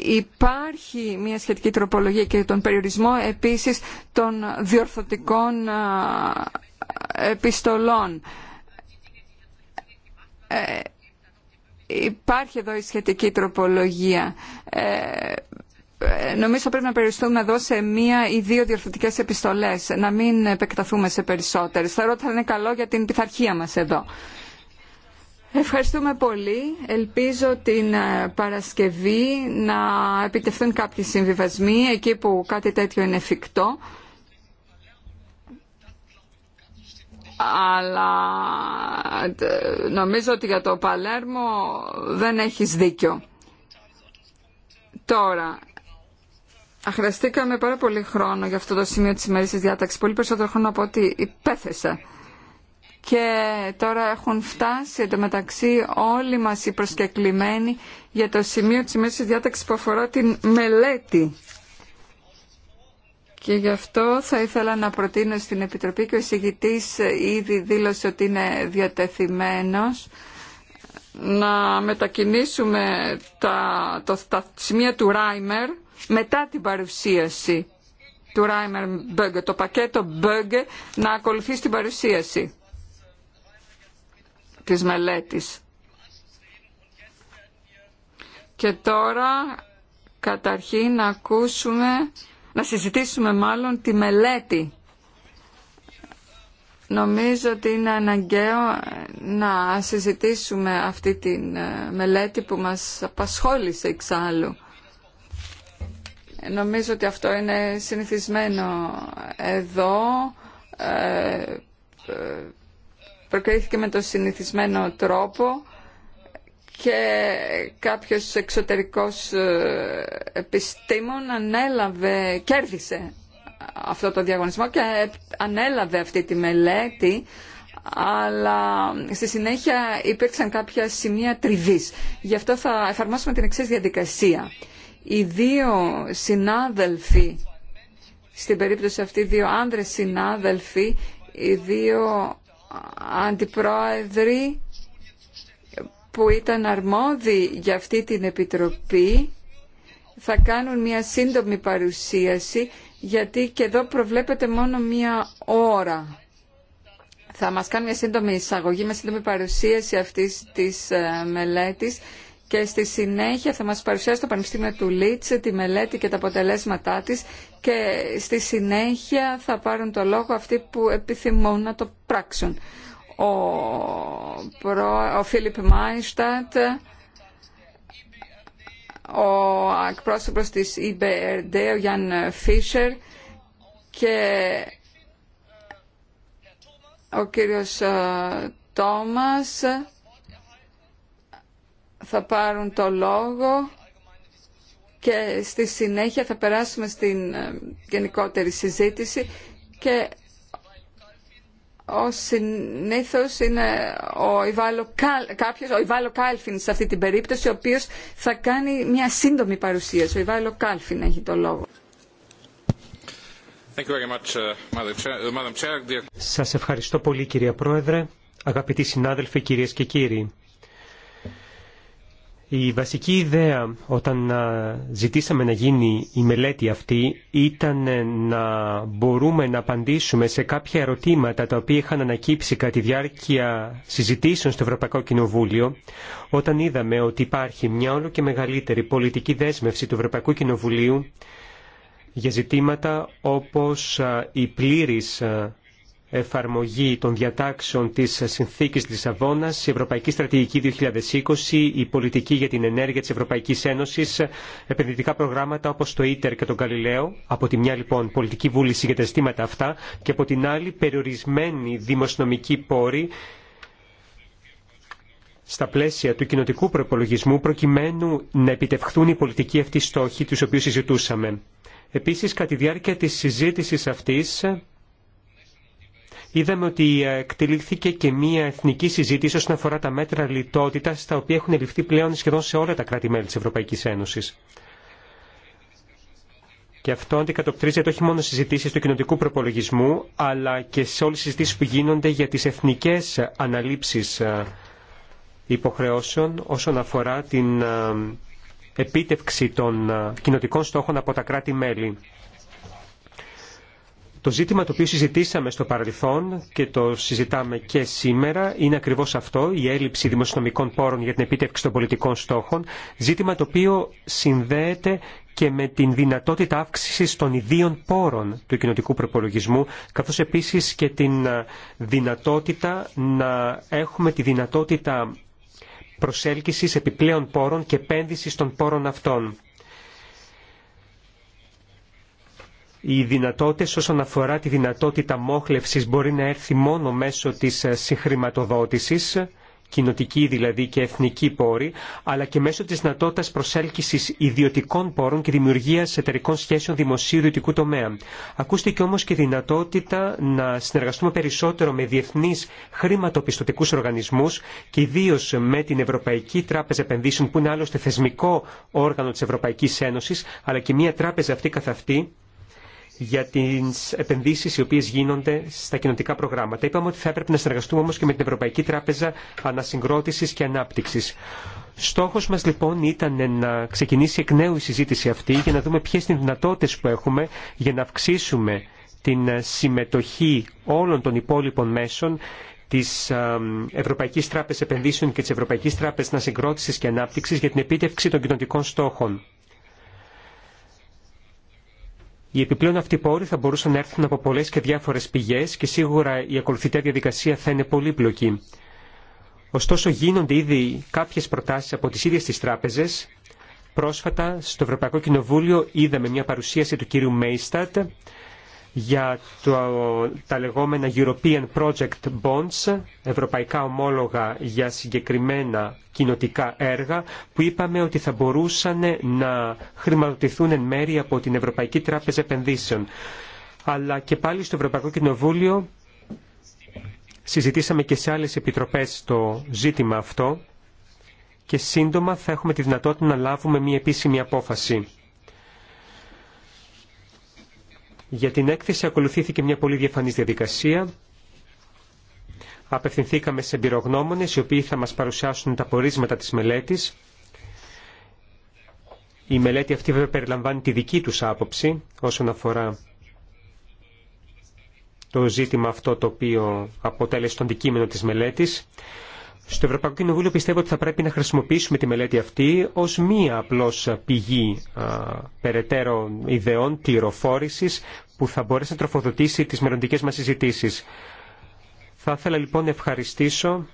υπάρχει μια σχετική τροπολογία και τον περιορισμό επίσης των διορθωτικών επιστολών. Ε, υπάρχει εδώ η σχετική τροπολογία. Ε, νομίζω πρέπει να περιοριστούμε εδώ σε μία ή δύο διορθωτικές επιστολές, να μην επεκταθούμε σε περισσότερες. Θεωρώ ότι θα είναι καλό για την πειθαρχία μας εδώ. Ευχαριστούμε πολύ. Ελπίζω την ε, Παρασκευή να επιτευχθούν κάποιοι συμβιβασμοί εκεί που κάτι τέτοιο είναι εφικτό. Αλλά ε, νομίζω ότι για το Παλέρμο δεν έχεις δίκιο. Τώρα, χρειαστήκαμε πάρα πολύ χρόνο για αυτό το σημείο της της διάταξης, πολύ περισσότερο χρόνο από ό,τι υπέθεσα. Και τώρα έχουν φτάσει εντωμεταξύ όλοι μας οι προσκεκλημένοι για το σημείο της της διάταξης που αφορά την μελέτη. Και γι' αυτό θα ήθελα να προτείνω στην Επιτροπή και ο εισηγητής ήδη δήλωσε ότι είναι διατεθειμένος να μετακινήσουμε τα, το, τα σημεία του Ράιμερ μετά την παρουσίαση του Ράιμερ Μπέγκε, το πακέτο Μπέγκε να ακολουθεί στην παρουσίαση της μελέτης. Και τώρα καταρχήν να ακούσουμε, να συζητήσουμε μάλλον τη μελέτη. Νομίζω ότι είναι αναγκαίο να συζητήσουμε αυτή τη ε, μελέτη που μας απασχόλησε εξάλλου. Νομίζω ότι αυτό είναι συνηθισμένο εδώ. Ε, ε, προκρίθηκε με το συνηθισμένο τρόπο και κάποιος εξωτερικός ε, επιστήμων ανέλαβε, κέρδισε αυτό το διαγωνισμό και ανέλαβε αυτή τη μελέτη αλλά στη συνέχεια υπήρξαν κάποια σημεία τριβής. Γι' αυτό θα εφαρμόσουμε την εξής διαδικασία οι δύο συνάδελφοι, στην περίπτωση αυτή δύο άνδρες συνάδελφοι, οι δύο αντιπρόεδροι που ήταν αρμόδιοι για αυτή την επιτροπή θα κάνουν μια σύντομη παρουσίαση γιατί και εδώ προβλέπεται μόνο μια ώρα. Θα μας κάνουν μια σύντομη εισαγωγή, μια σύντομη παρουσίαση αυτής της ε, μελέτης και στη συνέχεια θα μας παρουσιάσει το Πανεπιστήμιο του Λίτς τη μελέτη και τα αποτελέσματά της και στη συνέχεια θα πάρουν το λόγο αυτοί που επιθυμούν να το πράξουν. Ο, προ... ο Φίλιπ Μάινστατ, ο εκπρόσωπος της EBRD, ο Γιάνν Φίσερ και ο κύριος ε, Τόμας θα πάρουν το λόγο και στη συνέχεια θα περάσουμε στην ε, γενικότερη συζήτηση και ο Ιάλο κάλφιν είναι ο Ιβάλο, κάποιος, ο Ιβάλο Κάλφιν σε αυτή την περίπτωση, ο οποίος θα κάνει μια σύντομη παρουσίαση. Ο Ιβάλο Κάλφιν έχει το λόγο. Σας ευχαριστώ πολύ κυρία Πρόεδρε, αγαπητοί συνάδελφοι, κυρίες και κύριοι. Η βασική ιδέα όταν ζητήσαμε να γίνει η μελέτη αυτή ήταν ε, να μπορούμε να απαντήσουμε σε κάποια ερωτήματα τα οποία είχαν ανακύψει κατά τη διάρκεια συζητήσεων στο Ευρωπαϊκό Κοινοβούλιο όταν είδαμε ότι υπάρχει μια όλο και μεγαλύτερη πολιτική δέσμευση του Ευρωπαϊκού Κοινοβουλίου για ζητήματα όπως η πλήρης εφαρμογή των διατάξεων της Συνθήκης Λισαβόνας, η Ευρωπαϊκή Στρατηγική 2020, η πολιτική για την ενέργεια της Ευρωπαϊκής Ένωσης, επενδυτικά προγράμματα όπως το ΙΤΕΡ και τον Καλλιλέο, από τη μια λοιπόν πολιτική βούληση για τα αισθήματα αυτά και από την άλλη περιορισμένη δημοσιονομική πόρη στα πλαίσια του κοινοτικού προπολογισμού προκειμένου να επιτευχθούν οι πολιτικοί αυτοί στόχοι τους οποίους συζητούσαμε. Επίσης, κατά τη διάρκεια της συζήτησης αυτής, Είδαμε ότι ε, εκτελήθηκε και μία εθνική συζήτηση όσον αφορά τα μέτρα λιτότητα, τα οποία έχουν ληφθεί πλέον σχεδόν σε όλα τα κράτη-μέλη τη Ευρωπαϊκή Ένωση. Και αυτό αντικατοπτρίζεται όχι μόνο στι συζητήσει του κοινοτικού προπολογισμού, αλλά και σε όλε τι συζητήσει που γίνονται για τι εθνικέ αναλήψει ε, υποχρεώσεων όσον αφορά την ε, επίτευξη των κοινοτικών στόχων από τα κράτη-μέλη. Το ζήτημα το οποίο συζητήσαμε στο παρελθόν και το συζητάμε και σήμερα είναι ακριβώς αυτό, η έλλειψη δημοσιονομικών πόρων για την επίτευξη των πολιτικών στόχων, ζήτημα το οποίο συνδέεται και με την δυνατότητα αύξησης των ιδίων πόρων του κοινοτικού προπολογισμού, καθώς επίσης και την ε, δυνατότητα να έχουμε τη δυνατότητα προσέλκυσης επιπλέον πόρων και επένδυσης των πόρων αυτών. Οι δυνατότητες όσον αφορά τη δυνατότητα μόχλευσης μπορεί να έρθει μόνο μέσω της ε, συγχρηματοδότησης, κοινοτική δηλαδή και εθνική πόρη, αλλά και μέσω της δυνατότητα προσέλκυσης ιδιωτικών πόρων και δημιουργίας εταιρικών σχέσεων δημοσίου-ιδιωτικού τομέα. Ακούστε και όμως και δυνατότητα να συνεργαστούμε περισσότερο με διεθνείς χρηματοπιστωτικούς οργανισμούς και ιδίω με την Ευρωπαϊκή Τράπεζα Επενδύσεων που είναι άλλωστε θεσμικό όργανο της Ευρωπαϊκής Ένωσης, αλλά και μια τράπεζα αυτή καθ' αυτή για τι επενδύσει οι οποίε γίνονται στα κοινοτικά προγράμματα. Είπαμε ότι θα έπρεπε να συνεργαστούμε όμω και με την Ευρωπαϊκή Τράπεζα Ανασυγκρότηση και Ανάπτυξη. Στόχο μα λοιπόν ήταν να ξεκινήσει εκ νέου η συζήτηση αυτή για να δούμε ποιε είναι οι δυνατότητε που έχουμε για να αυξήσουμε την συμμετοχή όλων των υπόλοιπων μέσων τη ε, Ευρωπαϊκή Τράπεζα Επενδύσεων και τη Ευρωπαϊκή Τράπεζα Ανασυγκρότηση και Ανάπτυξη για την επίτευξη των κοινοτικών στόχων. Οι επιπλέον αυτοί πόροι θα μπορούσαν να έρθουν από πολλέ και διάφορε πηγέ και σίγουρα η ακολουθητή διαδικασία θα είναι πολύπλοκη. Ωστόσο, γίνονται ήδη κάποιε προτάσει από τι ίδιε τι τράπεζε. Πρόσφατα, στο Ευρωπαϊκό Κοινοβούλιο, είδαμε μια παρουσίαση του κύριου Μέιστατ για το, τα λεγόμενα European Project Bonds, ευρωπαϊκά ομόλογα για συγκεκριμένα κοινοτικά έργα, που είπαμε ότι θα μπορούσαν να χρηματοδοτηθούν εν μέρη από την Ευρωπαϊκή Τράπεζα Επενδύσεων. Αλλά και πάλι στο Ευρωπαϊκό Κοινοβούλιο συζητήσαμε και σε άλλες επιτροπές το ζήτημα αυτό και σύντομα θα έχουμε τη δυνατότητα να λάβουμε μια επίσημη απόφαση. Για την έκθεση ακολουθήθηκε μια πολύ διαφανής διαδικασία. Απευθυνθήκαμε σε εμπειρογνώμονες οι οποίοι θα μας παρουσιάσουν τα πορίσματα της μελέτης. Η μελέτη αυτή βέβαια περιλαμβάνει τη δική τους άποψη όσον αφορά το ζήτημα αυτό το οποίο αποτέλεσε το αντικείμενο της μελέτης. Στο Ευρωπαϊκό Κοινοβούλιο πιστεύω ότι θα πρέπει να χρησιμοποιήσουμε τη μελέτη αυτή ως μία απλώς πηγή α, περαιτέρω ιδεών, πληροφόρησης που θα μπορέσει να τροφοδοτήσει τις μελλοντικέ μας συζητήσεις. Θα ήθελα λοιπόν να ευχαριστήσω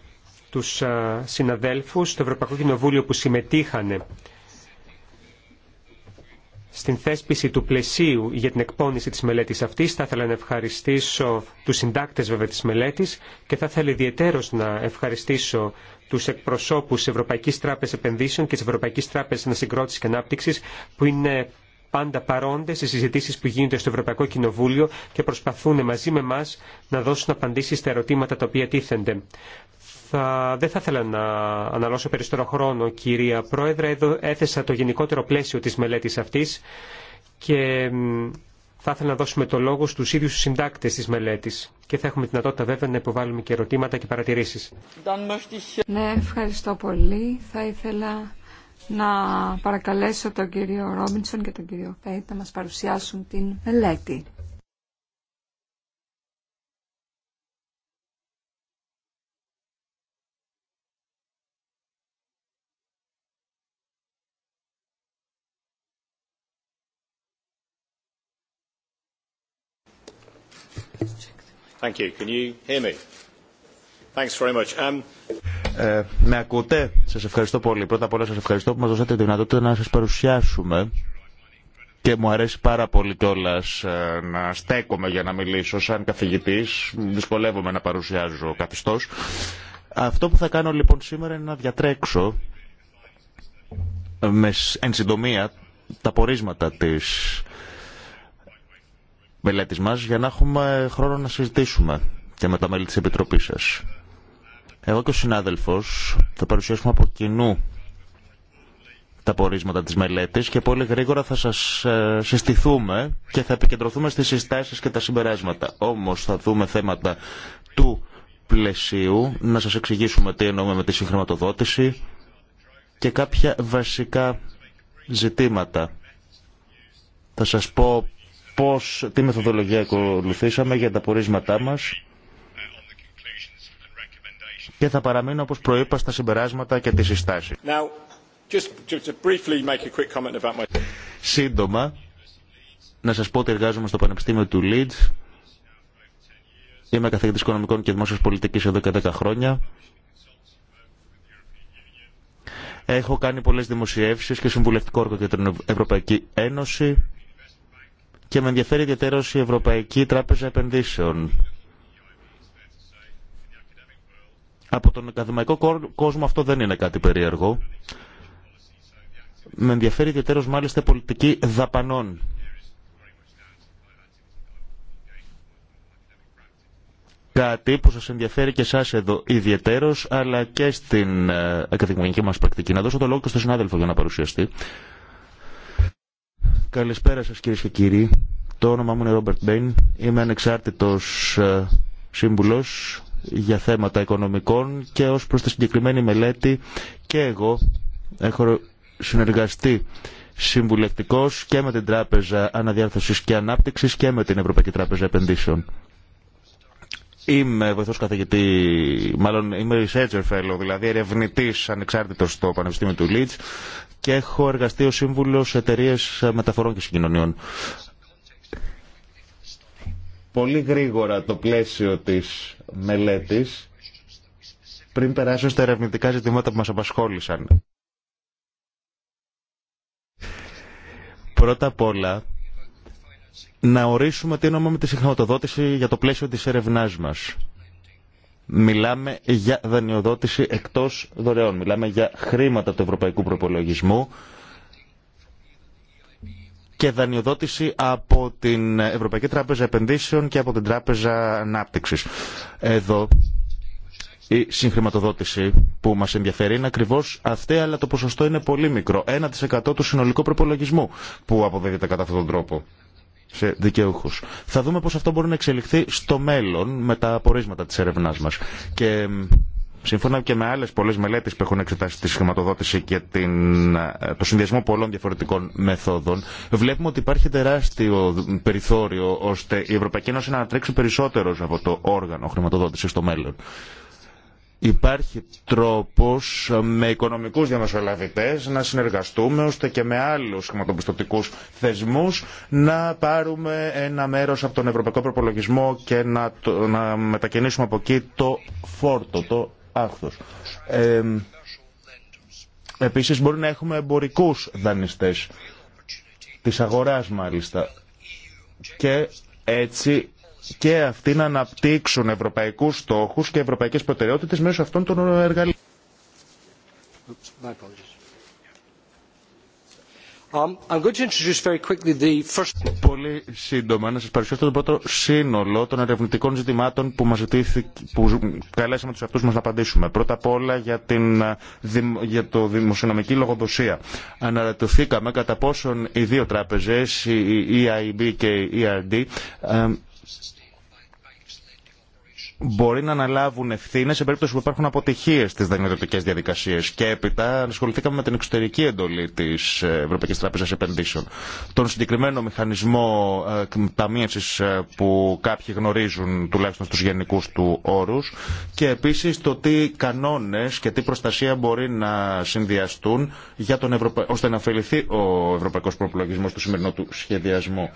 τους συναδέλφου, συναδέλφους στο Ευρωπαϊκό Κοινοβούλιο που συμμετείχανε στην θέσπιση του πλαισίου για την εκπόνηση της μελέτης αυτής. Θα ήθελα να ευχαριστήσω τους συντάκτες βέβαια της μελέτης και θα ήθελα ιδιαιτέρως να ευχαριστήσω τους εκπροσώπους της Ευρωπαϊκής Τράπεζας Επενδύσεων και της Ευρωπαϊκής Τράπεζας Ανασυγκρότησης και Ανάπτυξης που είναι πάντα παρόντες στις συζητήσεις που γίνονται στο Ευρωπαϊκό Κοινοβούλιο και προσπαθούν μαζί με εμά να δώσουν απαντήσεις στα ερωτήματα τα οποία τίθενται. Θα, δεν θα ήθελα να αναλώσω περισσότερο χρόνο, κυρία Πρόεδρε. Εδώ έθεσα το γενικότερο πλαίσιο της μελέτης αυτής και θα ήθελα να δώσουμε το λόγο στους ίδιους συντάκτες της μελέτης και θα έχουμε δυνατότητα βέβαια να υποβάλουμε και ερωτήματα και παρατηρήσεις. Ναι, ευχαριστώ πολύ. Θα ήθελα να παρακαλέσω τον κύριο Ρόμπινσον και τον κύριο Πέιτ να μας παρουσιάσουν την μελέτη. με ακούτε. Σας ευχαριστώ πολύ. Πρώτα απ' όλα σα ευχαριστώ που μας δώσατε τη δυνατότητα να σας παρουσιάσουμε και μου αρέσει πάρα πολύ κιόλα ε, να στέκομαι για να μιλήσω σαν καθηγητής. Δυσκολεύομαι να παρουσιάζω καθιστώ. Αυτό που θα κάνω λοιπόν σήμερα είναι να διατρέξω ε, με, εν συντομία τα πορίσματα της μελέτης για να έχουμε χρόνο να συζητήσουμε και με τα μέλη της Επιτροπής σας. Εγώ και ο συνάδελφος θα παρουσιάσουμε από κοινού τα πορίσματα της μελέτης και πολύ γρήγορα θα σας ε, συστηθούμε και θα επικεντρωθούμε στις συστάσεις και τα συμπεράσματα. Όμως θα δούμε θέματα του πλαισίου, να σας εξηγήσουμε τι εννοούμε με τη συγχρηματοδότηση και κάποια βασικά ζητήματα. Θα σας πω πώς, τι μεθοδολογία ακολουθήσαμε για τα πορίσματά μας και θα παραμείνω όπως προείπα στα συμπεράσματα και τις συστάσεις. Now, Σύντομα, να σας πω ότι εργάζομαι στο Πανεπιστήμιο του Leeds. Είμαι καθηγητής οικονομικών και δημόσιας πολιτικής εδώ και 10 χρόνια. Έχω κάνει πολλές δημοσιεύσεις και συμβουλευτικό όργο για την Ευρωπαϊκή Ένωση και με ενδιαφέρει ιδιαίτερω η Ευρωπαϊκή Τράπεζα Επενδύσεων. Από τον ακαδημαϊκό κόσμο αυτό δεν είναι κάτι περίεργο. Με ενδιαφέρει ιδιαίτερω μάλιστα πολιτική δαπανών. Κάτι που σας ενδιαφέρει και εσάς εδώ ιδιαίτερως, αλλά και στην ε, ακαδημαϊκή μας πρακτική. Να δώσω το λόγο και στον συνάδελφο για να παρουσιαστεί. Καλησπέρα σας κύριε και κύριοι. Το όνομά μου είναι Ρόμπερτ Μπέιν. Είμαι ανεξάρτητος ε, σύμβουλος για θέματα οικονομικών και ως προς τη συγκεκριμένη μελέτη και εγώ έχω συνεργαστεί συμβουλευτικός και με την Τράπεζα Αναδιάρθρωσης και Ανάπτυξης και με την Ευρωπαϊκή Τράπεζα Επενδύσεων. Είμαι βοηθό καθηγητή, μάλλον είμαι researcher fellow, δηλαδή ερευνητή ανεξάρτητος στο Πανεπιστήμιο του Λίτ και έχω εργαστεί ως σύμβουλο εταιρείε μεταφορών και συγκοινωνιών. Πολύ γρήγορα το πλαίσιο τη μελέτης πριν περάσω στα ερευνητικά ζητήματα που μας απασχόλησαν. Πρώτα απ' όλα, να ορίσουμε τι εννοούμε με τη συγχρηματοδότηση για το πλαίσιο της έρευνάς μας. Μιλάμε για δανειοδότηση εκτός δωρεών. Μιλάμε για χρήματα του ευρωπαϊκού προπολογισμού και δανειοδότηση από την Ευρωπαϊκή Τράπεζα Επενδύσεων και από την Τράπεζα Ανάπτυξης. Εδώ η συγχρηματοδότηση που μας ενδιαφέρει είναι ακριβώς αυτή, αλλά το ποσοστό είναι πολύ μικρό. 1% του συνολικού προπολογισμού που αποδίδεται κατά αυτόν τον τρόπο σε δικαιούχους. Θα δούμε πώς αυτό μπορεί να εξελιχθεί στο μέλλον με τα απορίσματα της έρευνά μας. Και Σύμφωνα και με άλλε πολλέ μελέτε που έχουν εξετάσει τη χρηματοδότηση και την, ε, το συνδυασμό πολλών διαφορετικών μεθόδων, βλέπουμε ότι υπάρχει τεράστιο περιθώριο ώστε η Ευρωπαϊκή Ένωση να ανατρέξει περισσότερο από το όργανο χρηματοδότηση στο μέλλον. Υπάρχει τρόπος με οικονομικούς διαμεσολαβητές να συνεργαστούμε ώστε και με άλλους χρηματοπιστωτικούς θεσμούς να πάρουμε ένα μέρος από τον ευρωπαϊκό προπολογισμό και να, μετακινήσουμε από εκεί το φόρτο, το άχθος. Ε, επίσης μπορεί να έχουμε εμπορικούς δανειστές της αγοράς μάλιστα και έτσι και αυτοί να αναπτύξουν ευρωπαϊκούς στόχους και ευρωπαϊκές προτεραιότητες μέσω αυτών των εργαλείων. Um, Πολύ σύντομα να σας παρουσιάσω το πρώτο σύνολο των ερευνητικών ζητημάτων που, μας ζητήθη, που καλέσαμε τους αυτούς μας να απαντήσουμε. Πρώτα απ' όλα για, την, ε, για το δημοσιονομική λογοδοσία. Αναρωτηθήκαμε κατά πόσον οι δύο τράπεζες, η EIB και η ERD, ε, μπορεί να αναλάβουν ευθύνε σε περίπτωση που υπάρχουν αποτυχίε στι δανειοδοτικέ διαδικασίε. Και έπειτα ασχοληθήκαμε με την εξωτερική εντολή τη Ευρωπαϊκή Τράπεζα Επενδύσεων. Τον συγκεκριμένο μηχανισμό ε, ταμείευση ε, που κάποιοι γνωρίζουν, τουλάχιστον στου γενικού του όρου. Και επίση το τι κανόνε και τι προστασία μπορεί να συνδυαστούν για τον ώστε να ωφεληθεί ο ευρωπαϊκό προπολογισμό του σημερινού του σχεδιασμού.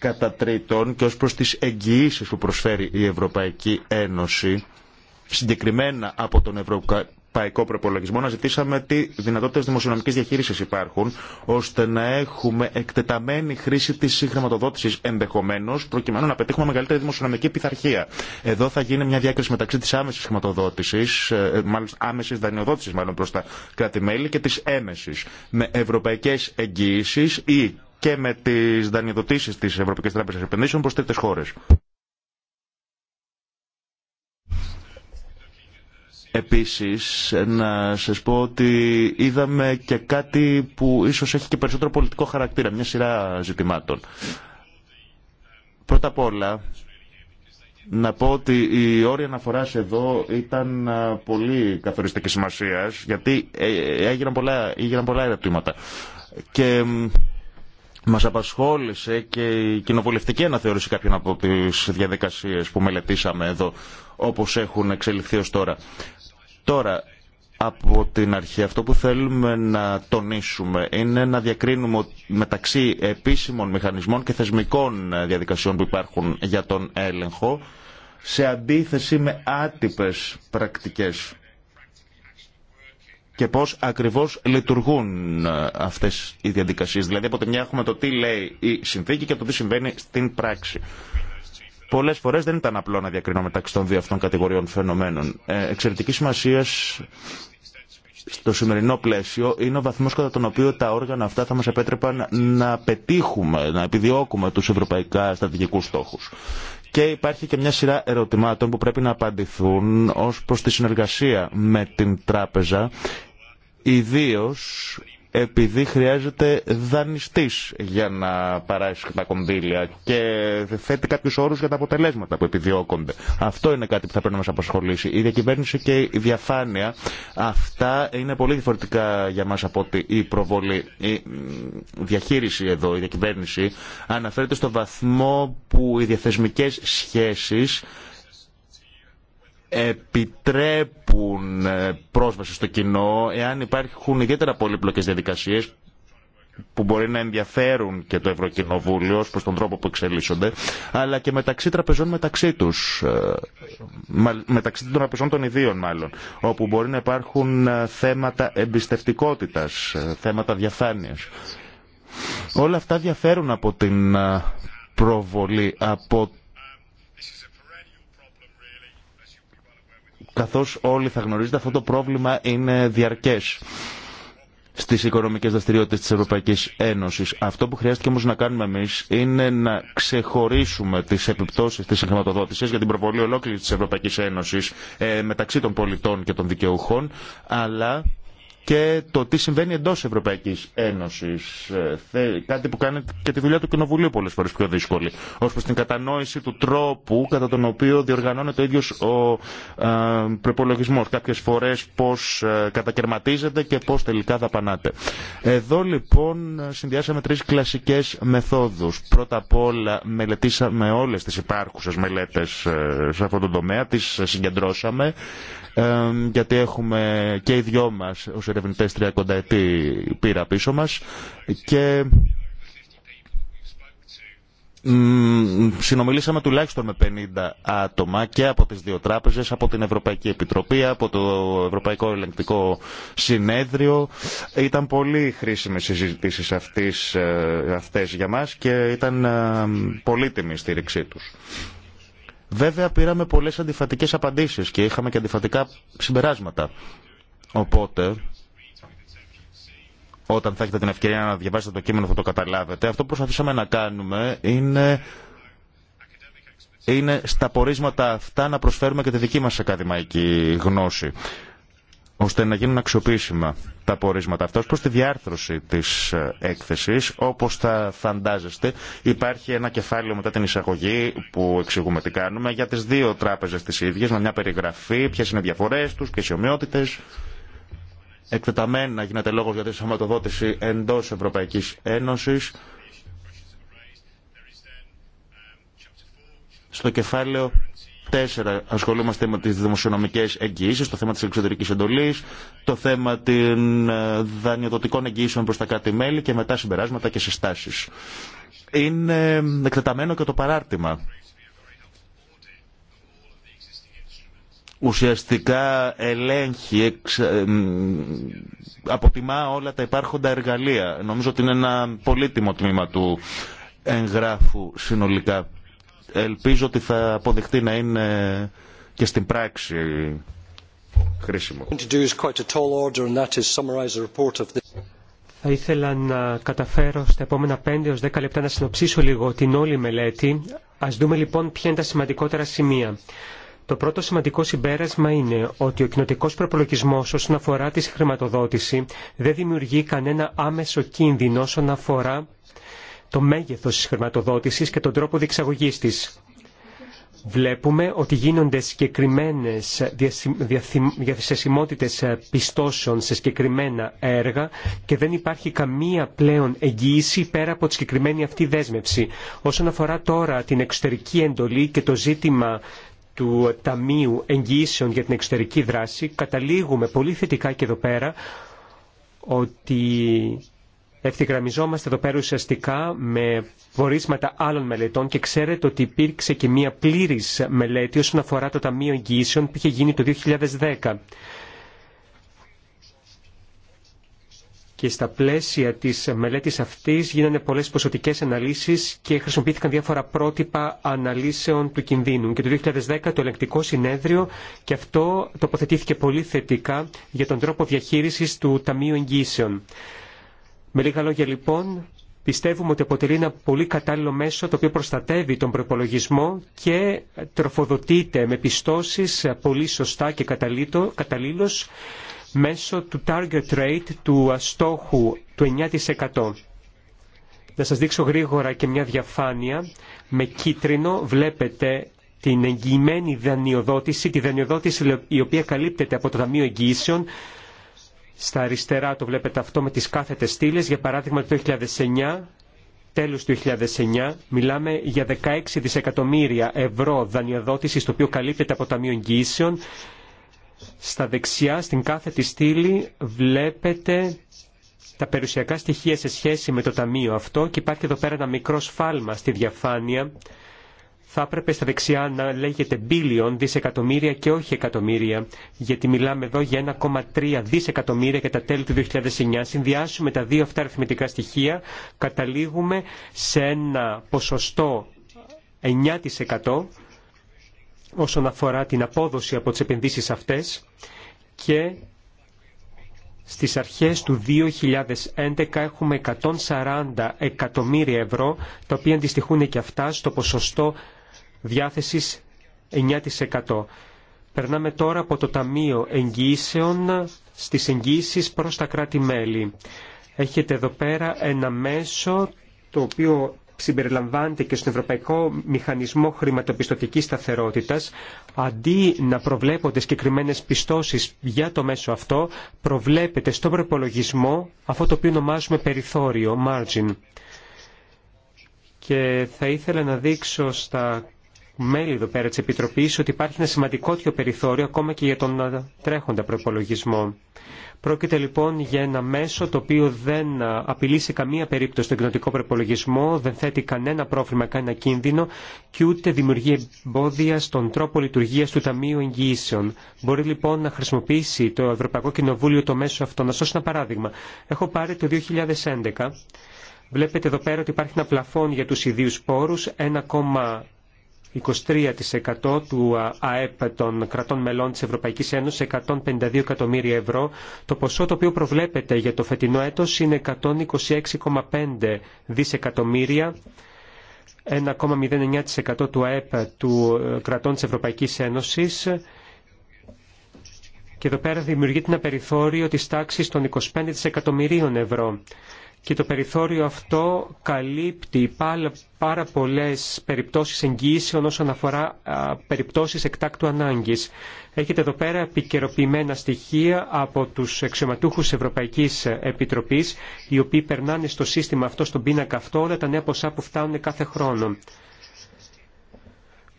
Κατά τρίτον, και ως προς τις εγγυήσεις που προσφέρει η Ευρωπαϊκή Ένωση, συγκεκριμένα από τον Ευρωπαϊκό Προπολογισμό, να ζητήσαμε τι δυνατότητες δημοσιονομικής διαχείρισης υπάρχουν, ώστε να έχουμε εκτεταμένη χρήση της χρηματοδότηση ενδεχομένως, προκειμένου να πετύχουμε μεγαλύτερη δημοσιονομική πειθαρχία. Εδώ θα γίνει μια διάκριση μεταξύ της άμεσης χρηματοδότησης, ε, μάλλον άμεσης δανειοδότησης μάλλον προς τα κράτη-μέλη και τη έμεση. με ευρωπαϊκές εγγυήσεις ή και με τι δανειοδοτήσει τη Ευρωπαϊκή Τράπεζα Επενδύσεων προ τρίτε χώρε. Επίσης, να σας πω ότι είδαμε και κάτι που ίσως έχει και περισσότερο πολιτικό χαρακτήρα, μια σειρά ζητημάτων. Πρώτα απ' όλα, να πω ότι η όρια αναφορά εδώ ήταν πολύ καθοριστική σημασία, γιατί ε, ε, έγιναν πολλά, έγιναν πολλά ερωτήματα. Και μας απασχόλησε και η κοινοβουλευτική αναθεώρηση κάποιων από τις διαδικασίες που μελετήσαμε εδώ, όπως έχουν εξελιχθεί ως τώρα. Τώρα, από την αρχή αυτό που θέλουμε να τονίσουμε είναι να διακρίνουμε μεταξύ επίσημων μηχανισμών και θεσμικών διαδικασιών που υπάρχουν για τον έλεγχο σε αντίθεση με άτυπες πρακτικές και πώ ακριβώ λειτουργούν ε, αυτέ οι διαδικασίε, Δηλαδή από τη μια έχουμε το τι λέει η συνθήκη και το τι συμβαίνει στην πράξη. Πολλέ φορέ δεν ήταν απλό να διακρινώ μεταξύ των δύο αυτών κατηγοριών φαινομένων. Ε, εξαιρετική σημασία στο σημερινό πλαίσιο είναι ο βαθμό κατά τον οποίο τα όργανα αυτά θα μα επέτρεπαν να πετύχουμε, να επιδιώκουμε του ευρωπαϊκά στρατηγικούς στόχου. Και υπάρχει και μια σειρά ερωτημάτων που πρέπει να απαντηθούν ως προ τη συνεργασία με την τράπεζα Ιδίω επειδή χρειάζεται δανειστή για να παράσει τα κονδύλια και θέτει κάποιους όρου για τα αποτελέσματα που επιδιώκονται. Αυτό είναι κάτι που θα πρέπει να μα απασχολήσει. Η διακυβέρνηση και η διαφάνεια, αυτά είναι πολύ διαφορετικά για μας από ότι η προβολή, διαχείριση εδώ, η διακυβέρνηση αναφέρεται στο βαθμό που οι διαθεσμικέ σχέσει επιτρέπουν ε, πρόσβαση στο κοινό εάν υπάρχουν ιδιαίτερα πολύπλοκες διαδικασίες που μπορεί να ενδιαφέρουν και το Ευρωκοινοβούλιο ως προς τον τρόπο που εξελίσσονται, αλλά και μεταξύ τραπεζών μεταξύ τους, ε, μεταξύ των τραπεζών των ιδίων μάλλον, όπου μπορεί να υπάρχουν ε, θέματα εμπιστευτικότητας, θέματα διαφάνειας. Όλα αυτά διαφέρουν από την προβολή, από καθώς όλοι θα γνωρίζετε αυτό το πρόβλημα είναι διαρκές στις οικονομικέ δραστηριότητε της Ευρωπαϊκής Ένωσης. Αυτό που χρειάστηκε όμω να κάνουμε εμείς είναι να ξεχωρίσουμε τις επιπτώσεις της χρηματοδότηση για την προβολή ολόκληρη τη Ευρωπαϊκή Ένωση ε, μεταξύ των πολιτών και των δικαιούχων, αλλά και το τι συμβαίνει εντό Ευρωπαϊκή Ένωση. Ε, κάτι που κάνει και τη δουλειά του Κοινοβουλίου πολλέ φορέ πιο δύσκολη. Ω προ την κατανόηση του τρόπου κατά τον οποίο διοργανώνεται ο ίδιο ο ε, προπολογισμό. Κάποιε φορέ πώ ε, κατακαιρματίζεται και πώ τελικά δαπανάται. Εδώ λοιπόν συνδυάσαμε τρει κλασικέ μεθόδου. Πρώτα απ' όλα μελετήσαμε όλε τι υπάρχουσε μελέτε σε αυτόν τον τομέα, τι συγκεντρώσαμε γιατί έχουμε και οι δυο μα ερευνητέ 30 ετή πήρα πίσω μα και συνομιλήσαμε τουλάχιστον με 50 άτομα και από τις δύο τράπεζες, από την Ευρωπαϊκή Επιτροπή, από το Ευρωπαϊκό Ελεγκτικό Συνέδριο. Ήταν πολύ χρήσιμες συζητήσεις αυτής, ε, αυτές για μας και ήταν ε, πολύτιμη η στήριξή τους. Βέβαια πήραμε πολλές αντιφατικές απαντήσεις και είχαμε και αντιφατικά συμπεράσματα. Οπότε όταν θα έχετε την ευκαιρία να διαβάσετε το κείμενο θα το καταλάβετε. Αυτό που προσπαθήσαμε να κάνουμε είναι είναι στα πορίσματα αυτά να προσφέρουμε και τη δική μας ακαδημαϊκή γνώση ώστε να γίνουν αξιοποιήσιμα τα πορίσματα αυτά. Ως προς τη διάρθρωση της ε, έκθεσης, όπως θα φαντάζεστε, υπάρχει ένα κεφάλαιο μετά την εισαγωγή που εξηγούμε τι κάνουμε για τις δύο τράπεζες τις ίδιες, με μια περιγραφή, ποιες είναι οι διαφορές τους, ποιες οι ομοιότητες εκτεταμένα γίνεται λόγο για τη σωματοδότηση εντό Ευρωπαϊκή Ένωσης. Στο κεφάλαιο 4 ασχολούμαστε με τις δημοσιονομικές εγγυήσεις, το θέμα της εξωτερικής εντολής, το θέμα των ε, δανειοδοτικών εγγυήσεων προς τα κράτη-μέλη και μετά συμπεράσματα και συστάσεις. Είναι εκτεταμένο και το παράρτημα ουσιαστικά ελέγχει, εξ, αποτιμά όλα τα υπάρχοντα εργαλεία. Νομίζω ότι είναι ένα πολύτιμο τμήμα του εγγράφου συνολικά. Ελπίζω ότι θα αποδειχτεί να είναι και στην πράξη χρήσιμο. Θα ήθελα να καταφέρω στα επόμενα 5 10 λεπτά να συνοψίσω λίγο την όλη μελέτη. Ας δούμε λοιπόν ποια είναι τα σημαντικότερα σημεία. Το πρώτο σημαντικό συμπέρασμα είναι ότι ο κοινοτικό προπολογισμό όσον αφορά τη χρηματοδότηση δεν δημιουργεί κανένα άμεσο κίνδυνο όσον αφορά το μέγεθος της χρηματοδότηση και τον τρόπο διεξαγωγής της. Βλέπουμε ότι γίνονται συγκεκριμένε διαθεσιμότητες πιστώσεων σε συγκεκριμένα έργα και δεν υπάρχει καμία πλέον εγγύηση πέρα από τη συγκεκριμένη αυτή δέσμευση. Όσον αφορά τώρα την εξωτερική εντολή και το ζήτημα του Ταμείου Εγγυήσεων για την Εξωτερική Δράση, καταλήγουμε πολύ θετικά και εδώ πέρα ότι ευθυγραμμιζόμαστε εδώ πέρα ουσιαστικά με βορίσματα άλλων μελετών και ξέρετε ότι υπήρξε και μία πλήρης μελέτη όσον αφορά το Ταμείο Εγγυήσεων που είχε γίνει το 2010. και στα πλαίσια της μελέτης αυτής γίνανε πολλές ποσοτικές αναλύσεις και χρησιμοποιήθηκαν διάφορα πρότυπα αναλύσεων του κινδύνου. Και το 2010 το ελεγκτικό συνέδριο και αυτό τοποθετήθηκε πολύ θετικά για τον τρόπο διαχείρισης του Ταμείου Εγγύσεων. Με λίγα λόγια λοιπόν, πιστεύουμε ότι αποτελεί ένα πολύ κατάλληλο μέσο το οποίο προστατεύει τον προπολογισμό και τροφοδοτείται με πιστώσεις πολύ σωστά και καταλήλως μέσω του target rate του αστόχου του 9%. Να σας δείξω γρήγορα και μια διαφάνεια. Με κίτρινο βλέπετε την εγγυημένη δανειοδότηση, τη δανειοδότηση η οποία καλύπτεται από το Ταμείο Εγγυήσεων. Στα αριστερά το βλέπετε αυτό με τις κάθετες στήλες. Για παράδειγμα το 2009, τέλος του 2009, μιλάμε για 16 δισεκατομμύρια ευρώ δανειοδότηση το οποίο καλύπτεται από το Ταμείο Εγγυήσεων στα δεξιά, στην κάθε τη στήλη, βλέπετε τα περιουσιακά στοιχεία σε σχέση με το ταμείο αυτό και υπάρχει εδώ πέρα ένα μικρό σφάλμα στη διαφάνεια. Θα έπρεπε στα δεξιά να λέγεται billion, δισεκατομμύρια και όχι εκατομμύρια, γιατί μιλάμε εδώ για 1,3 δισεκατομμύρια για τα τέλη του 2009. Συνδυάσουμε τα δύο αυτά αριθμητικά στοιχεία, καταλήγουμε σε ένα ποσοστό 9% όσον αφορά την απόδοση από τις επενδύσεις αυτές και στις αρχές του 2011 έχουμε 140 εκατομμύρια ευρώ, τα οποία αντιστοιχούν και αυτά στο ποσοστό διάθεσης 9%. Περνάμε τώρα από το Ταμείο Εγγύσεων στις εγγύησεις προς τα κράτη-μέλη. Έχετε εδώ πέρα ένα μέσο το οποίο συμπεριλαμβάνεται και στον Ευρωπαϊκό Μηχανισμό Χρηματοπιστωτικής Σταθερότητας, αντί να προβλέπονται συγκεκριμένε πιστώσεις για το μέσο αυτό, προβλέπεται στον προπολογισμό αυτό το οποίο ονομάζουμε περιθώριο, margin. Και θα ήθελα να δείξω στα μέλη εδώ πέρα της Επιτροπής ότι υπάρχει ένα σημαντικό περιθώριο ακόμα και για τον τρέχοντα προπολογισμό. Πρόκειται λοιπόν για ένα μέσο το οποίο δεν απειλεί σε καμία περίπτωση τον κοινοτικό προπολογισμό, δεν θέτει κανένα πρόβλημα, κανένα κίνδυνο και ούτε δημιουργεί εμπόδια στον τρόπο λειτουργία του Ταμείου Εγγυήσεων. Μπορεί λοιπόν να χρησιμοποιήσει το Ευρωπαϊκό Κοινοβούλιο το μέσο αυτό. Να σας ένα παράδειγμα. Έχω πάρει το 2011. Βλέπετε εδώ πέρα ότι υπάρχει ένα πλαφόν για τους ιδίους πόρους, 23% του ΑΕΠ των κρατών μελών της Ευρωπαϊκής Ένωσης, 152 εκατομμύρια ευρώ. Το ποσό το οποίο προβλέπεται για το φετινό έτος είναι 126,5 δισεκατομμύρια, 1,09% του ΑΕΠ του ε, κρατών της Ευρωπαϊκής Ένωσης. Και εδώ πέρα δημιουργείται ένα περιθώριο της τάξης των 25 δισεκατομμυρίων ευρώ και το περιθώριο αυτό καλύπτει πάρα πολλές περιπτώσεις εγγυήσεων όσον αφορά περιπτώσεις εκτάκτου ανάγκης. Έχετε εδώ πέρα επικαιροποιημένα στοιχεία από τους εξωματούχους Ευρωπαϊκής Επιτροπής, οι οποίοι περνάνε στο σύστημα αυτό, στον πίνακα αυτό, όλα τα νέα ποσά που φτάνουν κάθε χρόνο.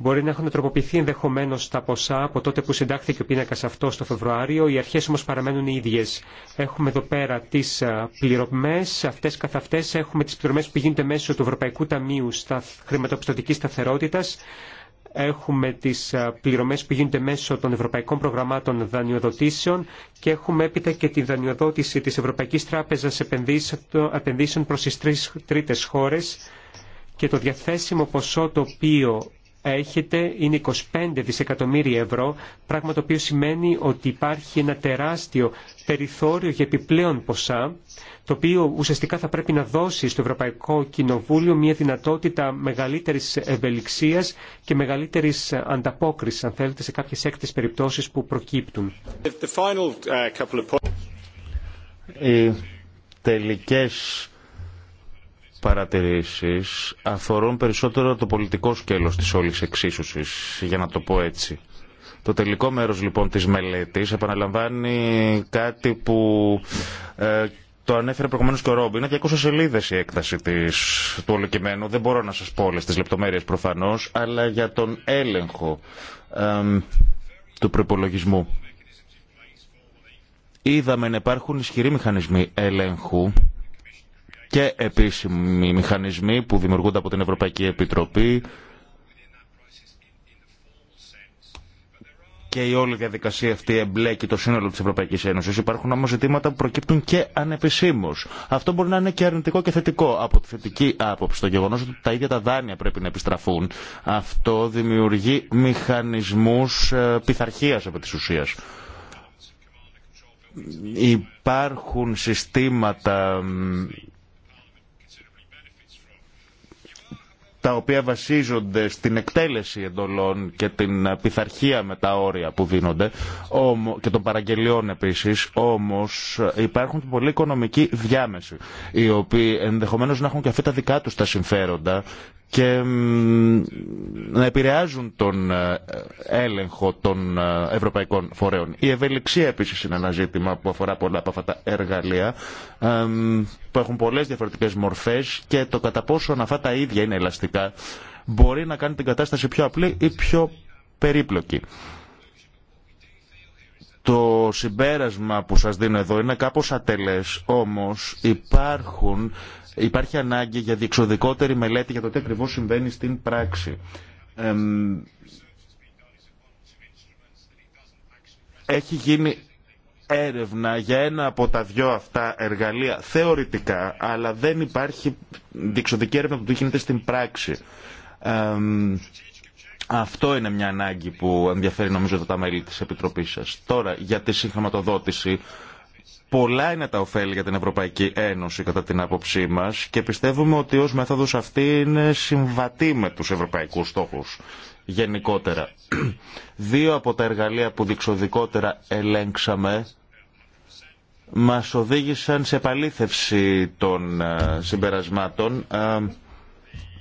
Μπορεί να έχουν τροποποιηθεί ενδεχομένω τα ποσά από τότε που συντάχθηκε ο πίνακα αυτό το Φεβρουάριο, οι αρχέ όμω παραμένουν οι ίδιε. Έχουμε εδώ πέρα τι πληρωμέ, αυτέ καθ' αυτέ έχουμε τι πληρωμέ που γίνονται μέσω του Ευρωπαϊκού Ταμείου στα χρηματοπιστωτική σταθερότητα, έχουμε τι πληρωμέ που γίνονται μέσω των Ευρωπαϊκών Προγραμμάτων Δανειοδοτήσεων και έχουμε έπειτα και τη δανειοδότηση τη Ευρωπαϊκή Τράπεζα Επενδύσεων προ τι τρίτε χώρε και το διαθέσιμο ποσό το οποίο έχετε είναι 25 δισεκατομμύρια ευρώ, πράγμα το οποίο σημαίνει ότι υπάρχει ένα τεράστιο περιθώριο για επιπλέον ποσά, το οποίο ουσιαστικά θα πρέπει να δώσει στο Ευρωπαϊκό Κοινοβούλιο μια δυνατότητα μεγαλύτερης ευελιξίας και μεγαλύτερης ανταπόκρισης, αν θέλετε, σε κάποιες έκτες περιπτώσεις που προκύπτουν. Uh, Οι τελικές παρατηρήσεις αφορούν περισσότερο το πολιτικό σκέλος της όλης εξίσωσης, για να το πω έτσι. Το τελικό μέρος λοιπόν της μελέτης επαναλαμβάνει κάτι που ε, το ανέφερε προηγουμένω και ο Ρόμπι. Είναι 200 σελίδε η έκταση της, του ολοκειμένου. Δεν μπορώ να σα πω όλε τι λεπτομέρειε προφανώ, αλλά για τον έλεγχο του προπολογισμού. Είδαμε να υπάρχουν ισχυροί μηχανισμοί έλεγχου και επίσημοι μηχανισμοί που δημιουργούνται από την Ευρωπαϊκή Επιτροπή και η όλη διαδικασία αυτή εμπλέκει το σύνολο της Ευρωπαϊκής Ένωσης. Υπάρχουν όμως ζητήματα που προκύπτουν και ανεπισήμως. Αυτό μπορεί να είναι και αρνητικό και θετικό από τη θετική άποψη. Το γεγονός ότι τα ίδια τα δάνεια πρέπει να επιστραφούν, αυτό δημιουργεί μηχανισμούς ε, πειθαρχίας από της ουσίας υπάρχουν συστήματα τα οποία βασίζονται στην εκτέλεση εντολών και την πειθαρχία με τα όρια που δίνονται και των παραγγελιών επίσης, όμως υπάρχουν και πολλοί οικονομικοί διάμεσοι, οι οποίοι ενδεχομένως να έχουν και αυτά τα δικά τους τα συμφέροντα και να επηρεάζουν τον ε, έλεγχο των ε, ευρωπαϊκών φορέων. Η ευελιξία επίση είναι ένα ζήτημα που αφορά πολλά από αυτά τα εργαλεία ε, που έχουν πολλές διαφορετικές μορφές και το κατά πόσο αυτά τα ίδια είναι ελαστικά μπορεί να κάνει την κατάσταση πιο απλή ή πιο περίπλοκη. Το συμπέρασμα που σας δίνω εδώ είναι κάπως ατελές, όμως υπάρχουν, υπάρχει ανάγκη για διεξοδικότερη μελέτη για το τι ακριβώ συμβαίνει στην πράξη. έχει γίνει έρευνα για ένα από τα δυο αυτά εργαλεία θεωρητικά, αλλά δεν υπάρχει διεξοδική έρευνα που γίνεται στην πράξη. Αυτό είναι μια ανάγκη που ενδιαφέρει νομίζω τα μέλη της Επιτροπής σας. Τώρα, για τη συγχρηματοδότηση, πολλά είναι τα ωφέλη για την Ευρωπαϊκή Ένωση κατά την άποψή μας και πιστεύουμε ότι ως μέθοδος αυτή είναι συμβατή με τους ευρωπαϊκούς στόχους γενικότερα. Δύο από τα εργαλεία που διεξοδικότερα ελέγξαμε μας οδήγησαν σε επαλήθευση των ε, συμπερασμάτων ε,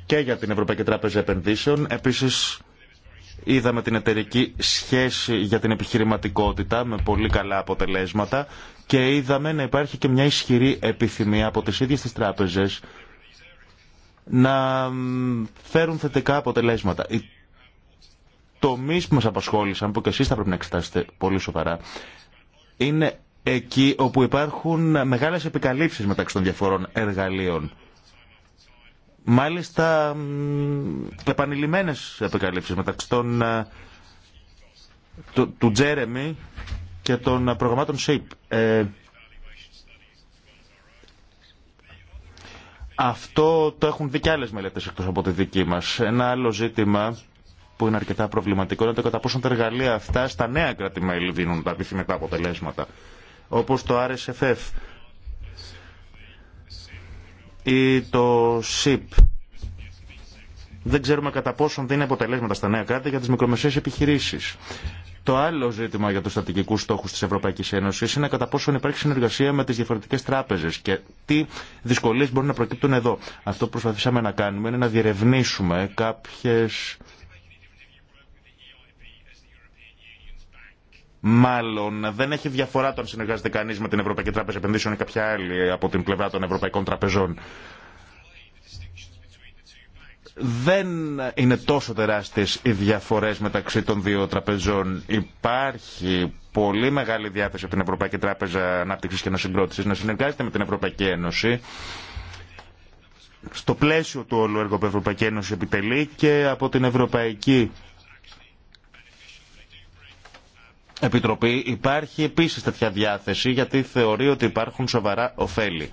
και για την Ευρωπαϊκή Τράπεζα Επενδύσεων. Επίσης Είδαμε την εταιρική σχέση για την επιχειρηματικότητα με πολύ καλά αποτελέσματα και είδαμε να υπάρχει και μια ισχυρή επιθυμία από τις ίδιες τις τράπεζες να φέρουν θετικά αποτελέσματα. Οι τομείς που μας απασχόλησαν, που και εσείς θα πρέπει να εξετάσετε πολύ σοβαρά, είναι εκεί όπου υπάρχουν μεγάλες επικαλύψεις μεταξύ των διαφορών εργαλείων Μάλιστα, επανειλημμένες επικαλύψεις μεταξύ των, ε, του, Τζέρεμι και των προγραμμάτων ΣΥΠ. Ε, αυτό το έχουν δει και άλλες μελέτες εκτός από τη δική μας. Ένα άλλο ζήτημα που είναι αρκετά προβληματικό είναι το κατά πόσο τα εργαλεία αυτά στα νέα κράτη-μέλη δίνουν τα επιθυμητά αποτελέσματα. Όπως το RSFF ή το ΣΥΠ. Δεν ξέρουμε κατά πόσον δίνει αποτελέσματα στα νέα κράτη για τις μικρομεσαίες επιχειρήσεις. Το άλλο ζήτημα για του στατικικού στόχου τη Ευρωπαϊκή Ένωση είναι κατά πόσον υπάρχει συνεργασία με τι διαφορετικέ τράπεζε και τι δυσκολίε μπορούν να προκύπτουν εδώ. Αυτό που προσπαθήσαμε να κάνουμε είναι να διερευνήσουμε κάποιε μάλλον δεν έχει διαφορά το αν συνεργάζεται κανεί με την Ευρωπαϊκή Τράπεζα Επενδύσεων ή κάποια άλλη από την πλευρά των Ευρωπαϊκών Τραπεζών. Δεν είναι τόσο τεράστιες οι διαφορές μεταξύ των δύο τραπεζών. Υπάρχει πολύ μεγάλη διάθεση από την Ευρωπαϊκή Τράπεζα Ανάπτυξης και Ανασυγκρότησης να συνεργάζεται με την Ευρωπαϊκή Ένωση στο πλαίσιο του όλου έργου που η Ευρωπαϊκή Ένωση επιτελεί και από την Ευρωπαϊκή Επιτροπή υπάρχει επίσης τέτοια διάθεση γιατί θεωρεί ότι υπάρχουν σοβαρά ωφέλη.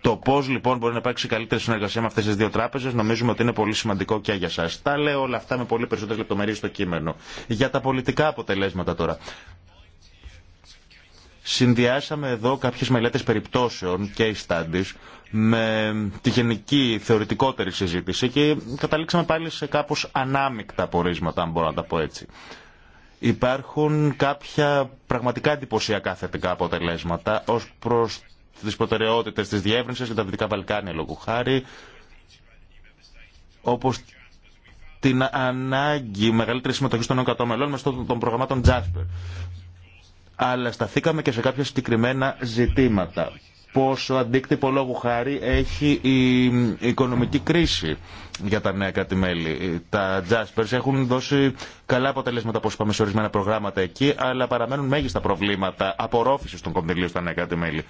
Το πώ λοιπόν μπορεί να υπάρξει καλύτερη συνεργασία με αυτέ τι δύο τράπεζε νομίζουμε ότι είναι πολύ σημαντικό και για εσά. Τα λέω όλα αυτά με πολύ περισσότερε λεπτομέρειε στο κείμενο. Για τα πολιτικά αποτελέσματα τώρα. Συνδυάσαμε εδώ κάποιε μελέτε περιπτώσεων, case studies, με τη γενική θεωρητικότερη συζήτηση και καταλήξαμε πάλι σε κάπως ανάμεικτα πορίσματα, αν μπορώ να τα πω έτσι. Υπάρχουν κάποια πραγματικά εντυπωσιακά θετικά αποτελέσματα ως προς τις προτεραιότητες της διεύρυνσης για τα Δυτικά Βαλκάνια λόγου χάρη, όπως την ανάγκη μεγαλύτερη συμμετοχή των 100 μέσω των προγραμμάτων Jasper. Αλλά σταθήκαμε και σε κάποια συγκεκριμένα ζητήματα πόσο αντίκτυπο λόγου χάρη έχει η οικονομική κρίση για τα νεα κατημέλη. Τα Jaspers έχουν δώσει καλά αποτελέσματα, όπω είπαμε, σε ορισμένα προγράμματα εκεί, αλλά παραμένουν μέγιστα προβλήματα απορρόφηση των κονδυλίων στα νεα κατημέλη.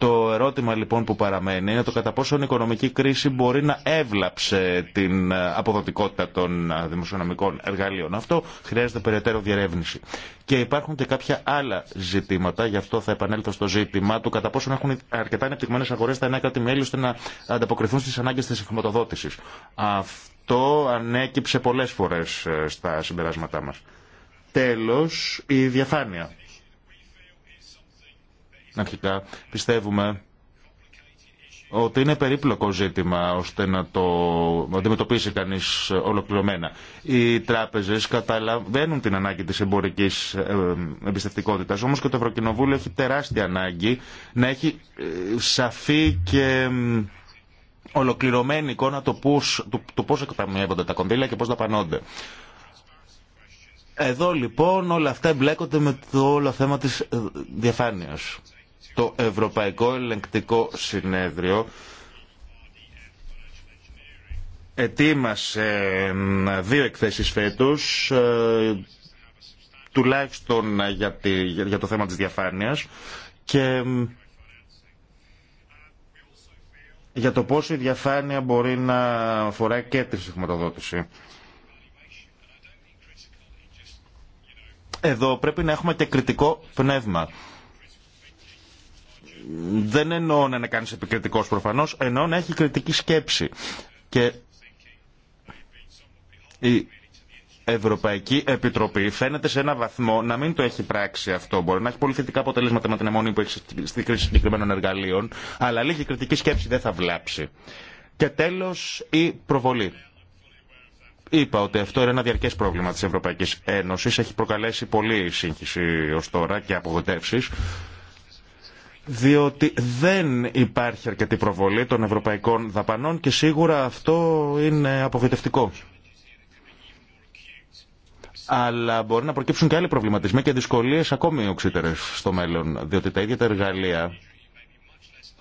Το ερώτημα λοιπόν που παραμένει είναι το κατά πόσο η οικονομική κρίση μπορεί να έβλαψε την ε, αποδοτικότητα των ε, δημοσιονομικών εργαλείων. Αυτό χρειάζεται περαιτέρω διερεύνηση. Και υπάρχουν και κάποια άλλα ζητήματα, γι' αυτό θα επανέλθω στο ζήτημα του κατά πόσο έχουν αρκετά ανεπτυγμένε αγορέ τα νεα κράτη-μέλη ώστε να ανταποκριθούν στι ανάγκε τη χρηματοδότηση. Αυτό ανέκυψε πολλέ φορέ ε, στα συμπεράσματά μα. Τέλο, η διαφάνεια αρχικά πιστεύουμε ότι είναι περίπλοκο ζήτημα ώστε να το αντιμετωπίσει κανείς ολοκληρωμένα. Οι τράπεζες καταλαβαίνουν την ανάγκη της εμπορικής ε, εμπιστευτικότητας, όμως και το Ευρωκοινοβούλιο έχει τεράστια ανάγκη να έχει ε, σαφή και ολοκληρωμένη εικόνα το πώς, το, πώς εκταμιεύονται τα κονδύλια και πώς πανώνται. Εδώ λοιπόν όλα αυτά εμπλέκονται με το όλο θέμα της ε, διαφάνειας το Ευρωπαϊκό Ελεγκτικό Συνέδριο ετοίμασε δύο εκθέσεις φέτος, ε, τουλάχιστον για το θέμα της διαφάνειας και για το πόσο η διαφάνεια μπορεί να αφορά και τη χρηματοδότηση. Εδώ πρέπει να έχουμε και κριτικό πνεύμα δεν εννοώ να είναι κανείς επικριτικός προφανώς, εννοώ να έχει κριτική σκέψη. Και η Ευρωπαϊκή Επιτροπή φαίνεται σε ένα βαθμό να μην το έχει πράξει αυτό. Μπορεί να έχει πολύ θετικά αποτελέσματα με την αιμονή που έχει στη κρίση συγκεκριμένων εργαλείων, αλλά λίγη κριτική σκέψη δεν θα βλάψει. Και τέλος η προβολή. Είπα ότι αυτό είναι ένα διαρκέ πρόβλημα τη Ευρωπαϊκή Ένωση. Έχει προκαλέσει πολλή σύγχυση ω τώρα και απογοητεύσει διότι δεν υπάρχει αρκετή προβολή των ευρωπαϊκών δαπανών και σίγουρα αυτό είναι απογοητευτικό. Αλλά μπορεί να προκύψουν και άλλοι προβληματισμοί και δυσκολίες ακόμη οξύτερες στο μέλλον, διότι τα ίδια τα εργαλεία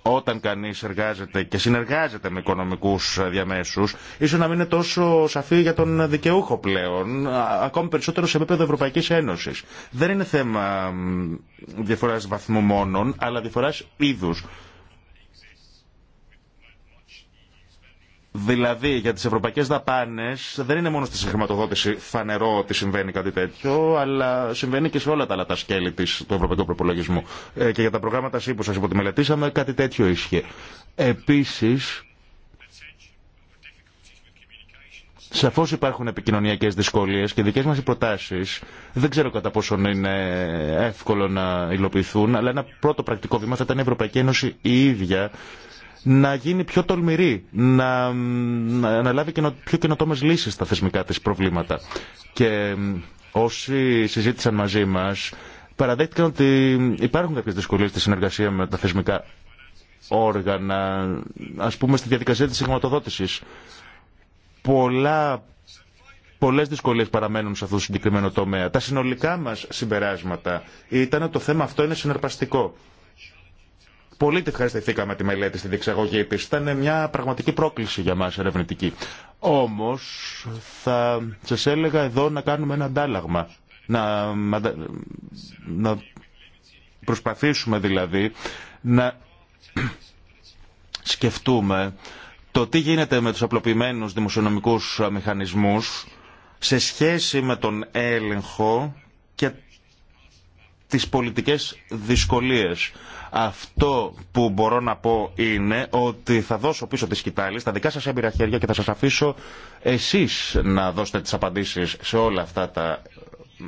όταν κανεί εργάζεται και συνεργάζεται με οικονομικού διαμέσους, ίσω να μην είναι τόσο σαφή για τον δικαιούχο πλέον, ακόμη περισσότερο σε επίπεδο Ευρωπαϊκή Ένωση. Δεν είναι θέμα διαφορά βαθμού μόνον, αλλά διαφορά είδου. Δηλαδή για τις ευρωπαϊκές δαπάνες δεν είναι μόνο στη συγχρηματοδότηση φανερό ότι συμβαίνει κάτι τέτοιο, αλλά συμβαίνει και σε όλα τα άλλα τα σκέλη της, του ευρωπαϊκού προπολογισμού. Ε, και για τα προγράμματα ΣΥ που σας υποτιμελετήσαμε κάτι τέτοιο ίσχυε. Επίσης, Σαφώ υπάρχουν επικοινωνιακέ δυσκολίε και δικέ μα προτάσει δεν ξέρω κατά πόσο είναι εύκολο να υλοποιηθούν, αλλά ένα πρώτο πρακτικό βήμα θα ήταν η Ευρωπαϊκή Ένωση η ίδια να γίνει πιο τολμηρή, να, να λάβει πιο καινοτόμε λύσει στα θεσμικά τη προβλήματα. Και όσοι συζήτησαν μαζί μα, παραδέχτηκαν ότι υπάρχουν κάποιε δυσκολίε στη συνεργασία με τα θεσμικά όργανα, ας πούμε στη διαδικασία της χρηματοδότησης. Πολλά, πολλές δυσκολίες παραμένουν σε αυτό το συγκεκριμένο τομέα. Τα συνολικά μας συμπεράσματα ήταν ότι το θέμα αυτό είναι συναρπαστικό. Πολύ τη ευχαριστηθήκαμε τη μελέτη στην διεξαγωγή τη. Ήταν μια πραγματική πρόκληση για μα ερευνητική. Όμω θα σα έλεγα εδώ να κάνουμε ένα αντάλλαγμα. Να, να προσπαθήσουμε δηλαδή να [CLEARS THROAT] σκεφτούμε το τι γίνεται με τους απλοποιημένους δημοσιονομικούς μηχανισμούς σε σχέση με τον έλεγχο τις πολιτικές δυσκολίες. Αυτό που μπορώ να πω είναι ότι θα δώσω πίσω τη σκητάλη στα δικά σας έμπειρα χέρια και θα σας αφήσω εσείς να δώσετε τις απαντήσεις σε όλα αυτά τα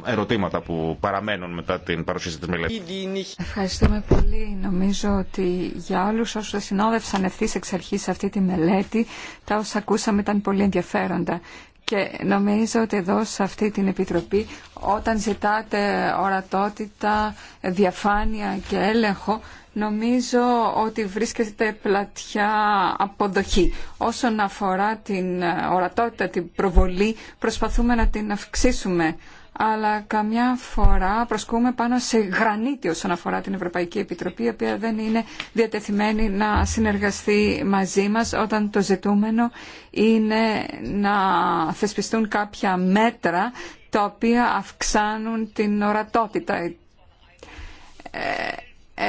ερωτήματα που παραμένουν μετά την παρουσίαση της μελέτης. Ευχαριστούμε πολύ. Νομίζω ότι για όλους όσους συνόδευσαν ευθύ εξ αρχής αυτή τη μελέτη, τα όσα ακούσαμε ήταν πολύ ενδιαφέροντα. Και νομίζω ότι εδώ σε αυτή την Επιτροπή όταν ζητάτε ορατότητα, διαφάνεια και έλεγχο νομίζω ότι βρίσκεται πλατιά αποδοχή. Όσον αφορά την ορατότητα, την προβολή προσπαθούμε να την αυξήσουμε αλλά καμιά φορά προσκούμε πάνω σε γρανίτη όσον αφορά την Ευρωπαϊκή Επιτροπή, η οποία δεν είναι διατεθειμένη να συνεργαστεί μαζί μας όταν το ζητούμενο είναι να θεσπιστούν κάποια μέτρα τα οποία αυξάνουν την ορατότητα. Ε,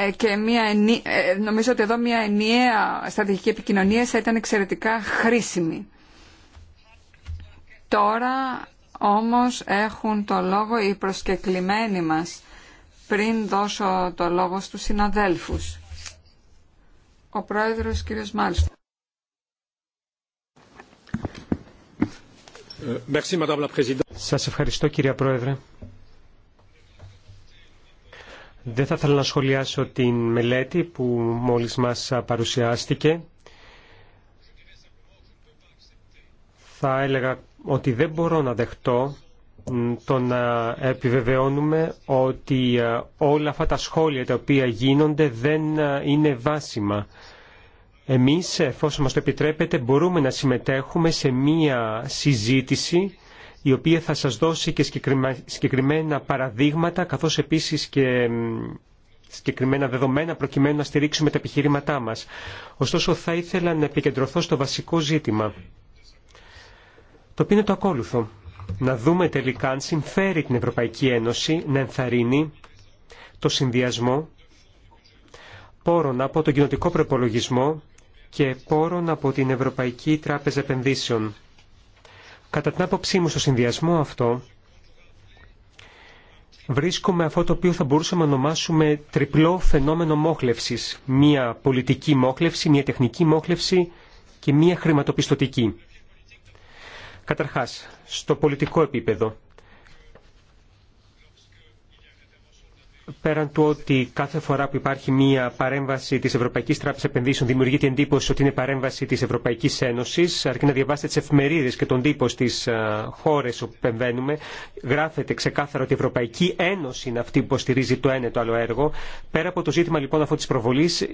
ε, και μια, ε, νομίζω ότι εδώ μια ενιαία στρατηγική επικοινωνία θα ήταν εξαιρετικά χρήσιμη. Τώρα όμως έχουν το λόγο οι προσκεκλημένοι μας πριν δώσω το λόγο στους συναδέλφους. Ο πρόεδρος κύριος Μάλστο. Σας ευχαριστώ κυρία Πρόεδρε. Δεν θα ήθελα να σχολιάσω την μελέτη που μόλις μας παρουσιάστηκε. Θα έλεγα ότι δεν μπορώ να δεχτώ το να επιβεβαιώνουμε ότι ε, όλα αυτά τα σχόλια τα οποία γίνονται δεν ε, είναι βάσιμα. Εμείς, εφόσον μας το επιτρέπετε, μπορούμε να συμμετέχουμε σε μία συζήτηση η οποία θα σας δώσει και συγκεκριμένα παραδείγματα καθώς επίσης και συγκεκριμένα δεδομένα προκειμένου να στηρίξουμε τα επιχειρήματά μας. Ωστόσο θα ήθελα να επικεντρωθώ στο βασικό ζήτημα το οποίο είναι το ακόλουθο. Να δούμε τελικά αν συμφέρει την Ευρωπαϊκή Ένωση να ενθαρρύνει το συνδυασμό πόρων από τον κοινοτικό προπολογισμό και πόρων από την Ευρωπαϊκή Τράπεζα Επενδύσεων. Κατά την άποψή μου στο συνδυασμό αυτό, βρίσκουμε αυτό το οποίο θα μπορούσαμε να ονομάσουμε τριπλό φαινόμενο μόχλευσης. Μία πολιτική μόχλευση, μία τεχνική μόχλευση και μία χρηματοπιστωτική. Καταρχάς, στο πολιτικό επίπεδο, πέραν του ότι κάθε φορά που υπάρχει μια παρέμβαση της Ευρωπαϊκής Τράπεζας Επενδύσεων δημιουργείται εντύπωση ότι είναι παρέμβαση της Ευρωπαϊκής Ένωσης, αρκεί να διαβάσετε τις εφημερίδες και τον τύπο στις ε, χώρες όπου επεμβαίνουμε, γράφεται ξεκάθαρα ότι η Ευρωπαϊκή Ένωση είναι αυτή που υποστηρίζει το ένα το άλλο έργο. Πέρα από το ζήτημα λοιπόν αυτό της προβολής,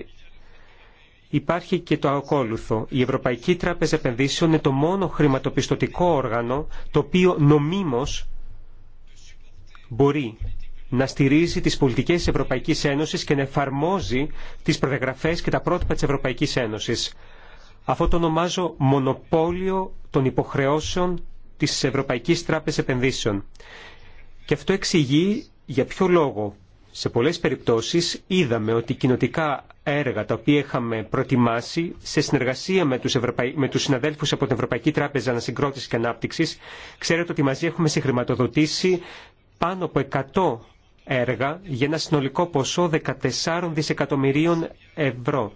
Υπάρχει και το ακόλουθο. Η Ευρωπαϊκή Τράπεζα Επενδύσεων είναι το μόνο χρηματοπιστωτικό όργανο το οποίο νομίμως μπορεί να στηρίζει τις πολιτικές της Ευρωπαϊκής Ένωσης και να εφαρμόζει τις προδιαγραφές και τα πρότυπα της Ευρωπαϊκής Ένωσης. Αυτό το ονομάζω μονοπόλιο των υποχρεώσεων της Ευρωπαϊκής Τράπεζας Επενδύσεων. Και αυτό εξηγεί για ποιο λόγο σε πολλές περιπτώσεις είδαμε ότι κοινοτικά έργα τα οποία είχαμε προτιμάσει σε συνεργασία με τους, Ευρωπαϊ... με τους συναδέλφους από την Ευρωπαϊκή Τράπεζα Ανασυγκρότηση και Ανάπτυξης, ξέρετε ότι μαζί έχουμε συγχρηματοδοτήσει πάνω από 100 έργα για ένα συνολικό ποσό 14 δισεκατομμυρίων ευρώ.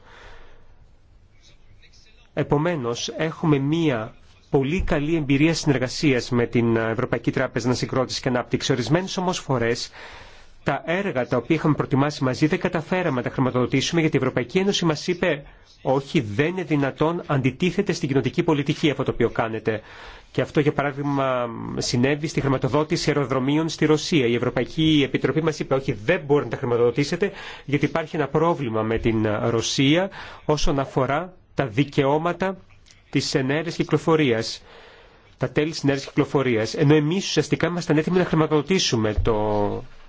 Επομένως, έχουμε μία πολύ καλή εμπειρία συνεργασίας με την Ευρωπαϊκή Τράπεζα Ανασυγκρότηση και ανάπτυξη. Ορισμένες όμως φορές τα έργα τα οποία είχαμε προτιμάσει μαζί δεν καταφέραμε να τα χρηματοδοτήσουμε γιατί η Ευρωπαϊκή Ένωση μας είπε όχι δεν είναι δυνατόν αντιτίθεται στην κοινωτική πολιτική αυτό το οποίο κάνετε. Και αυτό για παράδειγμα συνέβη στη χρηματοδότηση αεροδρομίων στη Ρωσία. Η Ευρωπαϊκή Επιτροπή μας είπε όχι δεν μπορεί να τα χρηματοδοτήσετε γιατί υπάρχει ένα πρόβλημα με την Ρωσία όσον αφορά τα δικαιώματα της ενέργειας κυκλοφορία, τα τέλη ενέργειας κυκλοφορίας, ενώ εμείς ουσιαστικά ήμασταν έτοιμοι να χρηματοδοτήσουμε το,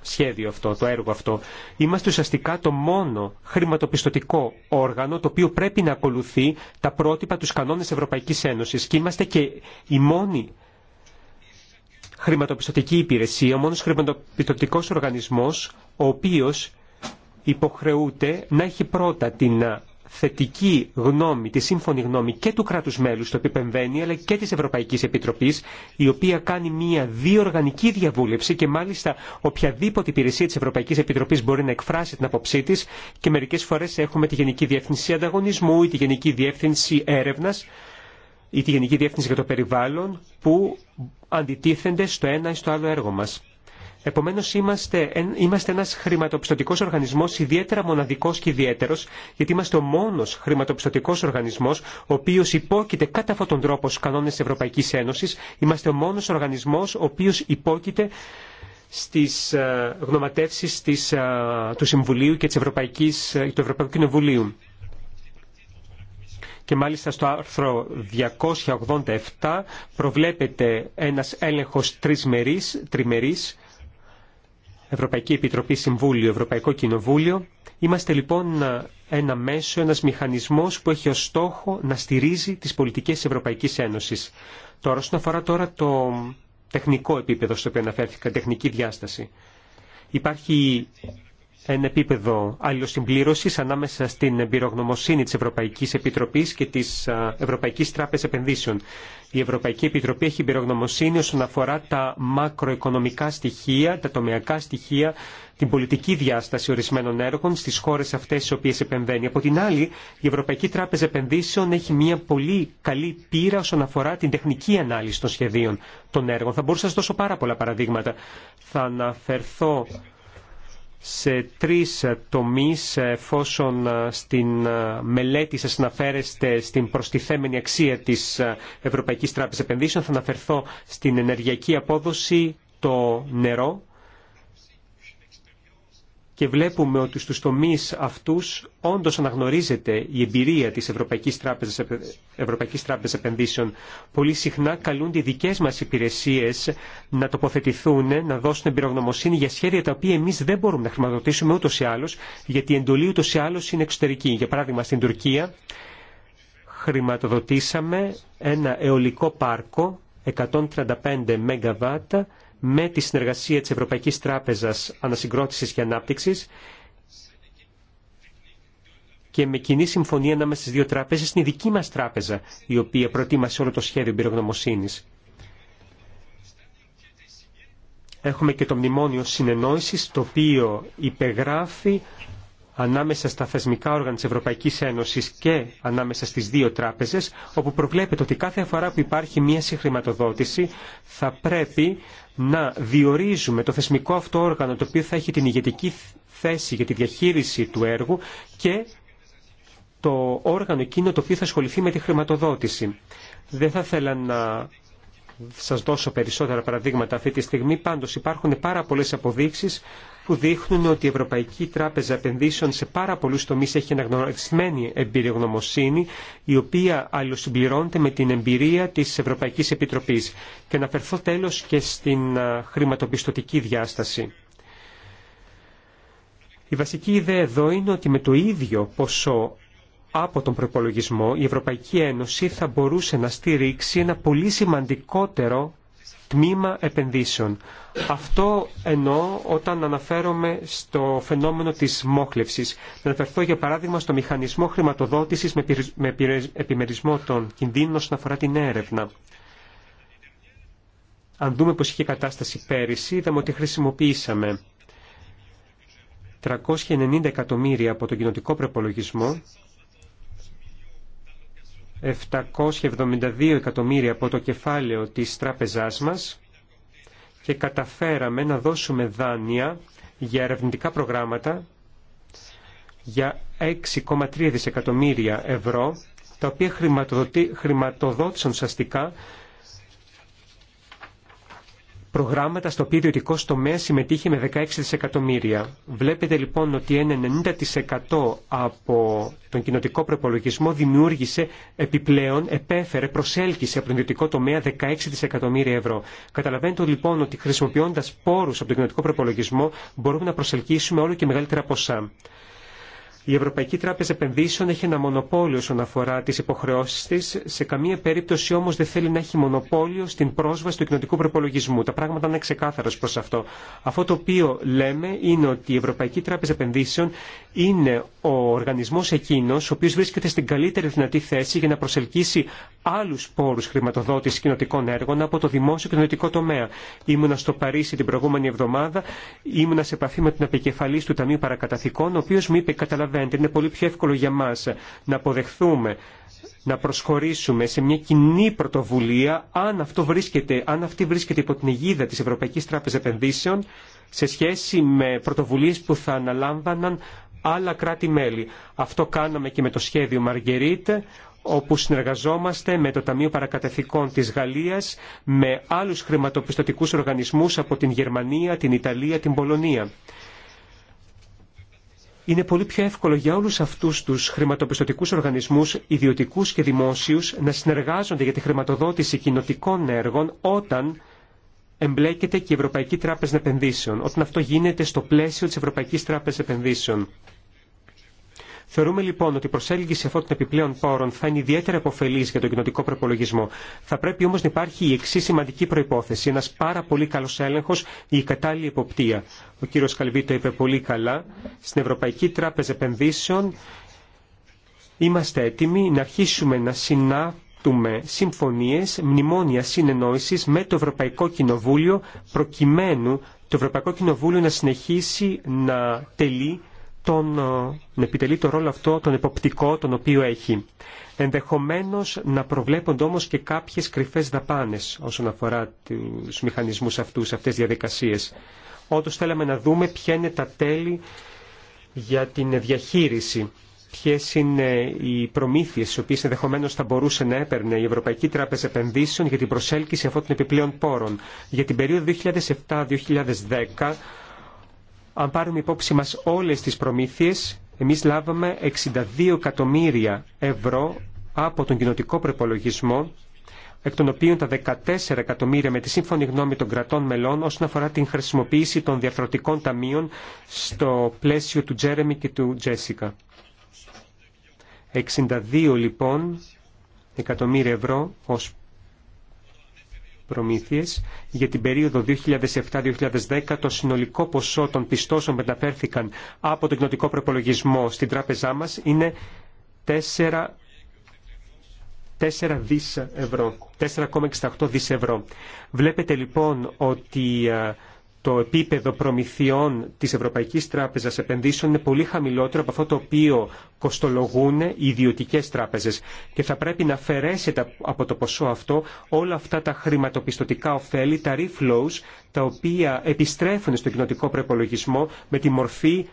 σχέδιο αυτό, το έργο αυτό. Είμαστε ουσιαστικά το μόνο χρηματοπιστωτικό όργανο το οποίο πρέπει να ακολουθεί τα πρότυπα, τους κανόνες Ευρωπαϊκής Ένωσης και είμαστε και η μόνη χρηματοπιστωτική υπηρεσία, ο μόνος χρηματοπιστωτικός οργανισμός ο οποίος υποχρεούται να έχει πρώτα την θετική γνώμη, τη σύμφωνη γνώμη και του κράτους μέλους το επιπεμβαίνει, αλλά και της Ευρωπαϊκής Επιτροπής, η οποία κάνει μία διοργανική διαβούλευση και μάλιστα οποιαδήποτε υπηρεσία της Ευρωπαϊκής Επιτροπής μπορεί να εκφράσει την απόψή της και μερικές φορές έχουμε τη Γενική Διεύθυνση Ανταγωνισμού ή τη Γενική Διεύθυνση Έρευνας ή τη Γενική Διεύθυνση για το Περιβάλλον που αντιτίθενται στο ένα ή στο άλλο έργο μας. Επομένω, είμαστε, είμαστε ένα χρηματοπιστωτικό οργανισμό ιδιαίτερα μοναδικό και ιδιαίτερο, γιατί είμαστε ο μόνο χρηματοπιστωτικό οργανισμό, ο οποίο υπόκειται κατά αυτόν τον τρόπο στου κανόνε τη Ευρωπαϊκή Ένωση. Είμαστε ο μόνο οργανισμό, ο οποίο υπόκειται στι ε, γνωματεύσει ε, του Συμβουλίου και της Ευρωπαϊκής, ε, του Ευρωπαϊκού Κοινοβουλίου. Και μάλιστα στο άρθρο 287 προβλέπεται ένας έλεγχος τριμερής Ευρωπαϊκή Επιτροπή Συμβούλιο, Ευρωπαϊκό Κοινοβούλιο. Είμαστε λοιπόν ένα μέσο, ένας μηχανισμός που έχει ως στόχο να στηρίζει τις πολιτικές της Ευρωπαϊκής Ένωσης. Τώρα, όσον αφορά τώρα το τεχνικό επίπεδο στο οποίο αναφέρθηκα, τεχνική διάσταση. Υπάρχει ένα επίπεδο αλληλοσυμπλήρωση ανάμεσα στην εμπειρογνωμοσύνη τη Ευρωπαϊκή Επιτροπή και τη Ευρωπαϊκή Τράπεζα Επενδύσεων. Η Ευρωπαϊκή Επιτροπή έχει εμπειρογνωμοσύνη όσον αφορά τα μακροοικονομικά στοιχεία, τα τομεακά στοιχεία, την πολιτική διάσταση ορισμένων έργων στι χώρε αυτέ, στι οποίε επεμβαίνει. Από την άλλη, η Ευρωπαϊκή Τράπεζα Επενδύσεων έχει μια πολύ καλή πείρα όσον αφορά την τεχνική ανάλυση των σχεδίων των έργων. Θα μπορούσα να σα δώσω πάρα πολλά παραδείγματα. Θα αναφερθώ σε τρεις τομείς εφόσον ε, στην ε, μελέτη σας αναφέρεστε στην προστιθέμενη αξία της ε, Ευρωπαϊκής Τράπεζας Επενδύσεων θα αναφερθώ στην ενεργειακή απόδοση, το νερό και βλέπουμε ότι στους τομείς αυτούς όντως αναγνωρίζεται η εμπειρία της Ευρωπαϊκής Τράπεζας, Ευρωπαϊκής Τράπεζας Επενδύσεων. Πολύ συχνά καλούνται οι δικές μας υπηρεσίες να τοποθετηθούν, να δώσουν εμπειρογνωμοσύνη για σχέδια τα οποία εμείς δεν μπορούμε να χρηματοδοτήσουμε ούτως ή άλλως, γιατί η εντολή ούτως ή άλλως είναι εξωτερική. Για παράδειγμα στην Τουρκία χρηματοδοτήσαμε ένα αιωλικό πάρκο 135 ΜΒ με τη συνεργασία της Ευρωπαϊκής Τράπεζας Ανασυγκρότησης και Ανάπτυξης και με κοινή συμφωνία ανάμεσα στις δύο τράπεζες είναι η δική μας τράπεζα η οποία προτίμασε όλο το σχέδιο πυρογνωμοσύνης. Έχουμε και το μνημόνιο συνεννόησης το οποίο υπεγράφει ανάμεσα στα θεσμικά όργανα της Ευρωπαϊκής Ένωσης και ανάμεσα στις δύο τράπεζες, όπου προβλέπεται ότι κάθε φορά που υπάρχει μία συγχρηματοδότηση θα πρέπει να διορίζουμε το θεσμικό αυτό όργανο το οποίο θα έχει την ηγετική θέση για τη διαχείριση του έργου και το όργανο εκείνο το οποίο θα ασχοληθεί με τη χρηματοδότηση. Δεν θα ήθελα να σας δώσω περισσότερα παραδείγματα αυτή τη στιγμή, πάντως υπάρχουν πάρα πολλές αποδείξεις που δείχνουν ότι η Ευρωπαϊκή Τράπεζα Επενδύσεων σε πάρα πολλού τομεί έχει αναγνωρισμένη γνωμοσύνη η οποία αλληλοσυμπληρώνεται με την εμπειρία τη Ευρωπαϊκή Επιτροπή. Και να φερθώ τέλο και στην χρηματοπιστωτική διάσταση. Η βασική ιδέα εδώ είναι ότι με το ίδιο ποσό από τον προπολογισμό η Ευρωπαϊκή Ένωση θα μπορούσε να στηρίξει ένα πολύ σημαντικότερο τμήμα επενδύσεων. Αυτό εννοώ όταν αναφέρομαι στο φαινόμενο της μόχλευσης. Να αναφερθώ για παράδειγμα στο μηχανισμό χρηματοδότησης με επιμερισμό των κινδύνων όσον αφορά την έρευνα. Αν δούμε πως είχε κατάσταση πέρυσι, είδαμε ότι χρησιμοποιήσαμε 390 εκατομμύρια από τον κοινοτικό προπολογισμό 772 εκατομμύρια από το κεφάλαιο της τράπεζάς μας και καταφέραμε να δώσουμε δάνεια για ερευνητικά προγράμματα για 6,3 δισεκατομμύρια ευρώ, τα οποία χρηματοδότησαν σαστικά προγράμματα στο οποίο ιδιωτικό τομέα συμμετείχε με 16 δισεκατομμύρια. Βλέπετε λοιπόν ότι ένα 90% από τον κοινοτικό προπολογισμό δημιούργησε επιπλέον, επέφερε, προσέλκυσε από τον ιδιωτικό τομέα 16 δισεκατομμύρια ευρώ. Καταλαβαίνετε λοιπόν ότι χρησιμοποιώντα πόρου από τον κοινοτικό προπολογισμό μπορούμε να προσελκύσουμε όλο και μεγαλύτερα ποσά. Η Ευρωπαϊκή Τράπεζα Επενδύσεων έχει ένα μονοπόλιο όσον αφορά τι υποχρεώσει τη. Σε καμία περίπτωση όμω δεν θέλει να έχει μονοπόλιο στην πρόσβαση του κοινοτικού προπολογισμού. Τα πράγματα είναι ξεκάθαρα προ αυτό. Αυτό το οποίο λέμε είναι ότι η Ευρωπαϊκή Τράπεζα Επενδύσεων είναι ο οργανισμό εκείνο ο οποίο βρίσκεται στην καλύτερη δυνατή θέση για να προσελκύσει άλλου πόρου χρηματοδότηση κοινοτικών έργων από το δημόσιο και κοινοτικό τομέα. Ήμουνα στο Παρίσι την προηγούμενη εβδομάδα, ήμουνα σε επαφή με την επικεφαλή του Ταμείου Παρακαταθήκων, ο οποίο μου είπε, καταλαβαίνετε, είναι πολύ πιο εύκολο για μας να αποδεχθούμε να προσχωρήσουμε σε μια κοινή πρωτοβουλία αν, αυτό βρίσκεται, αν αυτή βρίσκεται υπό την αιγίδα της Ευρωπαϊκής Τράπεζας Επενδύσεων σε σχέση με πρωτοβουλίες που θα αναλάμβαναν άλλα κράτη-μέλη. Αυτό κάναμε και με το σχέδιο Μαργκερίτ, όπου συνεργαζόμαστε με το Ταμείο Παρακατεθικών της Γαλλίας, με άλλους χρηματοπιστωτικούς οργανισμούς από την Γερμανία, την Ιταλία, την Πολωνία είναι πολύ πιο εύκολο για όλους αυτούς τους χρηματοπιστωτικούς οργανισμούς, ιδιωτικούς και δημόσιους, να συνεργάζονται για τη χρηματοδότηση κοινοτικών έργων όταν εμπλέκεται και η Ευρωπαϊκή Τράπεζα Επενδύσεων, όταν αυτό γίνεται στο πλαίσιο της Ευρωπαϊκής Τράπεζας Επενδύσεων. Θεωρούμε λοιπόν ότι η προσέλγηση αυτών των επιπλέον πόρων θα είναι ιδιαίτερα αποφελή για τον κοινοτικό προπολογισμό. Θα πρέπει όμω να υπάρχει η εξή σημαντική προπόθεση. Ένα πάρα πολύ καλό έλεγχο, η κατάλληλη εποπτεία. Ο κύριο Καλβί το είπε πολύ καλά. Στην Ευρωπαϊκή Τράπεζα Επενδύσεων είμαστε έτοιμοι να αρχίσουμε να συνάπτουμε συμφωνίε συμφωνίες, μνημόνια συνεννόησης με το Ευρωπαϊκό Κοινοβούλιο προκειμένου το Ευρωπαϊκό Κοινοβούλιο να συνεχίσει να τελεί τον, ε, να επιτελεί το ρόλο αυτό τον εποπτικό τον οποίο έχει. Ενδεχομένως να προβλέπονται όμως και κάποιες κρυφές δαπάνες όσον αφορά τους μηχανισμούς αυτούς, αυτές τις διαδικασίες. Όντως θέλαμε να δούμε ποια είναι τα τέλη για την διαχείριση. Ποιε είναι οι προμήθειε, τι οποίε ενδεχομένω θα μπορούσε να έπαιρνε η Ευρωπαϊκή Τράπεζα Επενδύσεων για την προσέλκυση αυτών των επιπλέον πόρων. Για την περίοδο 2007-2010 αν πάρουμε υπόψη μας όλες τις προμήθειες, εμείς λάβαμε 62 εκατομμύρια ευρώ από τον κοινοτικό προπολογισμό, εκ των οποίων τα 14 εκατομμύρια με τη σύμφωνη γνώμη των κρατών μελών όσον αφορά την χρησιμοποίηση των διαφορετικών ταμείων στο πλαίσιο του Τζέρεμι και του Τζέσικα. 62 λοιπόν εκατομμύρια ευρώ ως προμήθειες για την περίοδο 2007-2010 το συνολικό ποσό των πιστώσεων που μεταφέρθηκαν από τον κοινοτικό προπολογισμό στην τράπεζά μας είναι 4 ευρώ, 4,68 δις ευρώ. Βλέπετε λοιπόν ότι ε, το επίπεδο προμηθειών της Ευρωπαϊκής Τράπεζας Επενδύσεων είναι πολύ χαμηλότερο από αυτό το οποίο κοστολογούν οι ιδιωτικές τράπεζες και θα πρέπει να αφαιρέσετε από το ποσό αυτό όλα αυτά τα χρηματοπιστωτικά ωφέλη, τα reflows, τα οποία επιστρέφουν στον κοινοτικό προπολογισμό με τη μορφή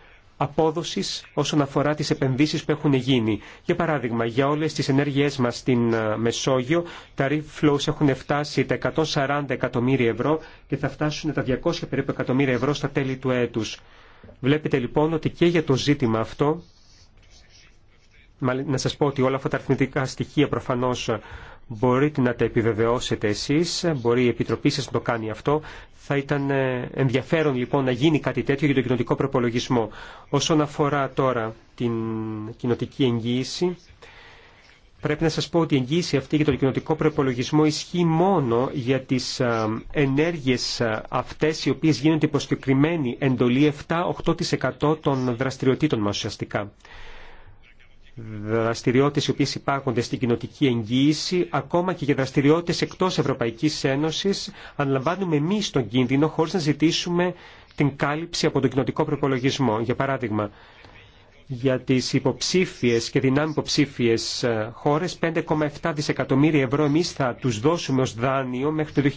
απόδοσης όσον αφορά τις επενδύσει που έχουν γίνει. Για παράδειγμα, για όλες τις ενέργειές μας στην ε, Μεσόγειο, τα reef έχουν φτάσει τα 140 εκατομμύρια ευρώ και θα φτάσουν τα 200 περίπου εκατομμύρια ευρώ στα τέλη του έτους. Βλέπετε λοιπόν ότι και για το ζήτημα αυτό, να σας πω ότι όλα αυτά τα αριθμητικά στοιχεία προφανώς Μπορείτε να τα επιβεβαιώσετε εσείς, μπορεί η Επιτροπή σας να το κάνει αυτό. Θα ήταν ε, ενδιαφέρον λοιπόν να γίνει κάτι τέτοιο για τον κοινοτικό προπολογισμό. Όσον αφορά τώρα την κοινοτική εγγύηση, πρέπει να σας πω ότι η εγγύηση αυτή για τον κοινοτικό προπολογισμό ισχύει μόνο για τις ε, ενέργειες ε, αυτές οι οποίες γίνονται συγκεκριμένη εντολή 7-8% των δραστηριοτήτων μας ουσιαστικά δραστηριότητες οι οποίες υπάρχουν στην κοινοτική εγγύηση, ακόμα και για δραστηριότητες εκτός Ευρωπαϊκής Ένωσης, αναλαμβάνουμε εμεί τον κίνδυνο χωρίς να ζητήσουμε την κάλυψη από τον κοινοτικό προπολογισμό. Για παράδειγμα, για τις υποψήφιες και δυνάμει υποψήφιες ε, χώρες 5,7 δισεκατομμύρια ευρώ εμείς θα τους δώσουμε ως δάνειο μέχρι το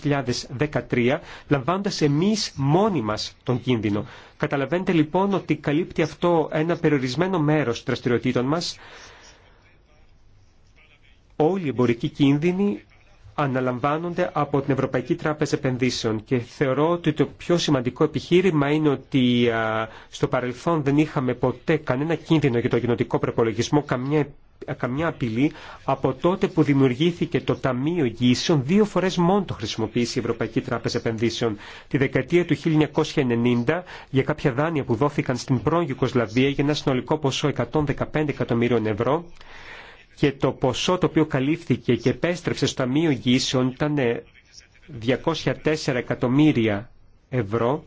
2013 λαμβάνοντας εμείς μόνοι μας τον κίνδυνο. Καταλαβαίνετε λοιπόν ότι καλύπτει αυτό ένα περιορισμένο μέρος των δραστηριοτήτων μας όλοι οι εμπορικοί κίνδυνοι αναλαμβάνονται από την Ευρωπαϊκή Τράπεζα Επενδύσεων και θεωρώ ότι το πιο σημαντικό επιχείρημα είναι ότι στο παρελθόν δεν είχαμε ποτέ κανένα κίνδυνο για το κοινοτικό προπολογισμό, καμιά, καμιά απειλή από τότε που δημιουργήθηκε το Ταμείο Εγγύησεων δύο φορές μόνο το χρησιμοποίησε η Ευρωπαϊκή Τράπεζα Επενδύσεων τη δεκαετία του 1990 για κάποια δάνεια που δόθηκαν στην πρώην Γιουκοσλαβία για ένα συνολικό ποσό 115 εκατομμύριων ευρώ και το ποσό το οποίο καλύφθηκε και επέστρεψε στο Ταμείο γησεων ήταν 204 ε, εκατομμύρια ευρώ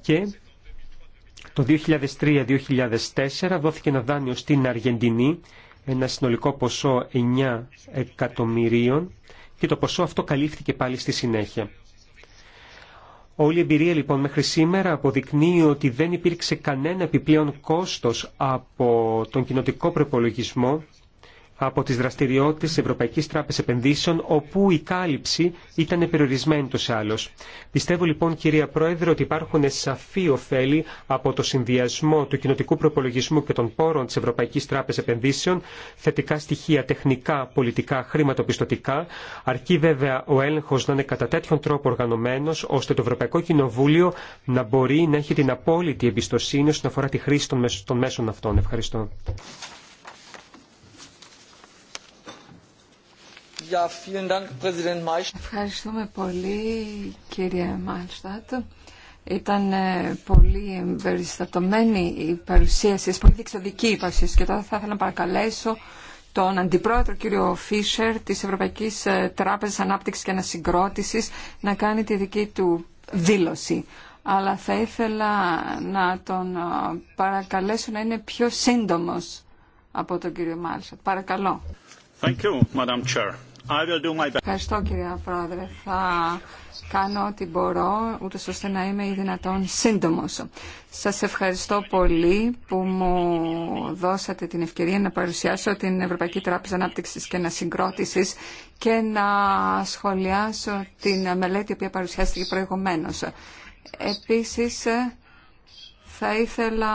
και το 2003-2004 δόθηκε ένα δάνειο στην Αργεντινή, ένα συνολικό ποσό 9 εκατομμυρίων και το ποσό αυτό καλύφθηκε πάλι στη συνέχεια. Όλη η εμπειρία λοιπόν μέχρι σήμερα αποδεικνύει ότι δεν υπήρξε κανένα επιπλέον κόστος από τον κοινοτικό προπολογισμό από τις δραστηριότητες της Ευρωπαϊκής Τράπεζας Επενδύσεων, όπου η κάλυψη ήταν περιορισμένη τους άλλως. Πιστεύω λοιπόν, κυρία Πρόεδρε, ότι υπάρχουν σαφή ωφέλη από το συνδυασμό του κοινοτικού προπολογισμού και των πόρων της Ευρωπαϊκής Τράπεζας Επενδύσεων, θετικά στοιχεία τεχνικά, πολιτικά, χρηματοπιστωτικά, αρκεί βέβαια ο έλεγχος να είναι κατά τέτοιον τρόπο οργανωμένος, ώστε το Ευρωπαϊκό Κοινοβούλιο να μπορεί να έχει την απόλυτη εμπιστοσύνη όσον αφορά τη χρήση των μέσων αυτών. Ευχαριστώ. Ευχαριστούμε πολύ κύριε Μάλστατ. Ήταν ε, πολύ εμπεριστατωμένη η παρουσίαση, σας, πολύ διεξοδική η παρουσίαση και τώρα θα ήθελα να παρακαλέσω τον Αντιπρόεδρο κύριο Φίσερ της Ευρωπαϊκής ε, Τράπεζας Ανάπτυξης και Ανασυγκρότησης να κάνει τη δική του δήλωση. Αλλά θα ήθελα να τον ε, παρακαλέσω να είναι πιο σύντομος από τον κύριο Μάλστατ. Παρακαλώ. Thank you, Madam Chair. Ευχαριστώ κύριε Πρόεδρε. Θα κάνω ό,τι μπορώ, ούτως ώστε να είμαι ή δυνατόν σύντομος. Σας ευχαριστώ πολύ που μου δώσατε την ευκαιρία να παρουσιάσω την Ευρωπαϊκή Τράπεζα Ανάπτυξης και ανασυγκρότηση και να σχολιάσω την μελέτη που παρουσιάστηκε προηγουμένως. Επίσης, θα ήθελα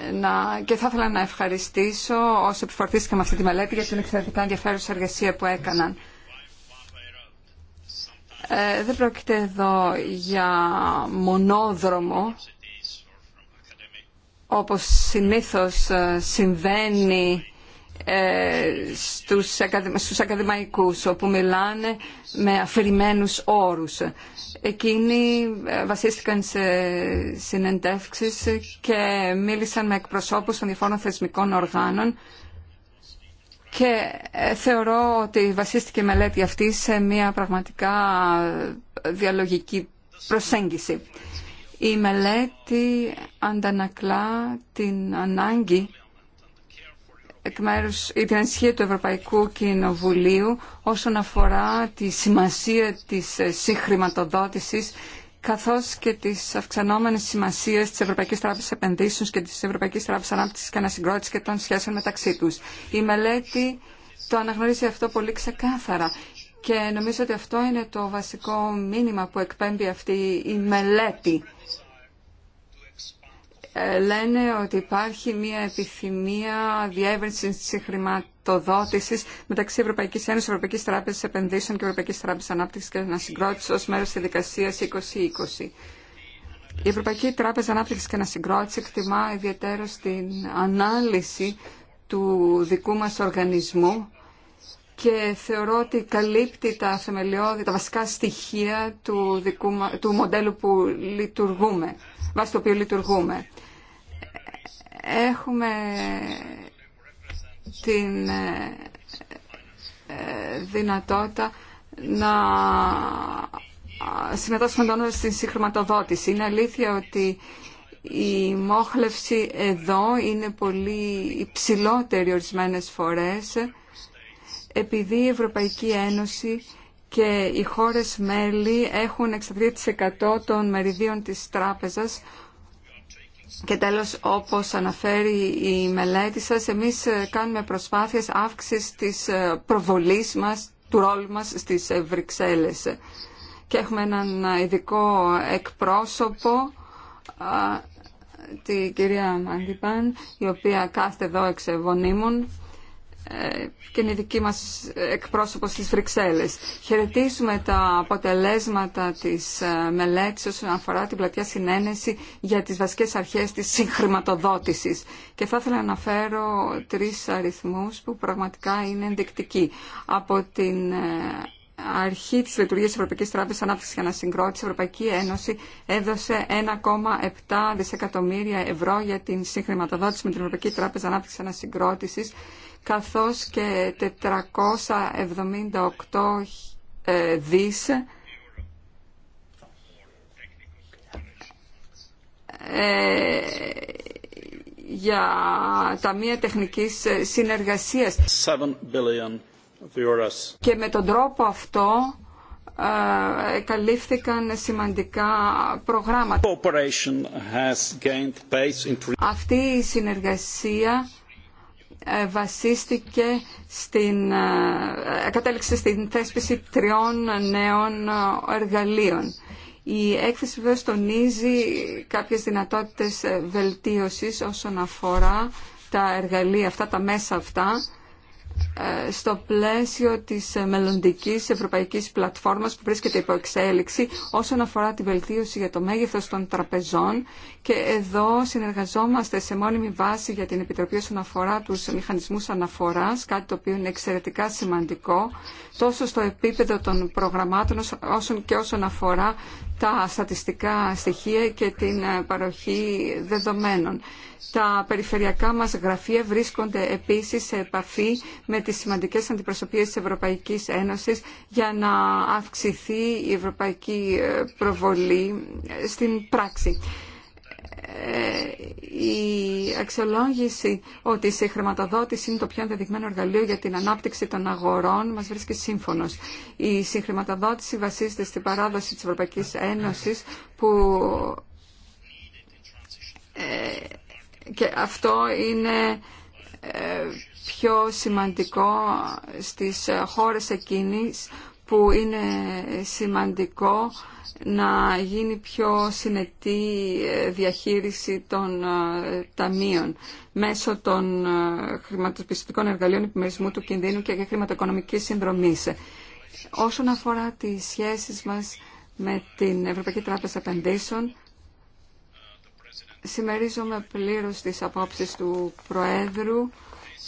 να, και θα ήθελα να ευχαριστήσω όσοι προσπαθήσαμε με αυτή τη μελέτη για την εξαιρετικά ενδιαφέρουσα εργασία που έκαναν. Ε, δεν πρόκειται εδώ για μονόδρομο, όπως συνήθως ε, συμβαίνει ε, στους, ακαδημα, ακαδημαϊκούς όπου μιλάνε με αφηρημένους όρους. Εκείνοι ε, βασίστηκαν σε συνεντεύξεις και μίλησαν με εκπροσώπους των διαφόρων θεσμικών οργάνων και ε, θεωρώ ότι βασίστηκε η μελέτη αυτή σε μια πραγματικά διαλογική προσέγγιση. Η μελέτη αντανακλά την ανάγκη εκ μέρους, την ανησυχία του Ευρωπαϊκού Κοινοβουλίου όσον αφορά τη σημασία της ε, συγχρηματοδότησης καθώς και τις αυξανόμενες σημασίες της Ευρωπαϊκής Τράπεζας Επενδύσεων και της Ευρωπαϊκής Τράπεζας Ανάπτυξης και Ανασυγκρότησης και των σχέσεων μεταξύ τους. Η μελέτη το αναγνωρίζει αυτό πολύ ξεκάθαρα και νομίζω ότι αυτό είναι το βασικό μήνυμα που εκπέμπει αυτή η μελέτη ε, λένε ότι υπάρχει μια επιθυμία διεύρυνση τη χρηματοδότηση μεταξύ Ευρωπαϊκή Ένωση, Ευρωπαϊκή Τράπεζα Επενδύσεων και Ευρωπαϊκή Τράπεζα Ανάπτυξη και Ανασυγκρότηση ω μέρο τη διαδικασία 2020. Η Ευρωπαϊκή Τράπεζα Ανάπτυξη και Ανασυγκρότηση εκτιμά ιδιαίτερα στην ανάλυση του δικού μας οργανισμού και θεωρώ ότι καλύπτει τα τα βασικά στοιχεία του, του μοντέλου που λειτουργούμε βάσει το οποίο λειτουργούμε. Έχουμε την ε, ε, δυνατότητα να συμμετάσχουμε τώρα στην συγχρηματοδότηση. Είναι αλήθεια ότι η μόχλευση εδώ είναι πολύ υψηλότερη ορισμένες φορές επειδή η Ευρωπαϊκή Ένωση και οι χώρες μέλη έχουν 63% των μεριδίων της τράπεζας και τέλος, όπως αναφέρει η μελέτη σας, εμείς ε, κάνουμε προσπάθειες αύξησης της ε, προβολής μας, του ρόλου μας στις ε, Βρυξέλλες. Και έχουμε έναν ειδικό εκπρόσωπο, την κυρία Μαντιπάν, η οποία κάθεται εδώ εξ ε, και είναι η δική μας εκπρόσωπος στις Βρυξέλλες. Χαιρετίζουμε τα αποτελέσματα της ε, μελέτης όσον αφορά την πλατιά συνένεση για τις βασικές αρχές της συγχρηματοδότησης. Και θα ήθελα να αναφέρω τρεις αριθμούς που πραγματικά είναι ενδεικτικοί. Από την ε, αρχή της λειτουργίας της Ευρωπαϊκής Τράπεζας Ανάπτυξης και Ανασυγκρότησης, η Ευρωπαϊκή Ένωση έδωσε 1,7 δισεκατομμύρια ευρώ για την συγχρηματοδότηση με την Ευρωπαϊκή Τράπεζα Ανάπτυξης και Ανασυγκρότησης καθώς και 478 ε, δις ε, για ταμεία τεχνικής συνεργασίας. Και με τον τρόπο αυτό ε, καλύφθηκαν σημαντικά προγράμματα. Αυτή η συνεργασία ε, βασίστηκε στην, ε, κατέληξε στην θέσπιση τριών νέων εργαλείων. Η έκθεση βέβαια τονίζει κάποιες δυνατότητες ε, βελτίωσης όσον αφορά τα εργαλεία αυτά, τα μέσα αυτά, ε, στο πλαίσιο της ε, μελλοντικής ευρωπαϊκής πλατφόρμας που βρίσκεται υπό εξέλιξη όσον αφορά τη βελτίωση για το μέγεθος των τραπεζών και εδώ συνεργαζόμαστε σε μόνιμη βάση για την Επιτροπή όσον αφορά τους μηχανισμούς αναφοράς, κάτι το οποίο είναι εξαιρετικά σημαντικό τόσο στο επίπεδο των προγραμμάτων όσον και όσον αφορά τα στατιστικά στοιχεία και την ε, παροχή δεδομένων. Τα περιφερειακά μας γραφεία βρίσκονται επίσης σε επαφή με τις σημαντικές αντιπροσωπείες της Ευρωπαϊκής Ένωσης για να αυξηθεί η ευρωπαϊκή ε, προβολή ε, στην πράξη. Ε, η αξιολόγηση ότι η συγχρηματοδότηση είναι το πιο ενδεδειγμένο εργαλείο για την ανάπτυξη των αγορών μας βρίσκει σύμφωνος. Η συγχρηματοδότηση βασίζεται στην παράδοση της Ευρωπαϊκής Ένωσης που ε, και αυτό είναι ε, πιο σημαντικό στις χώρες εκείνης που είναι σημαντικό να γίνει πιο συνετή ε, διαχείριση των ε, ταμείων μέσω των ε, χρηματοπιστωτικών εργαλείων επιμερισμού του κινδύνου και χρηματοοικονομικής συνδρομής. Όσον αφορά τις σχέσεις μας με την Ευρωπαϊκή Τράπεζα Επενδύσεων, συμμερίζομαι πλήρως τις απόψεις του Προέδρου,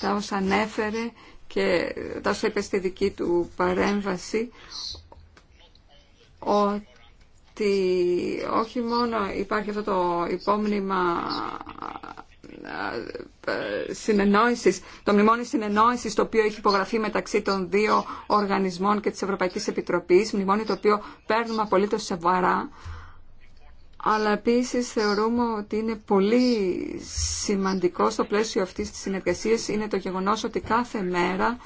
τα όσα ανέφερε και τόσο είπε στη δική του παρέμβαση ότι όχι μόνο υπάρχει αυτό το υπόμνημα ε, ε, συνεννόησης, το μνημόνιο συνεννόησης το οποίο έχει υπογραφεί μεταξύ των δύο οργανισμών και της Ευρωπαϊκής Επιτροπής, μνημόνιο το οποίο παίρνουμε απολύτως σεβαρά αλλά επίσης θεωρούμε ότι είναι πολύ σημαντικό στο πλαίσιο αυτής της συνεργασίας είναι το γεγονός ότι κάθε μέρα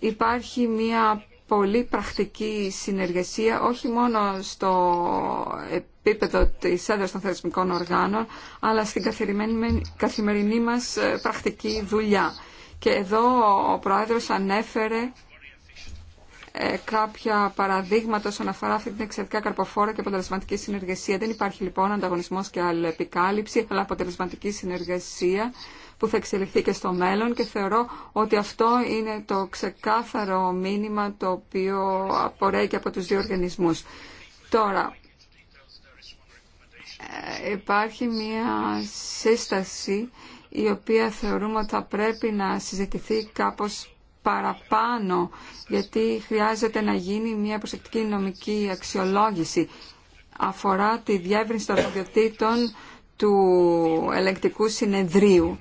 υπάρχει μια πολύ πρακτική συνεργασία όχι μόνο στο επίπεδο της έδρας των θεσμικών οργάνων αλλά στην καθημερινή μας ε, πρακτική δουλειά. Και εδώ ο Πρόεδρος ανέφερε ε, κάποια παραδείγματα όσον αφορά αυτή την εξαιρετικά καρποφόρα και αποτελεσματική συνεργασία. Δεν υπάρχει λοιπόν ανταγωνισμός και αλληλεπικάλυψη, αλλά αποτελεσματική συνεργασία που θα εξελιχθεί και στο μέλλον και θεωρώ ότι αυτό είναι το ξεκάθαρο μήνυμα το οποίο απορρέει και από τους δύο οργανισμούς. Τώρα, ε, υπάρχει μία σύσταση η οποία θεωρούμε ότι θα πρέπει να συζητηθεί κάπως παραπάνω, γιατί χρειάζεται να γίνει μια προσεκτική νομική αξιολόγηση. Αφορά τη διεύρυνση των αρμοδιοτήτων του ελεγκτικού συνεδρίου.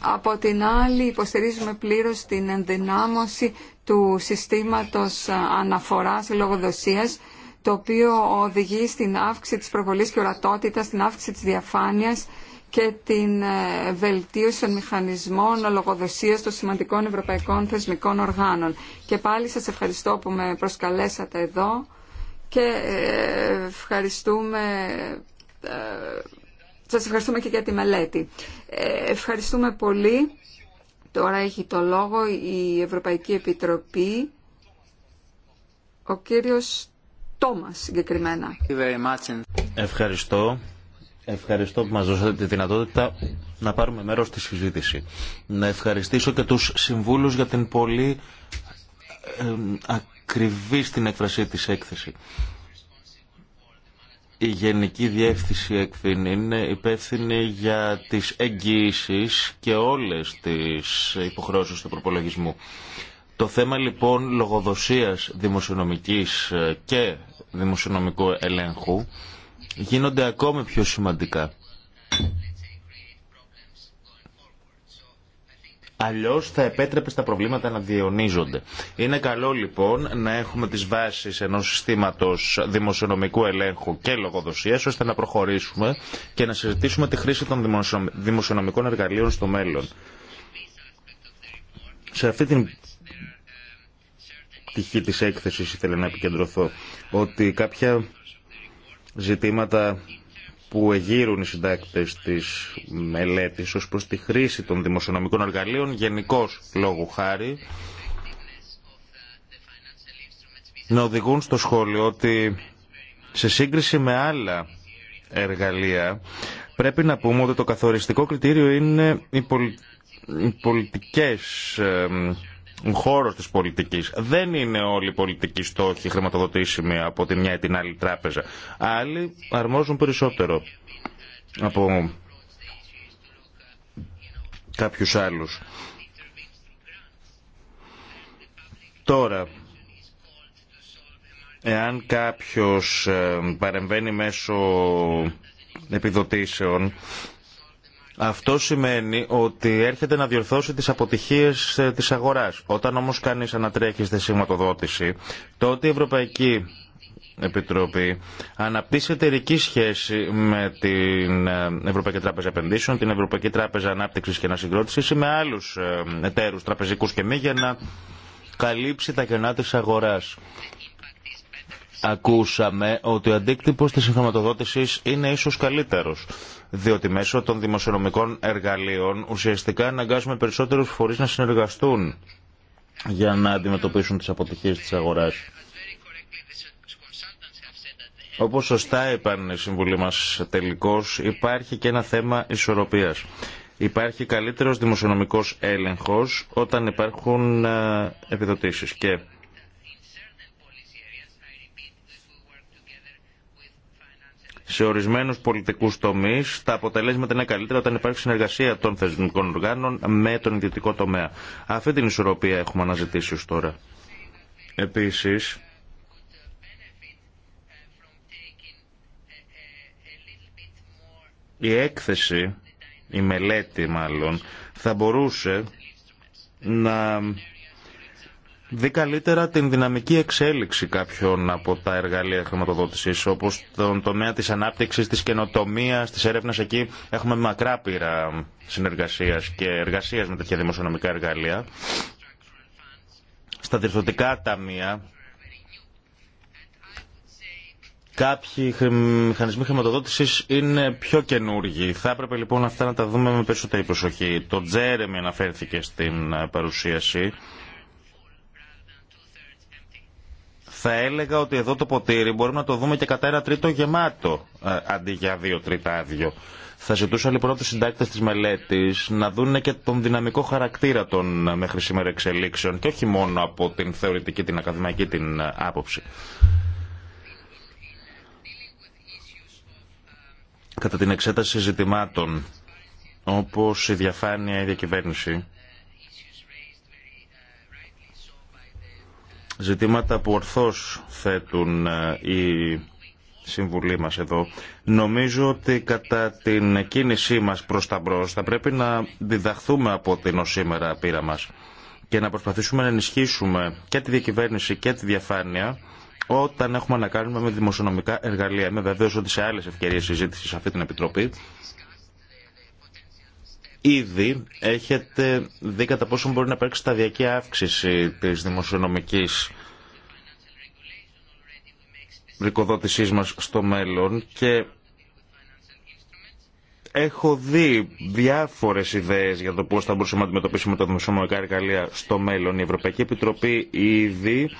Από την άλλη υποστηρίζουμε πλήρως την ενδυνάμωση του συστήματος αναφοράς λογοδοσίας, το οποίο οδηγεί στην αύξηση της προβολής και ορατότητας, στην αύξηση της διαφάνειας, και την ε, βελτίωση των μηχανισμών λογοδοσίας των σημαντικών ευρωπαϊκών θεσμικών οργάνων. Και πάλι σας ευχαριστώ που με προσκαλέσατε εδώ και ε, ευχαριστούμε, ε, σας ευχαριστούμε και για τη μελέτη. Ευχαριστούμε πολύ. Τώρα έχει το λόγο η Ευρωπαϊκή Επιτροπή, ο κύριος Τόμας συγκεκριμένα. Ευχαριστώ. Ευχαριστώ που μας δώσατε τη δυνατότητα να πάρουμε μέρος στη συζήτηση. Να ευχαριστήσω και τους συμβούλους για την πολύ ακριβή στην έκφρασή της έκθεση. Η Γενική Διεύθυνση Εκφήν είναι υπεύθυνη για τις εγγύησει και όλες τις υποχρεώσεις του προπολογισμού. Το θέμα λοιπόν λογοδοσίας δημοσιονομικής και δημοσιονομικού ελέγχου γίνονται ακόμη πιο σημαντικά. Αλλιώ θα επέτρεπε στα προβλήματα να διαιωνίζονται. Είναι καλό λοιπόν να έχουμε τις βάσεις ενός συστήματος δημοσιονομικού ελέγχου και λογοδοσίας ώστε να προχωρήσουμε και να συζητήσουμε τη χρήση των δημοσιονομικών εργαλείων στο μέλλον. Σε αυτή την πτυχή της έκθεσης ήθελα να επικεντρωθώ ότι κάποια ζητήματα που εγείρουν οι συντάκτες της μελέτης ως προς τη χρήση των δημοσιονομικών εργαλείων γενικώ λόγου χάρη να οδηγούν στο σχόλιο ότι σε σύγκριση με άλλα εργαλεία πρέπει να πούμε ότι το καθοριστικό κριτήριο είναι οι, οι πολιτικές χώρο τη πολιτική. Δεν είναι όλοι οι πολιτικοί στόχοι χρηματοδοτήσιμοι από τη μια ή την άλλη τράπεζα. Άλλοι αρμόζουν περισσότερο από κάποιου άλλου. Τώρα, εάν κάποιος ε, παρεμβαίνει μέσω επιδοτήσεων, αυτό σημαίνει ότι έρχεται να διορθώσει τις αποτυχίες ε, της αγοράς. Όταν όμως κανείς ανατρέχει στη σηματοδότηση, τότε η Ευρωπαϊκή Επιτροπή αναπτύσσει εταιρική σχέση με την ε, Ευρωπαϊκή Τράπεζα Επενδύσεων, την Ευρωπαϊκή Τράπεζα Ανάπτυξης και ανασυγκρότηση ή με άλλους ε, εταίρους τραπεζικούς και μη για να καλύψει τα κενά της αγοράς ακούσαμε ότι ο αντίκτυπος της χρηματοδότησης είναι ίσως καλύτερος, διότι μέσω των δημοσιονομικών εργαλείων ουσιαστικά αναγκάζουμε περισσότερους φορείς να συνεργαστούν για να αντιμετωπίσουν τις αποτυχίες της αγοράς. Όπως σωστά είπαν οι συμβουλοί μα τελικώς, υπάρχει και ένα θέμα ισορροπία. Υπάρχει καλύτερος δημοσιονομικός έλεγχος όταν υπάρχουν ε, επιδοτήσεις και Σε ορισμένου πολιτικού τομεί τα αποτελέσματα είναι καλύτερα όταν υπάρχει συνεργασία των θεσμικών οργάνων με τον ιδιωτικό τομέα. Αυτή την ισορροπία έχουμε αναζητήσει ως τώρα. Επίση, η έκθεση, η μελέτη μάλλον, θα μπορούσε να δει καλύτερα την δυναμική εξέλιξη κάποιων από τα εργαλεία χρηματοδότηση, όπω τον τομέα τη ανάπτυξη, τη καινοτομία, τη έρευνα, Εκεί έχουμε μακρά πείρα συνεργασία και εργασία με τέτοια δημοσιονομικά εργαλεία. Στα διευθυντικά ταμεία, Κάποιοι μηχανισμοί χρηματοδότηση είναι πιο καινούργοι. Θα έπρεπε λοιπόν αυτά να τα δούμε με περισσότερη προσοχή. Το Τζέρεμι αναφέρθηκε στην παρουσίαση. Θα έλεγα ότι εδώ το ποτήρι μπορούμε να το δούμε και κατά ένα τρίτο γεμάτο, ε, αντί για δύο τρίτα άδειο. Θα ζητούσα λοιπόν από του συντάκτε τη μελέτη να δούνε και τον δυναμικό χαρακτήρα των ε, μέχρι σήμερα εξελίξεων και όχι μόνο από την θεωρητική, την ακαδημαϊκή την ε, άποψη. Κατά την εξέταση ζητημάτων όπως η διαφάνεια, η διακυβέρνηση, ζητήματα που ορθώς θέτουν οι ε, συμβουλή μας εδώ. Νομίζω ότι κατά την κίνησή μας προς τα μπρος θα πρέπει να διδαχθούμε από την ως σήμερα πείρα μας και να προσπαθήσουμε να ενισχύσουμε και τη διακυβέρνηση και τη διαφάνεια όταν έχουμε να κάνουμε με δημοσιονομικά εργαλεία. Είμαι βεβαίω ότι σε άλλες ευκαιρίες συζήτηση σε αυτή την Επιτροπή Ήδη έχετε δει κατά πόσο μπορεί να υπάρξει σταδιακή αύξηση της δημοσιονομικής ρικοδότησής μας στο μέλλον και έχω δει διάφορες ιδέες για το πώς θα μπορούσαμε να αντιμετωπίσουμε τα δημοσιονομικά εργαλεία στο μέλλον. Η Ευρωπαϊκή Επιτροπή ήδη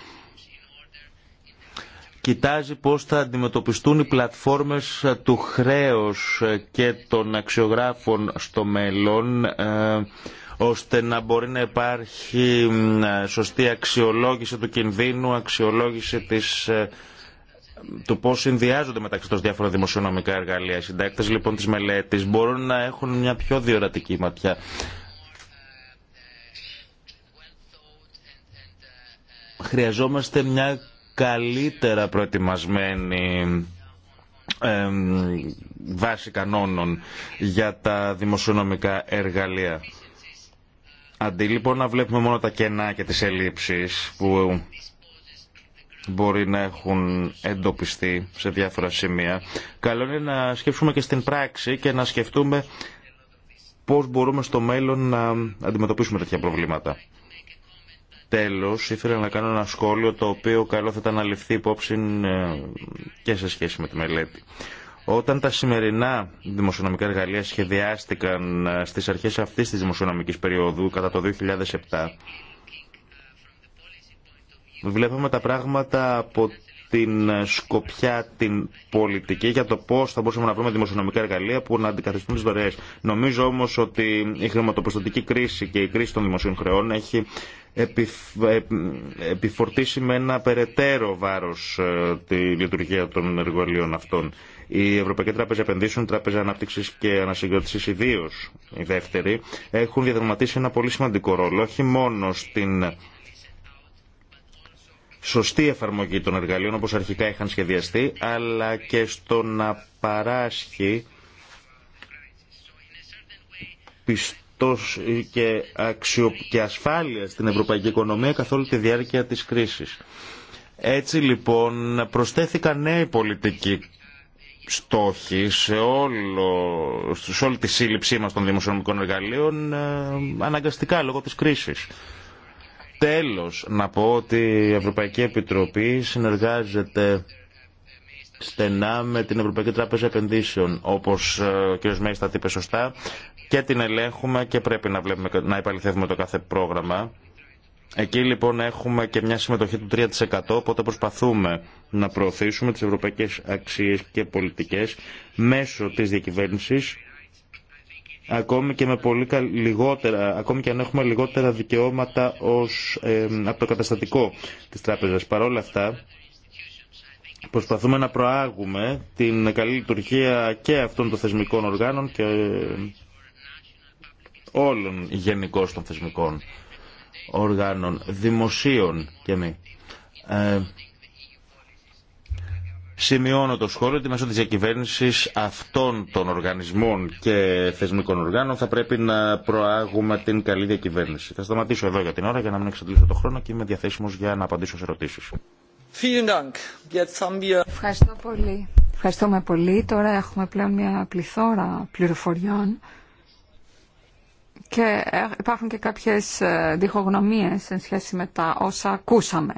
κοιτάζει πώς θα αντιμετωπιστούν οι πλατφόρμες του χρέους και των αξιογράφων στο μέλλον ε, ώστε να μπορεί να υπάρχει σωστή αξιολόγηση του κινδύνου, αξιολόγηση της ε, του πώς συνδυάζονται μεταξύ των διάφορα δημοσιονομικά εργαλεία. Οι συντάκτες λοιπόν της μελέτης μπορούν να έχουν μια πιο διορατική ματιά. Χρειαζόμαστε μια καλύτερα προετοιμασμένη βάση κανόνων για τα δημοσιονομικά εργαλεία. Αντί λοιπόν να βλέπουμε μόνο τα κενά και τις ελλείψεις που μπορεί να έχουν εντοπιστεί σε διάφορα σημεία, καλό είναι να σκεφτούμε και στην πράξη και να σκεφτούμε πώς μπορούμε στο μέλλον να αντιμετωπίσουμε τέτοια προβλήματα. Τέλος, ήθελα να κάνω ένα σχόλιο το οποίο καλό θα ήταν να ληφθεί υπόψη ε, και σε σχέση με τη μελέτη. Όταν τα σημερινά δημοσιονομικά εργαλεία σχεδιάστηκαν ε, στις αρχές αυτής της δημοσιονομικής περίοδου, κατά το 2007, βλέπουμε τα πράγματα από την σκοπιά την πολιτική για το πώ θα μπορούσαμε να βρούμε δημοσιονομικά εργαλεία που να αντικαθιστούν τι δωρεέ. Νομίζω όμω ότι η χρηματοπιστωτική κρίση και η κρίση των δημοσίων χρεών έχει ε, επιφορτήσει με ένα περαιτέρω βάρο ε, τη λειτουργία των εργαλείων αυτών. Η Ευρωπαϊκή Τράπεζα Επενδύσεων, Τράπεζα Ανάπτυξη και Ανασυγκρότηση, ιδίω η δεύτερη, έχουν διαδραματίσει ένα πολύ σημαντικό ρόλο, όχι μόνο στην σωστή εφαρμογή των εργαλείων όπως αρχικά είχαν σχεδιαστεί, αλλά και στο να παράσχει πιστός και, αξιο... και ασφάλεια στην ευρωπαϊκή οικονομία καθ' όλη τη διάρκεια της κρίσης. Έτσι λοιπόν προσθέθηκαν νέοι πολιτικοί στόχοι σε, όλο, σε όλη τη σύλληψή μας των δημοσιονομικών εργαλείων ε, αναγκαστικά λόγω της κρίσης. Τέλος, να πω ότι η Ευρωπαϊκή Επιτροπή συνεργάζεται στενά με την Ευρωπαϊκή Τράπεζα Επενδύσεων, όπως ε, ο κ. τα είπε σωστά, και την ελέγχουμε και πρέπει να, βλέπουμε, να επαληθεύουμε το κάθε πρόγραμμα. Εκεί λοιπόν έχουμε και μια συμμετοχή του 3%, οπότε προσπαθούμε να προωθήσουμε τις ευρωπαϊκές αξίες και πολιτικές μέσω της διακυβέρνησης ακόμη και με πολύ λιγότερα, ακόμη και αν έχουμε λιγότερα δικαιώματα ως, ε, από το καταστατικό της τράπεζας. Παρ' όλα αυτά, προσπαθούμε να προάγουμε την καλή λειτουργία και αυτών των θεσμικών οργάνων και όλων γενικώ των θεσμικών οργάνων, δημοσίων και μη. Ε, Σημειώνω το σχόλιο ότι μέσω τη διακυβέρνηση αυτών των οργανισμών και θεσμικών οργάνων θα πρέπει να προάγουμε την καλή διακυβέρνηση. Θα σταματήσω εδώ για την ώρα για να μην εξαντλήσω το χρόνο και είμαι διαθέσιμο για να απαντήσω σε ερωτήσεις. Ευχαριστώ πολύ. Ευχαριστούμε πολύ. Τώρα έχουμε πλέον μια πληθώρα πληροφοριών και ε, υπάρχουν και κάποιες ε, διχογνωμίες σε σχέση με τα όσα ακούσαμε.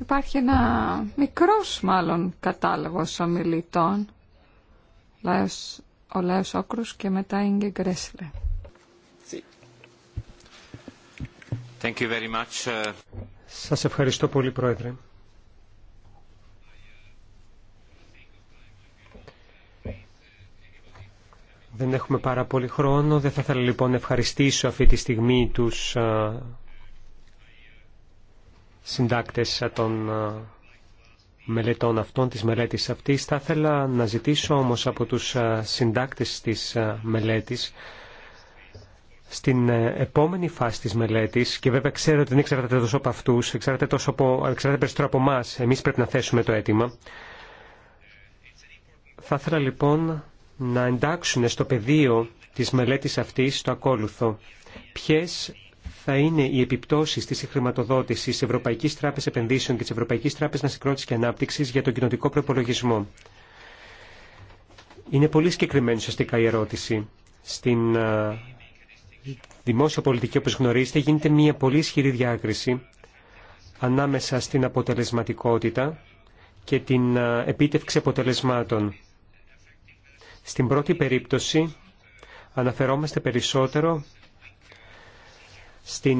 Υπάρχει ένα μικρός μάλλον κατάλογος ομιλητών. Ο Λάιος Όκρους και μετά η Γκρέσλε. Thank uh, Σας ευχαριστώ πολύ, Πρόεδρε. Δεν έχουμε πάρα πολύ χρόνο. Δεν θα ήθελα λοιπόν να ευχαριστήσω αυτή τη στιγμή τους uh, συντάκτες των ε, μελετών αυτών, της μελέτης αυτής. Θα ήθελα να ζητήσω όμως από τους ε, συντάκτες της ε, μελέτης στην επόμενη φάση της μελέτης και βέβαια ξέρω ότι δεν εξαρτάται τόσο από αυτούς, εξαρτάται, τόσο από, εξαρτάται περισσότερο από εμά. εμείς πρέπει να θέσουμε το αίτημα. Θα ήθελα λοιπόν να εντάξουν στο πεδίο της μελέτης αυτής το ακόλουθο. Ποιες θα είναι οι επιπτώσει τη χρηματοδότηση τη Ευρωπαϊκή Τράπεζα Επενδύσεων και τη Ευρωπαϊκή Τράπεζα Ανασυγκρότηση και Ανάπτυξη για τον κοινοτικό προπολογισμό. Είναι πολύ συγκεκριμένη ουσιαστικά η ερώτηση. Στην δημόσια πολιτική, όπως γνωρίζετε, γίνεται μια πολύ ισχυρή διάκριση ανάμεσα στην αποτελεσματικότητα και την επίτευξη αποτελεσμάτων. Στην πρώτη περίπτωση αναφερόμαστε περισσότερο στην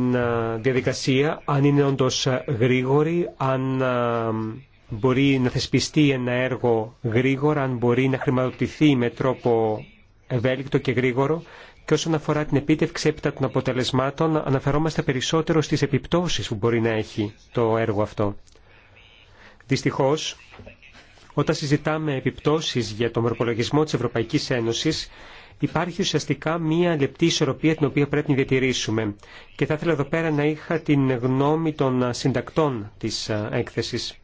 διαδικασία, αν είναι όντω γρήγορη, αν μπορεί να θεσπιστεί ένα έργο γρήγορα, αν μπορεί να χρηματοδοτηθεί με τρόπο ευέλικτο και γρήγορο. Και όσον αφορά την επίτευξη έπειτα των αποτελεσμάτων, αναφερόμαστε περισσότερο στις επιπτώσεις που μπορεί να έχει το έργο αυτό. Δυστυχώς, όταν συζητάμε επιπτώσεις για τον προπολογισμό της Ευρωπαϊκής Ένωσης, υπάρχει ουσιαστικά μία λεπτή ισορροπία την οποία πρέπει να διατηρήσουμε. Και θα ήθελα εδώ πέρα να είχα την γνώμη των συντακτών της έκθεσης.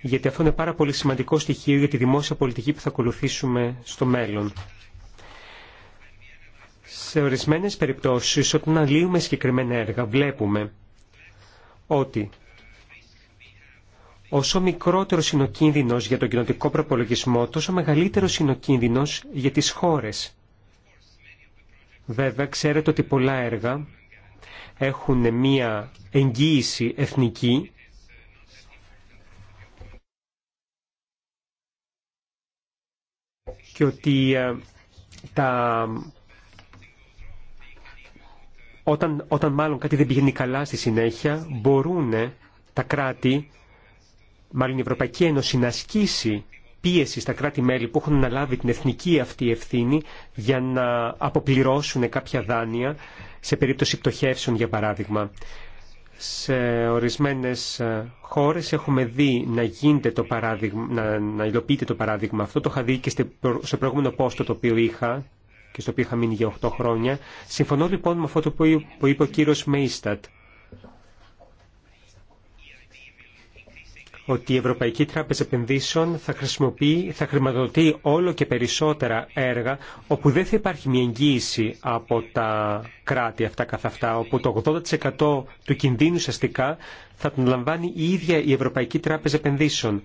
Γιατί αυτό είναι πάρα πολύ σημαντικό στοιχείο για τη δημόσια πολιτική που θα ακολουθήσουμε στο μέλλον. Σε ορισμένες περιπτώσεις, όταν αλλοιούμε συγκεκριμένα έργα, βλέπουμε ότι Όσο μικρότερο είναι ο κίνδυνο για τον κοινοτικό προπολογισμό, τόσο μεγαλύτερο είναι ο κίνδυνο για τι χώρε. Βέβαια, ξέρετε ότι πολλά έργα έχουν μία εγγύηση εθνική και ότι ε, τα... όταν, όταν μάλλον κάτι δεν πηγαίνει καλά στη συνέχεια μπορούν τα κράτη μάλλον η Ευρωπαϊκή Ένωση να ασκήσει πίεση στα κράτη-μέλη που έχουν αναλάβει την εθνική αυτή ευθύνη για να αποπληρώσουν κάποια δάνεια σε περίπτωση πτωχεύσεων για παράδειγμα. Σε ορισμένες ε, χώρες έχουμε δει να, γίνεται το παράδειγμα, να, να υλοποιείται το παράδειγμα. Αυτό το είχα δει και στο προηγούμενο πόστο το οποίο είχα και στο οποίο είχα μείνει για 8 χρόνια. Συμφωνώ λοιπόν με αυτό που είπε ο κύριος Μέιστατ. ότι η Ευρωπαϊκή Τράπεζα Επενδύσεων θα, χρησιμοποιεί, θα χρηματοδοτεί όλο και περισσότερα έργα όπου δεν θα υπάρχει μια εγγύηση από τα κράτη αυτά καθ' αυτά, όπου το 80% του κινδύνου ουσιαστικά θα τον λαμβάνει η ίδια η Ευρωπαϊκή Τράπεζα Επενδύσεων.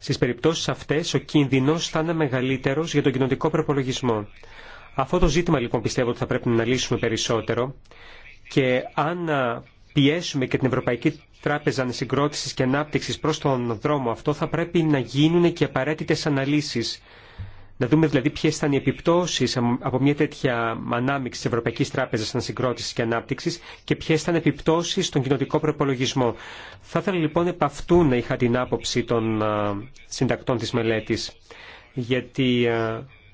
Στις περιπτώσεις αυτές ο κίνδυνος θα είναι μεγαλύτερος για τον κοινωνικό προπολογισμό. Αυτό το ζήτημα λοιπόν πιστεύω ότι θα πρέπει να λύσουμε περισσότερο και αν πιέσουμε και την Ευρωπαϊκή Τράπεζα Ανασυγκρότησης και Ανάπτυξης προς τον δρόμο αυτό θα πρέπει να γίνουν και απαραίτητε αναλύσεις. Να δούμε δηλαδή ποιε ήταν οι επιπτώσει από μια τέτοια ανάμειξη τη Ευρωπαϊκή Τράπεζα Ανασυγκρότηση και Ανάπτυξη και ποιε ήταν επιπτώσει στον κοινοτικό προπολογισμό. Θα ήθελα λοιπόν επ' αυτού να είχα την άποψη των συντακτών τη μελέτη. Γιατί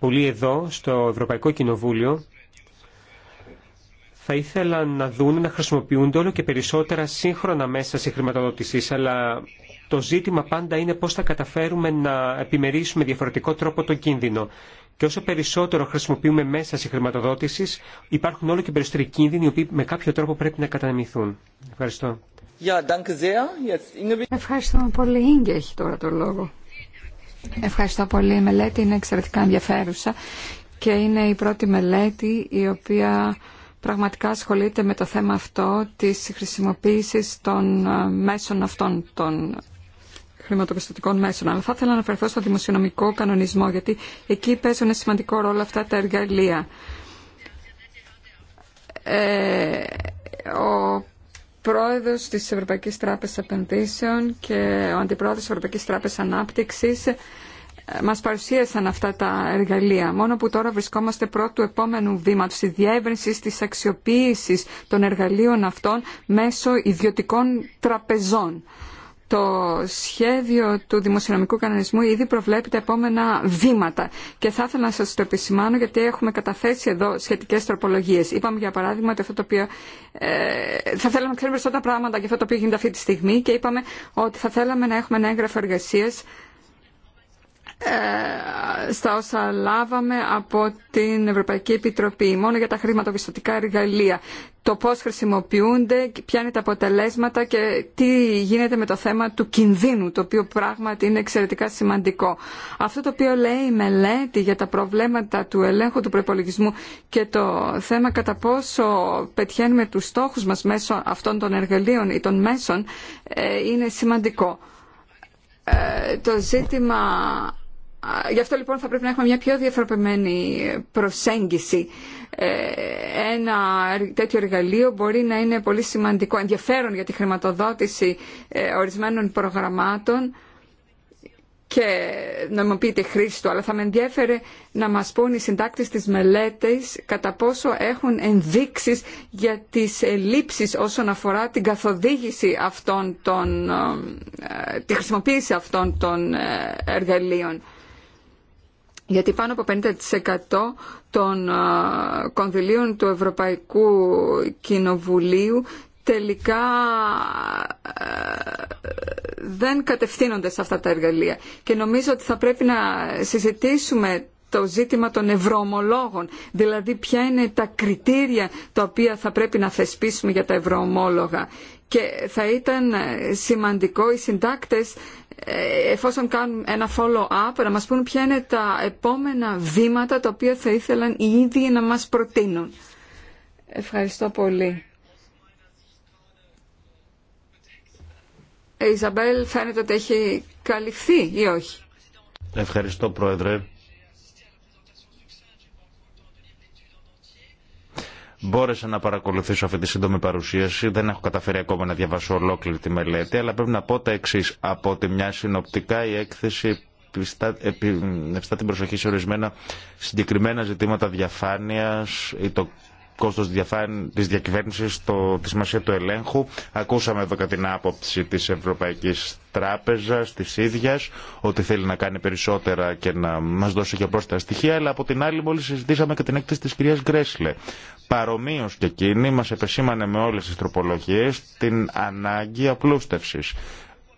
πολύ εδώ στο Ευρωπαϊκό Κοινοβούλιο θα ήθελα να δουν να χρησιμοποιούνται όλο και περισσότερα σύγχρονα μέσα στη χρηματοδότηση. αλλά το ζήτημα πάντα είναι πώς θα καταφέρουμε να επιμερίσουμε διαφορετικό τρόπο το κίνδυνο. Και όσο περισσότερο χρησιμοποιούμε μέσα στη χρηματοδότηση, υπάρχουν όλο και περισσότεροι κίνδυνοι, οι οποίοι με κάποιο τρόπο πρέπει να κατανεμηθούν. Ευχαριστώ. Ευχαριστούμε πολύ. Ίγκε έχει τώρα το λόγο. Ευχαριστώ πολύ. Η μελέτη είναι εξαιρετικά ενδιαφέρουσα και είναι η πρώτη μελέτη η οποία πραγματικά ασχολείται με το θέμα αυτό της χρησιμοποίησης των ε, μέσων αυτών των χρηματοπιστωτικών μέσων. Αλλά θα ήθελα να αναφερθώ στο δημοσιονομικό κανονισμό, γιατί εκεί παίζουν σημαντικό ρόλο αυτά τα εργαλεία. Ε, πρόεδρος της Ευρωπαϊκής Τράπεζας Επενδύσεων και ο αντιπρόεδρος της Ευρωπαϊκής Τράπεζας Ανάπτυξης ε, μας παρουσίασαν αυτά τα εργαλεία. Μόνο που τώρα βρισκόμαστε πρώτου επόμενου βήματος, η διεύρυνση της αξιοποίησης των εργαλείων αυτών μέσω ιδιωτικών τραπεζών το σχέδιο του δημοσιονομικού κανονισμού ήδη προβλέπει τα επόμενα βήματα και θα ήθελα να σα το επισημάνω γιατί έχουμε καταθέσει εδώ σχετικές τροπολογίες. Είπαμε για παράδειγμα ότι αυτό το οποίο ε, θα θέλαμε να ξέρουμε περισσότερα πράγματα για αυτό το οποίο γίνεται αυτή τη στιγμή και είπαμε ότι θα θέλαμε να έχουμε ένα έγγραφο εργασία. Ε, στα όσα λάβαμε από την Ευρωπαϊκή Επιτροπή, μόνο για τα χρηματοπιστωτικά εργαλεία, το πώς χρησιμοποιούνται, ποια είναι τα αποτελέσματα και τι γίνεται με το θέμα του κινδύνου, το οποίο πράγματι είναι εξαιρετικά σημαντικό. Αυτό το οποίο λέει η μελέτη για τα προβλήματα του ελέγχου του προπολογισμού και το θέμα κατά πόσο πετυχαίνουμε τους στόχους μας μέσω αυτών των εργαλείων ή των μέσων, ε, είναι σημαντικό. Ε, το ζήτημα Γι' αυτό λοιπόν θα πρέπει να έχουμε μια πιο διαφοροποιημένη προσέγγιση. Ε, ένα τέτοιο εργαλείο μπορεί να είναι πολύ σημαντικό, ενδιαφέρον για τη χρηματοδότηση ε, ορισμένων προγραμμάτων και νομιμοποιείται χρήση του, αλλά θα με ενδιαφέρε να μας πούν οι συντάκτες της μελέτης κατά πόσο έχουν ενδείξεις για τις ελλείψεις όσον αφορά την καθοδήγηση αυτών των, ε, τη χρησιμοποίηση αυτών των εργαλείων γιατί πάνω από 50% των κονδυλίων του Ευρωπαϊκού Κοινοβουλίου τελικά ε, δεν κατευθύνονται σε αυτά τα εργαλεία. Και νομίζω ότι θα πρέπει να συζητήσουμε το ζήτημα των ευρωομολόγων, δηλαδή ποια είναι τα κριτήρια τα οποία θα πρέπει να θεσπίσουμε για τα ευρωομόλογα. Και θα ήταν ε, σημαντικό οι συντάκτες εφόσον κάνουν ένα follow-up να μας πούν ποια είναι τα επόμενα βήματα τα οποία θα ήθελαν οι ίδιοι να μας προτείνουν. Ευχαριστώ πολύ. Η ε, Ιζαμπέλ φαίνεται ότι έχει καλυφθεί ή όχι. Ευχαριστώ Πρόεδρε. Μπόρεσα να παρακολουθήσω αυτή τη σύντομη παρουσίαση. Δεν έχω καταφέρει ακόμα να διαβάσω ολόκληρη τη μελέτη, αλλά πρέπει να πω τα εξή. Από τη μια συνοπτικά η έκθεση επιστά την προσοχή σε ορισμένα συγκεκριμένα ζητήματα διαφάνειας το Κόστο τη διακυβέρνηση, τη σημασία του ελέγχου. Ακούσαμε εδώ κατά την άποψη τη Ευρωπαϊκή Τράπεζα, τη ίδια, ότι θέλει να κάνει περισσότερα και να μας δώσει και πρόσθετα στοιχεία, αλλά από την άλλη μόλι συζητήσαμε και την έκθεση τη Κυρία Γκρέσλε. Παρομοίω και εκείνη μας επεσήμανε με όλες τις τροπολογίε την ανάγκη απλούστευση.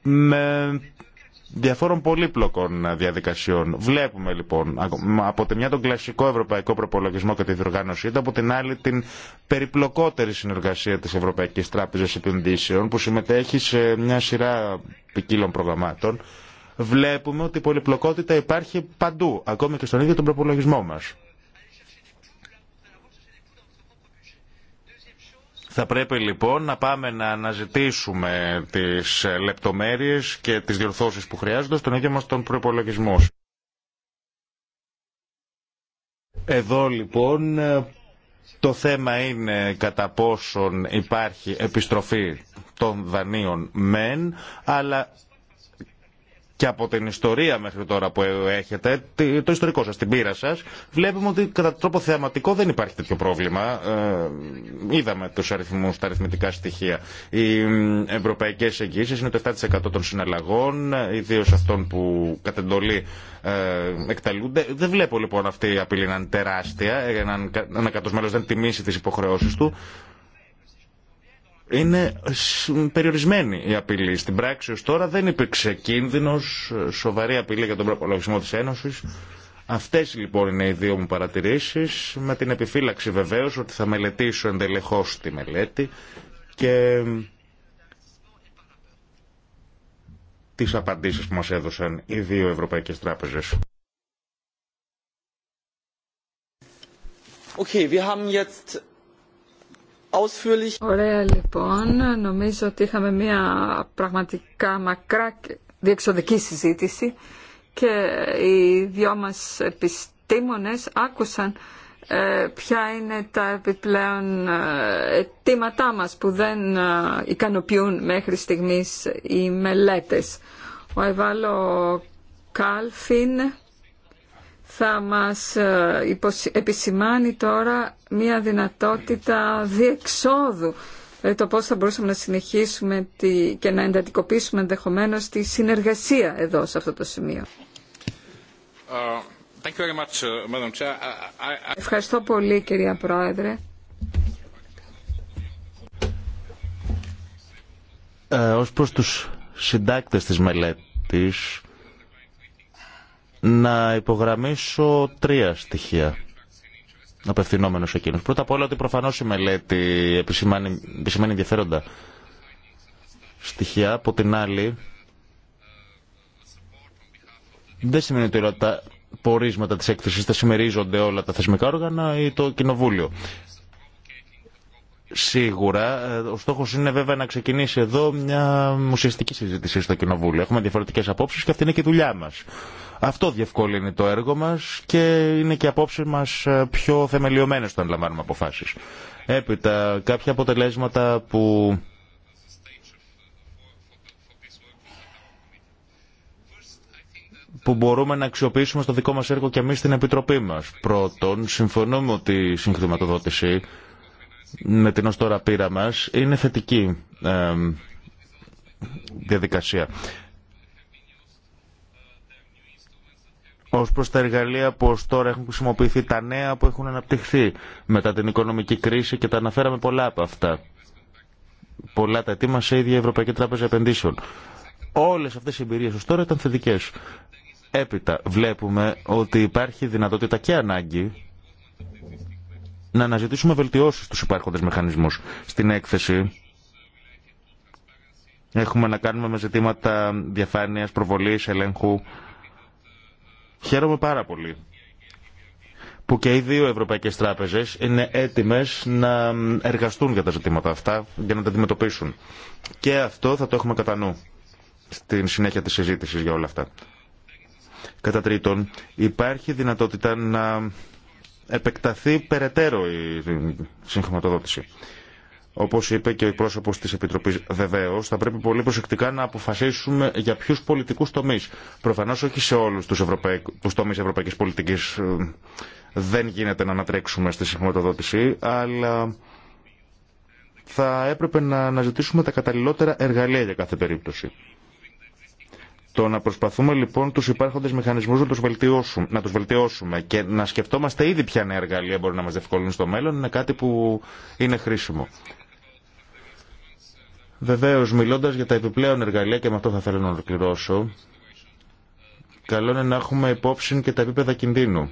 Με διαφόρων πολύπλοκων ε, διαδικασιών. Βλέπουμε λοιπόν από τη μια τον κλασικό ευρωπαϊκό προπολογισμό και τη διοργάνωσή του, από την άλλη την περιπλοκότερη συνεργασία της Ευρωπαϊκής Τράπεζας Επενδύσεων που συμμετέχει σε μια σειρά ποικίλων προγραμμάτων. Βλέπουμε ότι η πολυπλοκότητα υπάρχει παντού, ακόμη και στον ίδιο τον προπολογισμό μας. Θα πρέπει λοιπόν να πάμε να αναζητήσουμε τις λεπτομέρειες και τις διορθώσεις που χρειάζονται στον ίδιο μας τον προπολογισμό. Εδώ λοιπόν το θέμα είναι κατά πόσον υπάρχει επιστροφή των δανείων μεν, αλλά και από την ιστορία μέχρι τώρα που έχετε, το ιστορικό σας, την πείρα σας, βλέπουμε ότι κατά τρόπο θεαματικό δεν υπάρχει τέτοιο πρόβλημα. Ε, είδαμε τους αριθμούς, τα αριθμητικά στοιχεία. Οι ευρωπαϊκές εγγύσεις είναι το 7% των συναλλαγών, ιδίω αυτών που κατ' εντολή ε, Δεν βλέπω λοιπόν αυτή η απειλή να είναι τεράστια, έναν ε, δεν τιμήσει τις υποχρεώσεις του είναι περιορισμένη η απειλή. Στην πράξη ως τώρα δεν υπήρξε κίνδυνος, ε, σοβαρή απειλή για τον προπολογισμό της Ένωσης. Αυτές λοιπόν είναι οι δύο μου παρατηρήσεις, με την επιφύλαξη βεβαίως ότι θα μελετήσω εντελεχώς τη μελέτη και τις απαντήσεις που μας έδωσαν οι δύο Ευρωπαϊκές Τράπεζες. Okay, wir haben jetzt... Ωραία λοιπόν, νομίζω ότι είχαμε μια πραγματικά μακρά διεξοδική συζήτηση και οι δυο μας επιστήμονες άκουσαν ε, ποια είναι τα επιπλέον ε, αιτήματά μας που δεν ε, ικανοποιούν μέχρι στιγμής οι μελέτες. Ο Εβάλο Κάλφιν θα μας ε, επισημάνει τώρα μια δυνατότητα διεξόδου ε, το πώς θα μπορούσαμε να συνεχίσουμε και να εντατικοποιήσουμε ενδεχομένω τη συνεργασία εδώ σε αυτό το σημείο. much, Ευχαριστώ πολύ κυρία Πρόεδρε. Ε, ως προς τους συντάκτες της μελέτης να υπογραμμίσω τρία στοιχεία απευθυνόμενος εκείνος. Πρώτα απ' όλα ότι προφανώς η μελέτη επισημάνει, επισημάνει ενδιαφέροντα στοιχεία. Από την άλλη, δεν σημαίνει ότι τα πορίσματα της έκθεσης θα συμμερίζονται όλα τα θεσμικά όργανα ή το κοινοβούλιο. Σίγουρα, ε, ο στόχο είναι βέβαια να ξεκινήσει εδώ μια ουσιαστική συζήτηση στο Κοινοβούλιο. Έχουμε διαφορετικέ απόψει και αυτή είναι και η δουλειά μα. Αυτό διευκολύνει το έργο μας και είναι και απόψει μας ε, πιο θεμελιωμένες όταν λαμβάνουμε αποφάσεις. Έπειτα, κάποια αποτελέσματα που που μπορούμε να αξιοποιήσουμε στο δικό μας έργο και εμείς στην Επιτροπή μας. Πρώτον, συμφωνούμε ότι η συγχρηματοδότηση με την ως τώρα πείρα μας είναι θετική ε, διαδικασία. Ω προ τα εργαλεία που ω τώρα έχουν χρησιμοποιηθεί, τα νέα που έχουν αναπτυχθεί μετά την οικονομική κρίση και τα αναφέραμε πολλά από αυτά. Πολλά τα ετοίμασε η ίδια η Ευρωπαϊκή Τράπεζα Επενδύσεων. Όλε αυτέ οι εμπειρίες ω τώρα ήταν θετικέ. Έπειτα βλέπουμε ότι υπάρχει δυνατότητα και ανάγκη να αναζητήσουμε βελτιώσει στου υπάρχοντε μηχανισμού Στην έκθεση έχουμε να κάνουμε με ζητήματα διαφάνεια, προβολή ελέγχου Χαίρομαι πάρα πολύ που και οι δύο ευρωπαϊκές τράπεζες είναι έτοιμες να εργαστούν για τα ζητήματα αυτά, για να τα αντιμετωπίσουν. Και αυτό θα το έχουμε κατά νου στην συνέχεια της συζήτησης για όλα αυτά. Κατά τρίτον, υπάρχει δυνατότητα να επεκταθεί περαιτέρω η συγχρηματοδότηση. Όπω είπε και ο εκπρόσωπο τη Επιτροπή, βεβαίω θα πρέπει πολύ προσεκτικά να αποφασίσουμε για ποιου πολιτικού τομεί. Προφανώ όχι σε όλου του Ευρωπαϊ... τομεί ευρωπαϊκή πολιτική ε, δεν γίνεται να ανατρέξουμε στη συγχρηματοδότηση, αλλά θα έπρεπε να αναζητήσουμε τα καταλληλότερα εργαλεία για κάθε περίπτωση. Το να προσπαθούμε λοιπόν του υπάρχοντες μηχανισμού να του βελτιώσουμε, τους βελτιώσουμε και να σκεφτόμαστε ήδη ποια νέα εργαλεία μπορεί να μα διευκολύνουν στο μέλλον είναι κάτι που είναι χρήσιμο. Βεβαίω, μιλώντα για τα επιπλέον εργαλεία, και με αυτό θα θέλω να ολοκληρώσω, καλό είναι να έχουμε υπόψη και τα επίπεδα κινδύνου.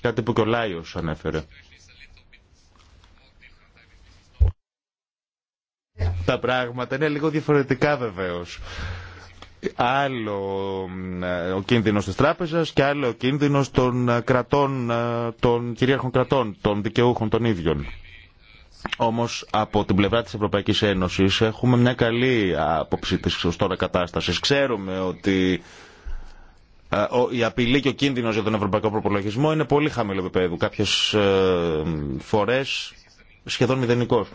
Κάτι που και ο Λάιος ανέφερε. Τα πράγματα είναι λίγο διαφορετικά βεβαίω. Άλλο ε, ο κίνδυνο τη τράπεζα και άλλο ο κίνδυνο των ε, κρατών, ε, των κυρίαρχων κρατών, των δικαιούχων των ίδιων. Όμως από την πλευρά της Ευρωπαϊκής Ένωσης έχουμε μια καλή άποψη της σωστόρα τώρα κατάστασης. Ξέρουμε ότι ε, η απειλή και ο κίνδυνος για τον ευρωπαϊκό προπολογισμό είναι πολύ χαμηλό επίπεδο. Κάποιες ε, φορές σχεδόν μηδενικός.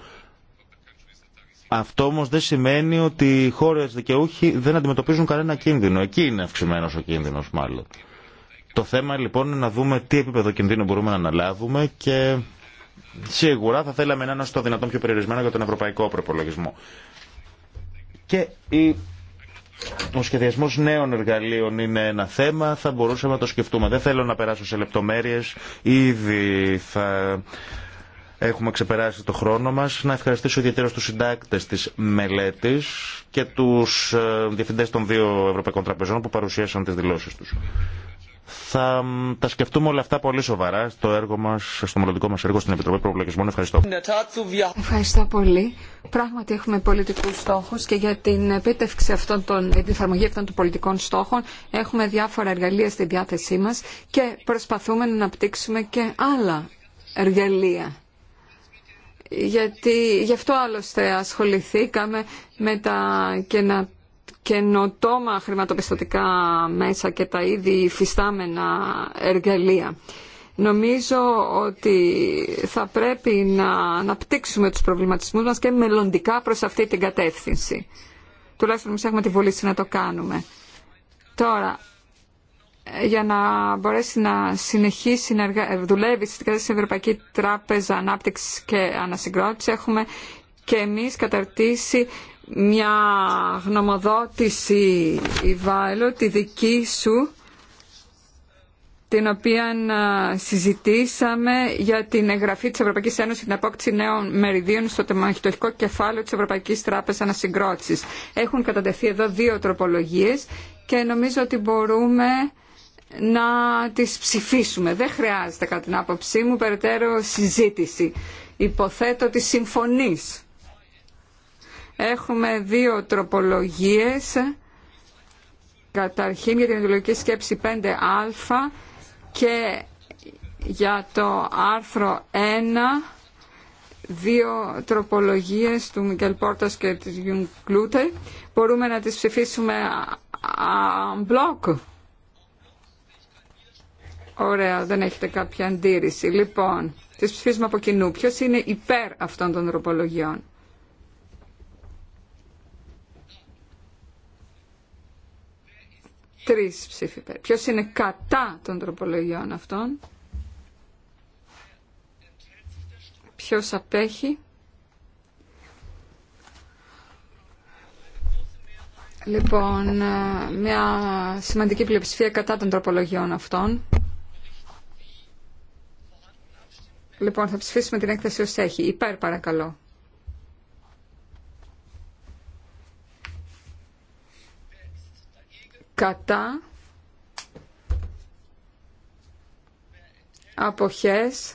Αυτό όμω δεν σημαίνει ότι οι χώρε δικαιούχοι δεν αντιμετωπίζουν κανένα κίνδυνο. Εκεί είναι αυξημένο ο κίνδυνο, μάλλον. Το θέμα λοιπόν είναι να δούμε τι επίπεδο κινδύνου μπορούμε να αναλάβουμε και σίγουρα θα θέλαμε να είναι στο δυνατόν πιο περιορισμένο για τον ευρωπαϊκό προπολογισμό. Και ο σχεδιασμό νέων εργαλείων είναι ένα θέμα, θα μπορούσαμε να το σκεφτούμε. Δεν θέλω να περάσω σε λεπτομέρειε, ήδη θα έχουμε ξεπεράσει το χρόνο μας. Να ευχαριστήσω ιδιαίτερα τους συντάκτες της μελέτης και τους ε, διευθυντές των δύο Ευρωπαϊκών Τραπεζών που παρουσίασαν τις δηλώσεις τους. Θα τα σκεφτούμε όλα αυτά πολύ σοβαρά στο έργο μας, στο μελλοντικό μας έργο στην Επιτροπή Προβλογισμών. Ευχαριστώ. Ευχαριστώ πολύ. Πράγματι έχουμε πολιτικούς στόχους και για την επίτευξη αυτών των, την εφαρμογή αυτών των πολιτικών στόχων έχουμε διάφορα εργαλεία στη διάθεσή μας και προσπαθούμε να αναπτύξουμε και άλλα εργαλεία γιατί γι' αυτό άλλωστε ασχοληθήκαμε με τα να καινοτόμα χρηματοπιστωτικά μέσα και τα ήδη φυστάμενα εργαλεία. Νομίζω ότι θα πρέπει να αναπτύξουμε τους προβληματισμούς μας και μελλοντικά προς αυτή την κατεύθυνση. Τουλάχιστον εμείς έχουμε τη βολή να το κάνουμε. Τώρα, για να μπορέσει να συνεχίσει να δουλεύει στην Ευρωπαϊκή Τράπεζα Ανάπτυξης και Ανασυγκρότηση, έχουμε και εμείς καταρτήσει μια γνωμοδότηση, Ιβάλλο, τη δική σου, την οποία ε, συζητήσαμε για την εγγραφή της Ευρωπαϊκής Ένωσης την απόκτηση νέων μεριδίων στο τεμαχητοχικό κεφάλαιο της Ευρωπαϊκής Τράπεζας Ανασυγκρότησης. Έχουν κατατεθεί εδώ δύο τροπολογίες και νομίζω ότι μπορούμε να τις ψηφίσουμε. Δεν χρειάζεται κατά την άποψή μου περαιτέρω συζήτηση. Υποθέτω ότι συμφωνείς. Έχουμε δύο τροπολογίες, καταρχήν για την ιδεολογική σκέψη 5α και για το άρθρο 1 δύο τροπολογίες του Μικελ Πόρτας και της Γιουν Κλούτε. Μπορούμε να τις ψηφίσουμε μπλοκ. Ωραία, δεν έχετε κάποια αντίρρηση. Λοιπόν, τις ψηφίσουμε από κοινού. Ποιος είναι υπέρ αυτών των τροπολογιών. Τρεις ψήφοι. Ποιος είναι κατά των τροπολογιών αυτών. Ποιος απέχει. Λοιπόν, μια σημαντική πλειοψηφία κατά των τροπολογιών αυτών. Λοιπόν, θα ψηφίσουμε την έκθεση ως έχει. Υπέρ παρακαλώ. κατά αποχές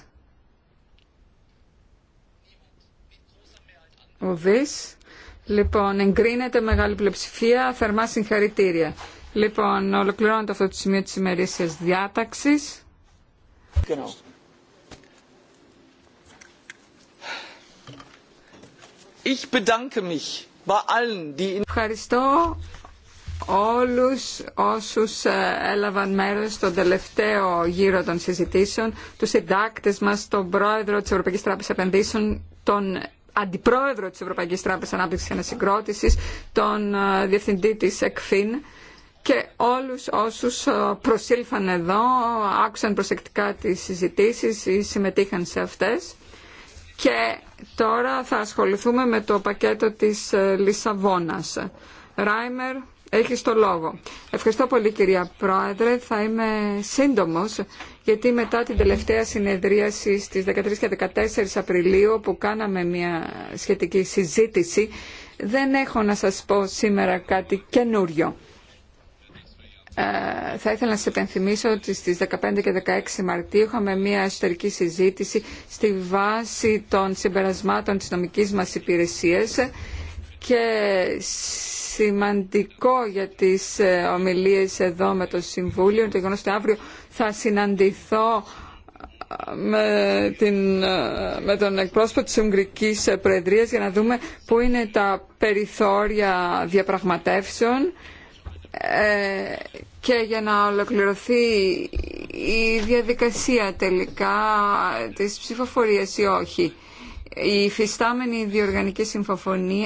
ουδής. Λοιπόν, εγκρίνεται μεγάλη πλειοψηφία, θερμά συγχαρητήρια. Λοιπόν, ολοκληρώνεται αυτό το σημείο της ημερήσιας διάταξης. Ευχαριστώ όλους όσους ε, έλαβαν μέρος στον τελευταίο γύρο των συζητήσεων, τους συντάκτες μας, τον πρόεδρο της Ευρωπαϊκής Τράπεζας Επενδύσεων, τον αντιπρόεδρο της Ευρωπαϊκής Τράπεζας Ανάπτυξης και Ανασυγκρότησης, τον ε, διευθυντή της ΕΚΦΙΝ και όλους όσους ε, προσήλφαν εδώ, άκουσαν προσεκτικά τις συζητήσεις ή συμμετείχαν σε αυτές. Και τώρα θα ασχοληθούμε με το πακέτο της Λισαβόνας. Ράιμερ, Έχεις το λόγο. Ευχαριστώ πολύ κυρία Πρόεδρε. Θα είμαι σύντομος γιατί μετά την τελευταία συνεδρίαση στις 13 και 14 Απριλίου που κάναμε μια σχετική συζήτηση δεν έχω να σας πω σήμερα κάτι καινούριο. Ε, θα ήθελα να σας επενθυμίσω ότι στις 15 και 16 Μαρτίου είχαμε μια εσωτερική συζήτηση στη βάση των συμπερασμάτων της νομικής μας υπηρεσίας και σημαντικό για τις ε, ομιλίες εδώ με το Συμβούλιο. Το γεγονός ότι αύριο θα συναντηθώ ε, με, την, ε, τον εκπρόσωπο της Ουγγρικής Προεδρίας για να δούμε πού είναι τα περιθώρια διαπραγματεύσεων και για να ολοκληρωθεί η διαδικασία τελικά της ψηφοφορίας ή όχι. Η φυστάμενη διοργανική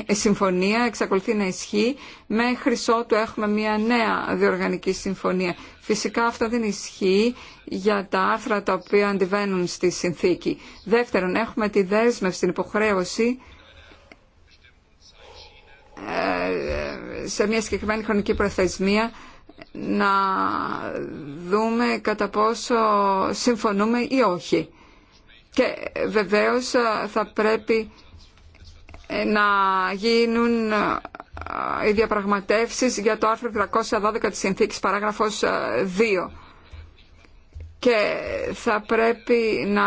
ε, συμφωνία, εξακολουθεί να ισχύει. Μέχρι ότου έχουμε μια νέα διοργανική συμφωνία. Φυσικά αυτό δεν ισχύει για τα άρθρα τα οποία αντιβαίνουν στη συνθήκη. Δεύτερον, έχουμε τη δέσμευση, την υποχρέωση ε, σε μια συγκεκριμένη χρονική προθεσμία να δούμε κατά πόσο συμφωνούμε ή όχι και βεβαίως ε, θα πρέπει ε, να γίνουν ε, οι διαπραγματεύσεις για το άρθρο 312 της συνθήκης παράγραφος 2 και θα πρέπει να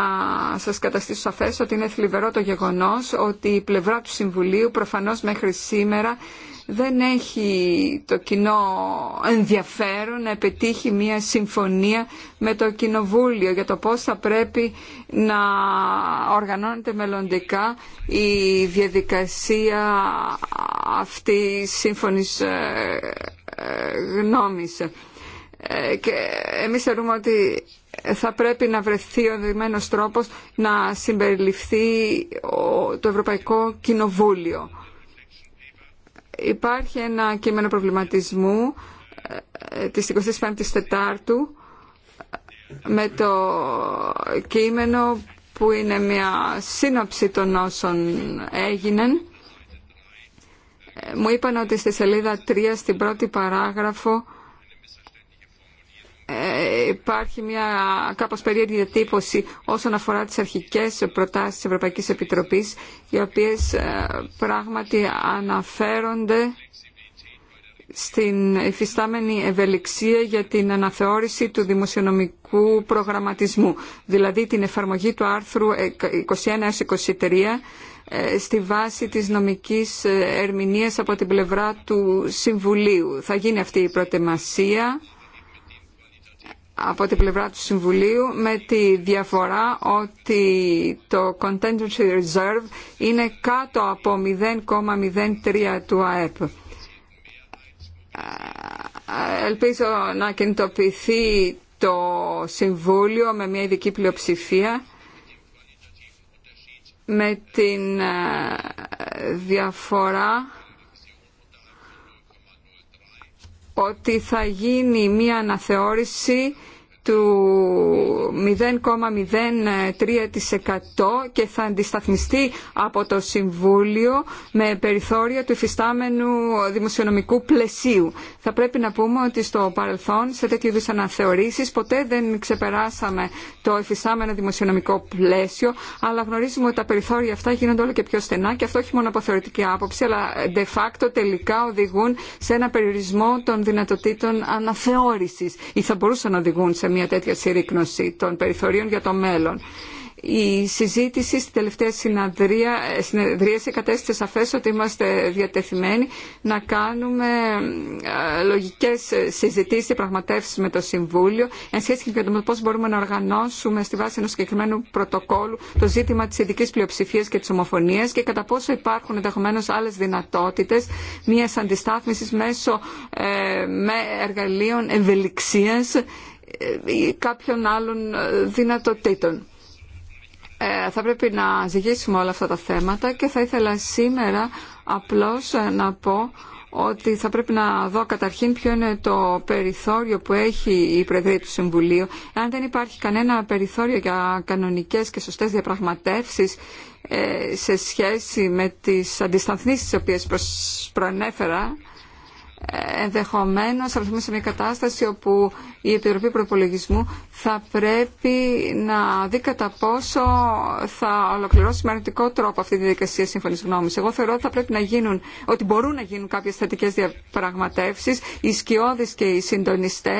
σας καταστήσω σαφές ότι είναι θλιβερό το γεγονός ότι η πλευρά του Συμβουλίου προφανώς μέχρι σήμερα δεν έχει το κοινό ενδιαφέρον να επιτύχει μια συμφωνία με το Κοινοβούλιο για το πώς θα πρέπει να οργανώνεται μελλοντικά η διαδικασία αυτή σύμφωνης ε, ε, γνώμης. Ε, και εμείς θεωρούμε ότι θα πρέπει να βρεθεί ο δεδομένο τρόπος να συμπεριληφθεί το Ευρωπαϊκό Κοινοβούλιο υπάρχει ένα κείμενο προβληματισμού ε, της 25ης Τετάρτου με το κείμενο που είναι μια σύνοψη των όσων έγιναν. Ε, μου είπαν ότι στη σελίδα 3 στην πρώτη παράγραφο ε, υπάρχει μια κάπως περίεργη διατύπωση όσον αφορά τις αρχικές προτάσεις της Ευρωπαϊκής Επιτροπής οι οποίες ε, πράγματι αναφέρονται στην υφιστάμενη ευελιξία για την αναθεώρηση του δημοσιονομικού προγραμματισμού, δηλαδή την εφαρμογή του άρθρου 21-23 ε, στη βάση της νομικής ερμηνείας από την πλευρά του Συμβουλίου. Θα γίνει αυτή η προετοιμασία από την πλευρά του Συμβουλίου με τη διαφορά ότι το Contingency Reserve είναι κάτω από 0,03 του ΑΕΠ. Ελπίζω να κινητοποιηθεί το Συμβούλιο με μια ειδική πλειοψηφία με την ε, διαφορά ότι θα γίνει μια αναθεώρηση του 0,03% και θα αντισταθμιστεί από το Συμβούλιο με περιθώρια του υφιστάμενου δημοσιονομικού πλαισίου. Θα πρέπει να πούμε ότι στο παρελθόν σε τέτοιου είδους αναθεωρήσεις ποτέ δεν ξεπεράσαμε το υφιστάμενο δημοσιονομικό πλαίσιο αλλά γνωρίζουμε ότι τα περιθώρια αυτά γίνονται όλο και πιο στενά και αυτό όχι μόνο από θεωρητική άποψη αλλά de facto τελικά οδηγούν σε ένα περιορισμό των δυνατοτήτων αναθεώρηση ή θα μπορούσαν να οδηγούν σε μια τέτοια συρρήκνωση των περιθωρίων για το μέλλον. Η συζήτηση στην τελευταία συνεδρία, συνεδρίαση κατέστησε σαφές ότι είμαστε διατεθειμένοι να κάνουμε ε, λογικές συζητήσεις, πραγματεύσεις με το Συμβούλιο εν σχέση και με πώς μπορούμε να οργανώσουμε στη βάση ενός συγκεκριμένου πρωτοκόλου το ζήτημα της ειδικής πλειοψηφίας και της ομοφωνίας και κατά πόσο υπάρχουν ενδεχομένω άλλες δυνατότητες μιας αντιστάθμισης μέσω ε, με εργαλείων ευελιξίας ή κάποιων άλλων ε, δυνατοτήτων. Ε, θα πρέπει να ζυγίσουμε όλα αυτά τα θέματα και θα ήθελα σήμερα απλώς ε, να πω ότι θα πρέπει να δω καταρχήν ποιο είναι το περιθώριο που έχει η Πρεδρία του Συμβουλίου. Αν δεν υπάρχει κανένα περιθώριο για κανονικές και σωστές διαπραγματεύσεις σε σχέση με τις αντισταθμίσεις τις οποίες προανέφερα, ενδεχομένως θα βρεθούμε σε μια κατάσταση όπου η Επιτροπή Προπολογισμού θα πρέπει να δει κατά πόσο θα ολοκληρώσει με αρνητικό τρόπο αυτή τη διαδικασία σύμφωνη γνώμη. Εγώ θεωρώ ότι θα πρέπει να γίνουν, ότι μπορούν να γίνουν κάποιε θετικέ διαπραγματεύσει. Οι σκιώδει και οι συντονιστέ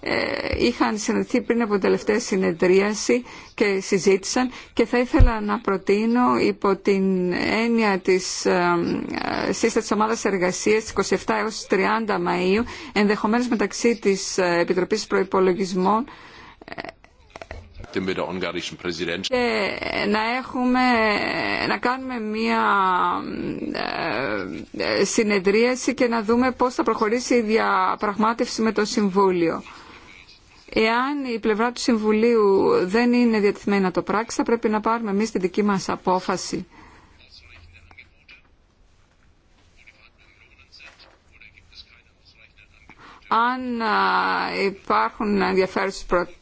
ε, είχαν συναντηθεί πριν από την τελευταία συνεδρίαση και συζήτησαν και θα ήθελα να προτείνω υπό την έννοια της ε, σύσταση ομάδα εργασία 27 έω 30 Μαου, ενδεχομένω μεταξύ της ε, επιτροπή προπολογισμών και να έχουμε να κάνουμε μια ε, ε, συνεδρίαση και να δούμε πώς θα προχωρήσει η διαπραγμάτευση με το Συμβούλιο. Εάν η πλευρά του Συμβουλίου δεν είναι διατεθειμένη να το πράξει, θα πρέπει να πάρουμε εμείς τη δική μας απόφαση. Αν ε, υπάρχουν ενδιαφέρουσες προτάσεις,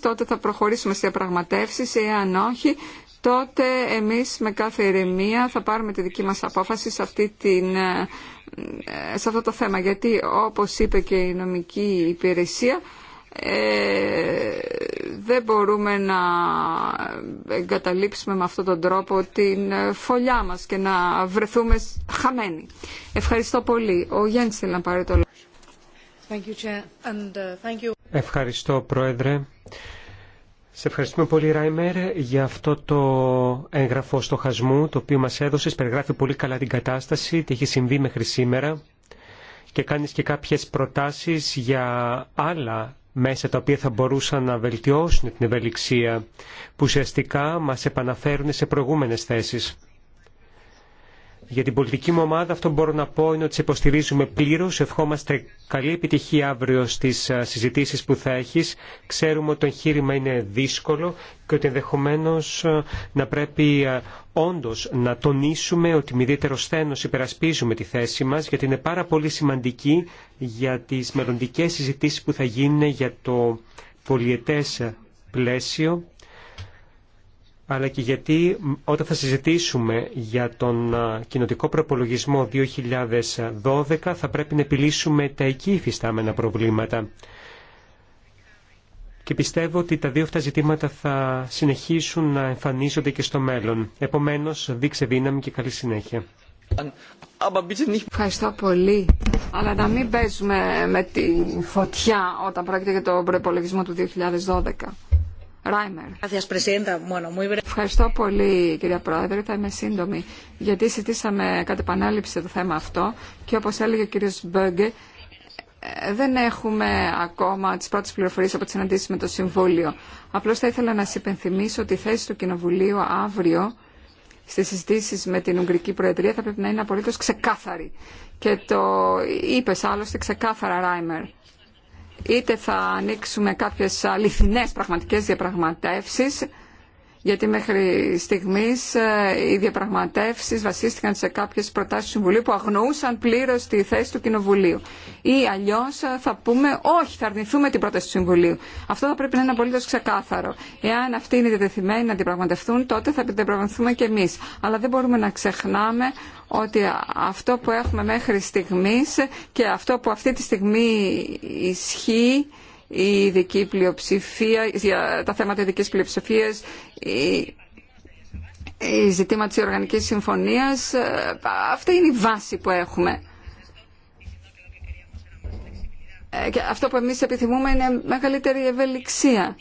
τότε θα προχωρήσουμε σε διαπραγματεύσεις, εάν όχι, τότε εμείς με κάθε ηρεμία θα πάρουμε τη δική μας απόφαση σε, την, ε, σε αυτό το θέμα. Γιατί όπως είπε και η νομική υπηρεσία, ε, δεν μπορούμε να εγκαταλείψουμε με αυτόν τον τρόπο την φωλιά μας και να βρεθούμε χαμένοι. Ευχαριστώ πολύ. Ο Γιάννης θέλει να πάρει το λόγο. Uh, Ευχαριστώ, Πρόεδρε. Σε ευχαριστούμε πολύ, Ράιμερ, για αυτό το έγγραφο χασμού το οποίο μας έδωσες, περιγράφει πολύ καλά την κατάσταση, τι έχει συμβεί μέχρι σήμερα και κάνεις και κάποιες προτάσεις για άλλα μέσα τα οποία θα μπορούσαν να βελτιώσουν την ευελιξία, που ουσιαστικά μας επαναφέρουν σε προηγούμενες θέσεις. Για την πολιτική μου ομάδα αυτό μπορώ να πω είναι ότι σε υποστηρίζουμε πλήρως. Ευχόμαστε καλή επιτυχία αύριο στις ε, συζητήσεις που θα έχεις. Ξέρουμε ότι το εγχείρημα είναι δύσκολο και ότι ενδεχομένω ε, να πρέπει ε, όντως να τονίσουμε ότι με ιδιαίτερο σθένος υπερασπίζουμε τη θέση μας γιατί είναι πάρα πολύ σημαντική για τις μελλοντικές συζητήσεις που θα γίνουν για το πολιετές πλαίσιο αλλά και γιατί όταν θα συζητήσουμε για τον κοινοτικό προπολογισμό 2012 θα πρέπει να επιλύσουμε τα εκεί υφιστάμενα προβλήματα. Και πιστεύω ότι τα δύο αυτά ζητήματα θα συνεχίσουν να εμφανίζονται και στο μέλλον. Επομένως, δείξε δύναμη και καλή συνέχεια. Ευχαριστώ πολύ. Αλλά να μην παίζουμε με τη φωτιά όταν πρόκειται για τον προπολογισμό του 2012. Ράιμερ. Ευχαριστώ πολύ κυρία Πρόεδρε, θα είμαι σύντομη, γιατί συζητήσαμε κατ' επανάληψη το θέμα αυτό και όπως έλεγε ο κύριος Μπέγκε, ε, δεν έχουμε ακόμα τις πρώτες πληροφορίες από τις συναντήσεις με το Συμβούλιο. Απλώς θα ήθελα να σας υπενθυμίσω ότι η θέση του Κοινοβουλίου αύριο στι συζητήσει με την Ουγγρική Προεδρία θα πρέπει να είναι απολύτω ξεκάθαρη. Και το είπε άλλωστε ξεκάθαρα, Ράιμερ είτε θα ανοίξουμε κάποιες αληθινές πραγματικές διαπραγματεύσεις γιατί μέχρι στιγμής ε, οι διαπραγματεύσεις βασίστηκαν σε κάποιες προτάσεις του Συμβουλίου που αγνοούσαν πλήρως τη θέση του Κοινοβουλίου. Ή αλλιώς ε, θα πούμε όχι, θα αρνηθούμε την πρόταση του Συμβουλίου. Αυτό θα πρέπει να είναι απολύτως ξεκάθαρο. Εάν αυτοί είναι διατεθειμένοι να διαπραγματευτούν, τότε θα διαπραγματευτούμε και εμείς. Αλλά δεν μπορούμε να ξεχνάμε ότι αυτό που έχουμε μέχρι στιγμής και αυτό που αυτή τη στιγμή ισχύει η ειδική πλειοψηφία, τα θέματα ειδική πλειοψηφία, η, η ζητήματα Οργανική Οργανικής Συμφωνίας. Ε, αυτή είναι η βάση που έχουμε. Ε, και αυτό που εμείς επιθυμούμε είναι μεγαλύτερη ευελιξία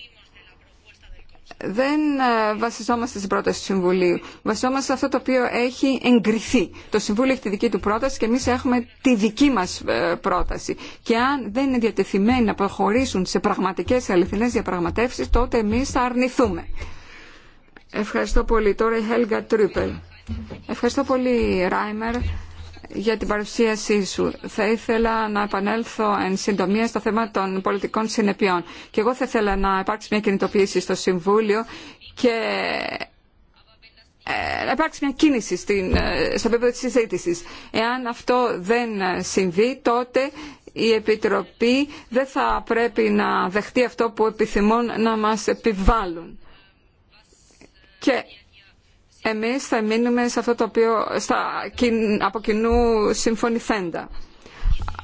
δεν ε, βασιζόμαστε στην πρόταση του Συμβουλίου. Βασιζόμαστε σε αυτό το οποίο έχει εγκριθεί. Το Συμβούλιο έχει τη δική του πρόταση και εμεί έχουμε τη δική μα ε, πρόταση. Και αν δεν είναι διατεθειμένοι να προχωρήσουν σε πραγματικέ αληθινέ διαπραγματεύσει, τότε εμεί θα αρνηθούμε. Ευχαριστώ πολύ. Τώρα η Χέλγα Τρίπελ. Ευχαριστώ πολύ, Ράιμερ για την παρουσίασή σου. Θα ήθελα να επανέλθω εν συντομία στο θέμα των πολιτικών συνεπειών. Και εγώ θα ήθελα να υπάρξει μια κινητοποίηση στο Συμβούλιο και ε, να υπάρξει μια κίνηση στην, ε, στο επίπεδο της συζήτηση. Εάν αυτό δεν συμβεί, τότε η Επιτροπή δεν θα πρέπει να δεχτεί αυτό που επιθυμούν να μας επιβάλλουν. Και εμείς θα μείνουμε σε αυτό το οποίο από κοινού συμφωνηθέντα.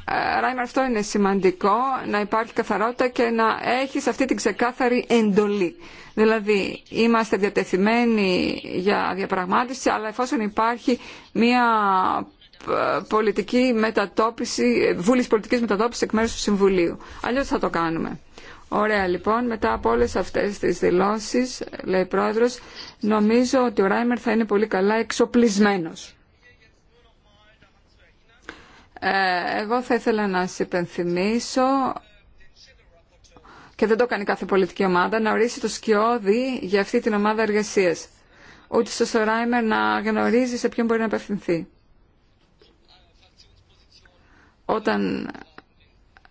Ε, Ράιμαρ, αυτό είναι σημαντικό, να υπάρχει καθαρότητα και να έχεις αυτή την ξεκάθαρη εντολή. Δηλαδή, είμαστε διατεθειμένοι για διαπραγμάτευση, αλλά εφόσον υπάρχει μια πολιτική μετατόπιση, βούλης πολιτικής μετατόπισης εκ μέρους του Συμβουλίου. Αλλιώς θα το κάνουμε. Ωραία λοιπόν, μετά από όλες αυτές τις δηλώσεις, λέει ο πρόεδρος, νομίζω ότι ο Ράιμερ θα είναι πολύ καλά εξοπλισμένος. Ε, εγώ θα ήθελα να σας υπενθυμίσω και δεν το κάνει κάθε πολιτική ομάδα, να ορίσει το σκιώδη για αυτή την ομάδα εργασία. Ούτε στο Ράιμερ να γνωρίζει σε ποιον μπορεί να απευθυνθεί. Όταν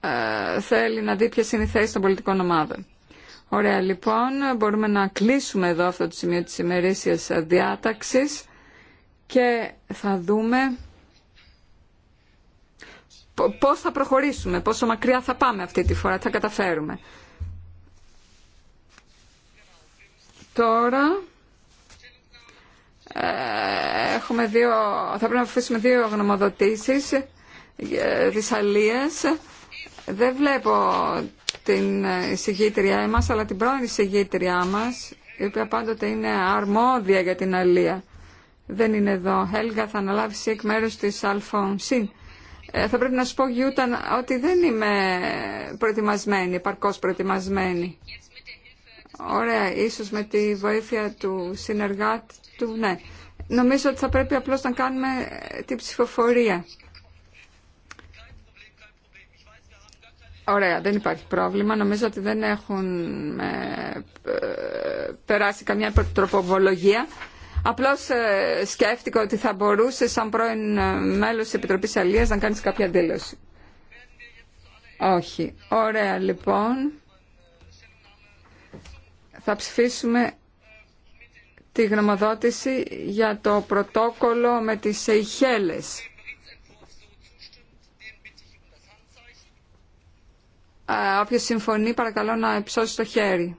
ε, θέλει να δει ποιες είναι οι θέσεις των πολιτικών ομάδων. Ωραία λοιπόν, μπορούμε να κλείσουμε εδώ αυτό το σημείο της ημερήσιας διάταξης και θα δούμε πώς θα προχωρήσουμε, πόσο μακριά θα πάμε αυτή τη φορά, θα καταφέρουμε. Τώρα ε, έχουμε δύο, θα πρέπει να αφήσουμε δύο γνωμοδοτήσεις ε, δεν βλέπω την εισηγήτριά μας, αλλά την πρώην εισηγήτριά μας, η οποία πάντοτε είναι αρμόδια για την αλία. Δεν είναι εδώ. Ελγα, θα αναλάβει εκ μέρους της Αλφονσίν. Ε, θα πρέπει να σου πω, Γιούτα, ότι δεν είμαι προετοιμασμένη, παρκώς προετοιμασμένη. Ωραία, ίσως με τη βοήθεια του συνεργάτη του, ναι. Νομίζω ότι θα πρέπει απλώς να κάνουμε την ψηφοφορία. Ωραία, δεν υπάρχει πρόβλημα. Νομίζω ότι δεν έχουν ε, ε, περάσει καμιά τροποβολογία. Απλώς ε, σκέφτηκα ότι θα μπορούσε σαν πρώην μέλος της Επιτροπής Αλίας να κάνεις κάποια δήλωση. Όχι. Ωραία, λοιπόν. Θα ψηφίσουμε τη γνωμοδότηση για το πρωτόκολλο με τις Σεϊχέλες. Ε, Όποιο συμφωνεί παρακαλώ να υψώσει το χέρι.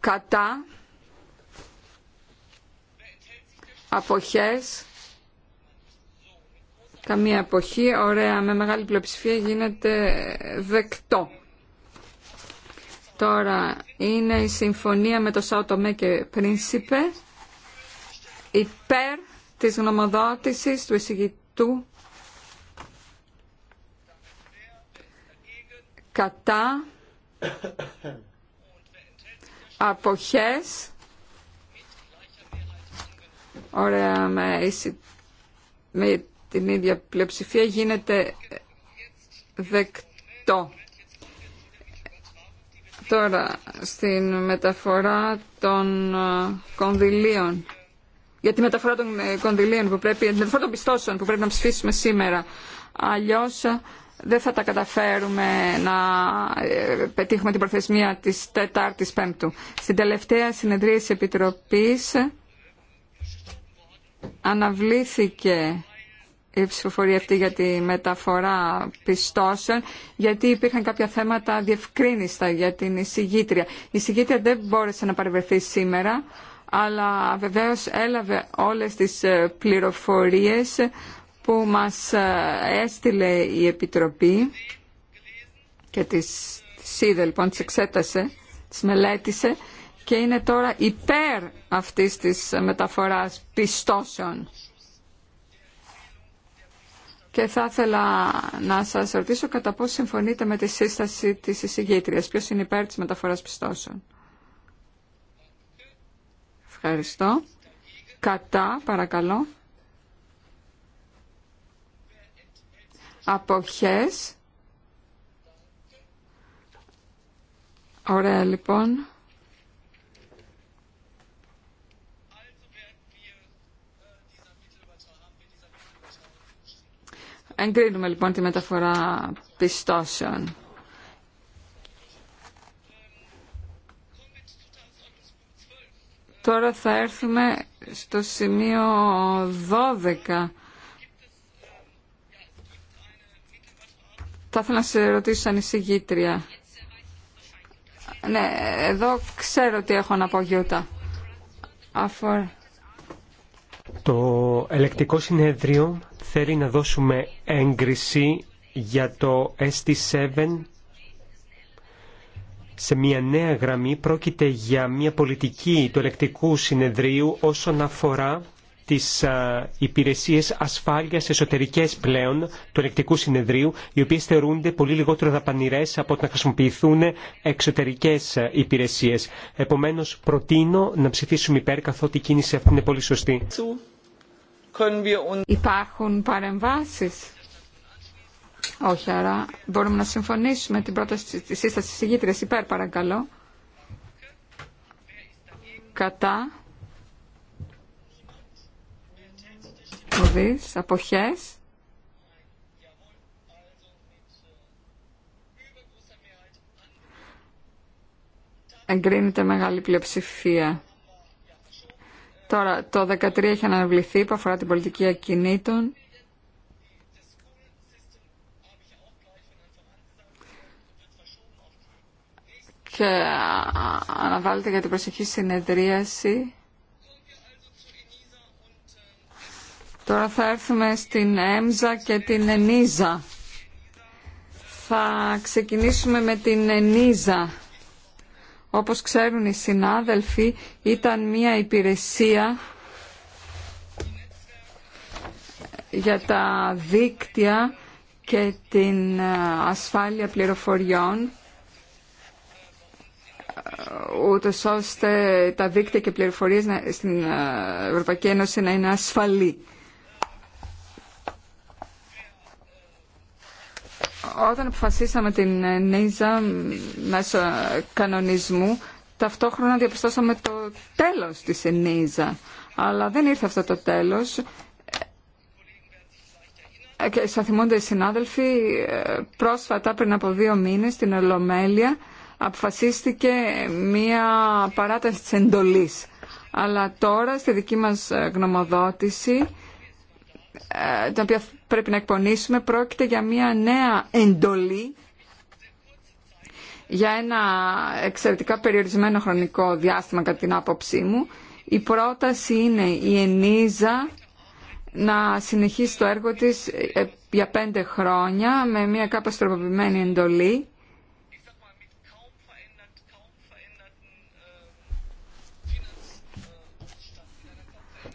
Κατά. Αποχές. Καμία αποχή. Ωραία. Με μεγάλη πλειοψηφία γίνεται δεκτό. Τώρα είναι η συμφωνία με το Σαοτομέ και Πρίνσιπε υπέρ της γνωμοδότησης του εισηγητού κατά αποχές ωραία με, με την ίδια πλειοψηφία γίνεται δεκτό τώρα στην μεταφορά των ε, κονδυλίων για τη μεταφορά των ε, κονδυλίων που πρέπει, τη μεταφορά των πιστώσεων που πρέπει να ψηφίσουμε σήμερα. Αλλιώς δεν θα τα καταφέρουμε να ε, πετύχουμε την προθεσμία της Τετάρτης Πέμπτου. Στην τελευταία συνεδρία της Επιτροπής αναβλήθηκε η ψηφοφορία αυτή για τη μεταφορά πιστώσεων, γιατί υπήρχαν κάποια θέματα διευκρίνηστα για την εισηγήτρια. Η εισηγήτρια δεν μπόρεσε να παρευρεθεί σήμερα, αλλά βεβαίως έλαβε όλες τις ε, πληροφορίες που μας ε, έστειλε η Επιτροπή και τις, τις είδε λοιπόν, τις εξέτασε, τις μελέτησε και είναι τώρα υπέρ αυτής της μεταφοράς πιστώσεων. Και θα ήθελα να σας ρωτήσω κατά πώς συμφωνείτε με τη σύσταση της εισηγήτριας. Ποιος είναι υπέρ της μεταφοράς πιστώσεων. Ευχαριστώ. Κατά, παρακαλώ. αποχές. Ωραία λοιπόν. Εγκρίνουμε λοιπόν τη μεταφορά πιστώσεων. Τώρα θα έρθουμε στο σημείο 12 Θα ήθελα να σε ρωτήσω σαν Ναι, εδώ ξέρω τι έχω να πω, Γιούτα. Αφόρ. Το ελεκτικό συνέδριο θέλει να δώσουμε έγκριση για το ST7 σε μια νέα γραμμή. Πρόκειται για μια πολιτική του ελεκτικού συνεδρίου όσον αφορά τις ε, υπηρεσίες ασφάλειας εσωτερικές πλέον του ελεκτικού συνεδρίου, οι οποίες θεωρούνται πολύ λιγότερο δαπανηρές από ό,τι να χρησιμοποιηθούν εξωτερικές ε, υπηρεσίες. Επομένως, προτείνω να ψηφίσουμε υπέρ, καθότι η κίνηση αυτή είναι πολύ σωστή. Υπάρχουν παρεμβάσεις. Όχι, άρα μπορούμε να συμφωνήσουμε την πρόταση της σύστασης της υπέρ, παρακαλώ. Κατά. Αποχές. Εγκρίνεται μεγάλη πλειοψηφία. Τώρα, το 13 έχει αναβληθεί που αφορά την πολιτική ακινήτων. Και αναβάλλεται για την προσεχή συνεδρίαση Τώρα θα έρθουμε στην ΕΜΖΑ και την ΕΝΙΖΑ. Θα ξεκινήσουμε με την ΕΝΙΖΑ. Όπως ξέρουν οι συνάδελφοι, ήταν μια υπηρεσία για τα δίκτυα και την ε, ασφάλεια πληροφοριών ε, ούτως ώστε τα δίκτυα και πληροφορίες στην ε, Ευρωπαϊκή Ένωση να είναι ασφαλή. όταν αποφασίσαμε την Νίζα μέσω κανονισμού, ταυτόχρονα διαπιστώσαμε το τέλος της ΕΝΙΖΑ. Αλλά δεν ήρθε αυτό το τέλος. Ε, και θα θυμούνται οι συνάδελφοι, ε, πρόσφατα πριν από δύο μήνες στην Ολομέλεια αποφασίστηκε μία παράταση της εντολής. Αλλά τώρα στη δική μας ε, γνωμοδότηση ε, την οποία πρέπει να εκπονήσουμε πρόκειται για μια νέα εντολή για ένα εξαιρετικά περιορισμένο χρονικό διάστημα κατά την άποψή μου. Η πρόταση είναι η ΕΝΙΖΑ να συνεχίσει το έργο της ε, για πέντε χρόνια με μια κάπως τροποποιημένη εντολή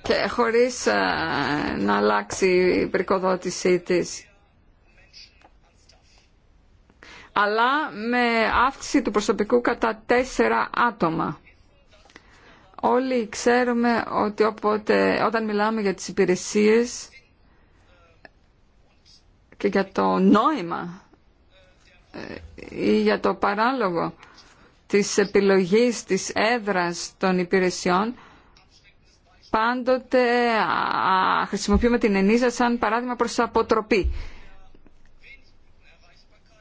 και χωρίς ε, να αλλάξει η πρικοδότησή της αλλά με αύξηση του προσωπικού κατά τέσσερα άτομα. Όλοι ξέρουμε ότι όποτε, όταν μιλάμε για τις υπηρεσίες και για το νόημα ε, ή για το παράλογο της επιλογής της έδρας των υπηρεσιών, πάντοτε χρησιμοποιούμε την Ενίζα σαν παράδειγμα προς αποτροπή.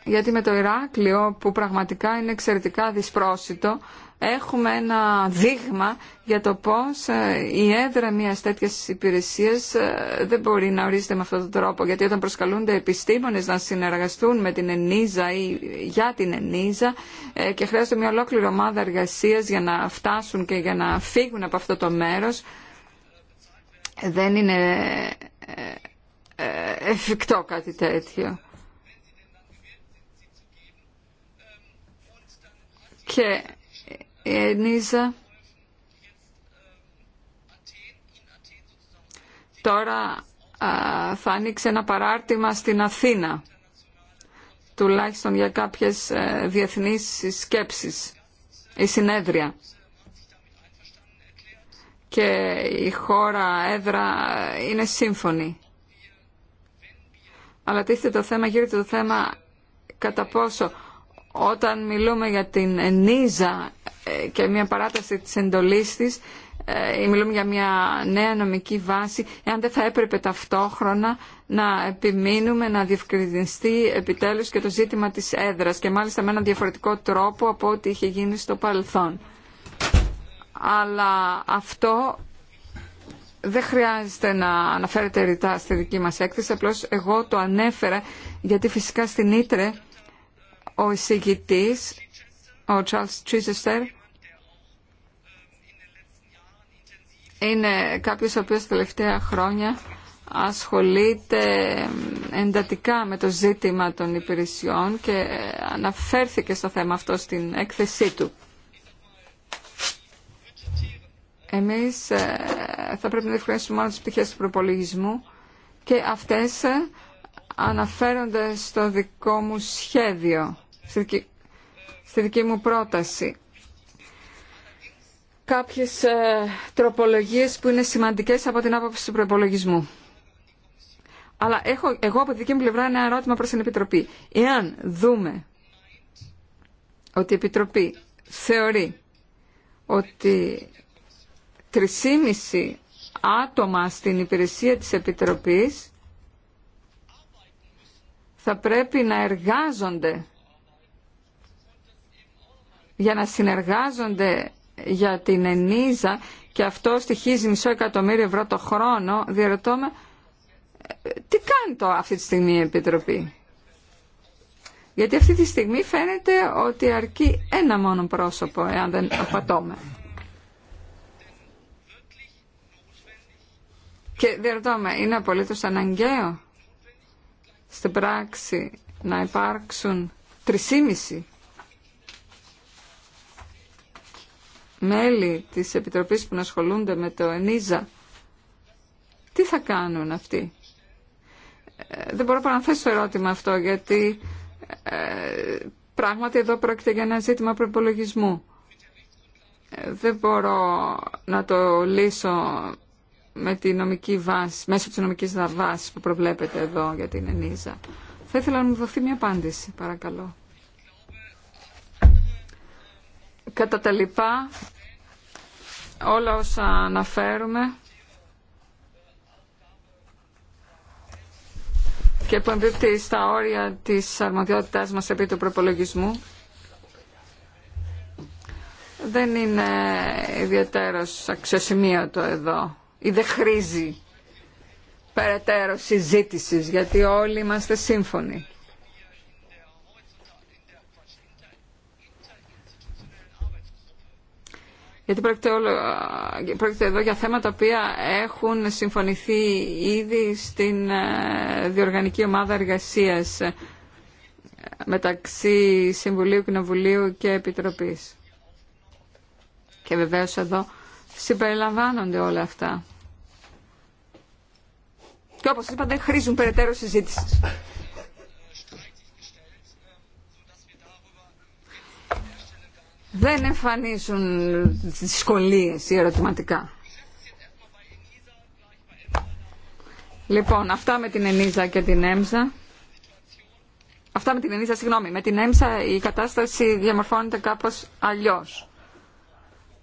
Γιατί με το Ηράκλειο που πραγματικά είναι εξαιρετικά δυσπρόσιτο έχουμε ένα δείγμα για το πώς ε, η έδρα μιας τέτοιας υπηρεσίας ε, δεν μπορεί να ορίζεται με αυτόν τον τρόπο. Γιατί όταν προσκαλούνται επιστήμονες να συνεργαστούν με την ΕΝΙΖΑ ή για την ΕΝΙΖΑ ε, και χρειάζεται μια ολόκληρη ομάδα εργασίας για να φτάσουν και για να φύγουν από αυτό το μέρος, δεν είναι ε, ε, εφικτό κάτι τέτοιο. Και η ε, Ενίζα τώρα θα ανοίξει ένα παράρτημα στην Αθήνα τουλάχιστον για κάποιες διεθνείς σκέψεις ή συνέδρια και η χώρα έδρα είναι σύμφωνη. Αλλά τίθεται το θέμα, γύρεται το θέμα κατά πόσο όταν μιλούμε για την Ενίζα ε, και μια παράταση της εντολής της, ε, ή μιλούμε για μια νέα νομική βάση, εάν δεν θα έπρεπε ταυτόχρονα να επιμείνουμε να διευκρινιστεί επιτέλους και το ζήτημα της έδρας και μάλιστα με έναν διαφορετικό τρόπο από ό,τι είχε γίνει στο παρελθόν αλλά αυτό δεν χρειάζεται να αναφέρεται ρητά στη δική μας έκθεση, απλώς εγώ το ανέφερα γιατί φυσικά στην Ήτρε ο εισηγητής, ο Charles Chichester, είναι κάποιος ο οποίος τα τελευταία χρόνια ασχολείται εντατικά με το ζήτημα των υπηρεσιών και αναφέρθηκε στο θέμα αυτό στην έκθεσή του. Εμείς ε, θα πρέπει να διευκρινίσουμε μόνο τις πτυχές του προπολογισμού και αυτές ε, αναφέρονται στο δικό μου σχέδιο, στη δική, μου πρόταση. Κάποιες ε, τροπολογίες που είναι σημαντικές από την άποψη του προπολογισμού. Αλλά έχω εγώ από τη δική μου πλευρά ένα ερώτημα προς την Επιτροπή. Εάν δούμε ότι η Επιτροπή θεωρεί ότι 3,5 άτομα στην υπηρεσία της Επιτροπής θα πρέπει να εργάζονται για να συνεργάζονται για την ενίζα και αυτό στοιχίζει μισό εκατομμύριο ευρώ το χρόνο, διαρωτώ τι κάνει το αυτή τη στιγμή η Επιτροπή. Γιατί αυτή τη στιγμή φαίνεται ότι αρκεί ένα μόνο πρόσωπο, εάν δεν απατώμε. Και διερωτώ με, είναι απολύτως αναγκαίο στην πράξη να υπάρξουν τρισήμιση μέλη της Επιτροπής που να ασχολούνται με το ΕΝΙΖΑ. Τι θα κάνουν αυτοί. Ε, δεν μπορώ να θέσω το ερώτημα αυτό γιατί ε, πράγματι εδώ πρόκειται για ένα ζήτημα προπολογισμού. Ε, δεν μπορώ να το λύσω με τη νομική βάση, μέσω της νομικής βάσης που προβλέπεται εδώ για την ΕΝΙΖΑ. Θα ήθελα να μου δοθεί μια απάντηση, παρακαλώ. Κατά τα λοιπά, όλα όσα αναφέρουμε και που εμπίπτει στα όρια της αρμοδιότητάς μας επί του προπολογισμού δεν είναι ιδιαίτερος αξιοσημείωτο εδώ ή δεν χρήζει περαιτέρω συζήτηση, γιατί όλοι είμαστε σύμφωνοι. Γιατί πρόκειται, όλο, πρόκειται εδώ για θέματα οποία έχουν συμφωνηθεί ήδη στην ε, διοργανική ομάδα εργασίας ε, μεταξύ Συμβουλίου, Κοινοβουλίου και Επιτροπής. Και βεβαίως εδώ συμπεριλαμβάνονται όλα αυτά και όπως είπα δεν χρήζουν περαιτέρω συζήτηση. Δεν εμφανίζουν τις δυσκολίες ή ερωτηματικά. Λοιπόν, αυτά με την Ενίζα και την Έμζα. Αυτά με την Ενίζα, συγγνώμη. Με την Έμζα η κατάσταση διαμορφώνεται κάπως αλλιώς.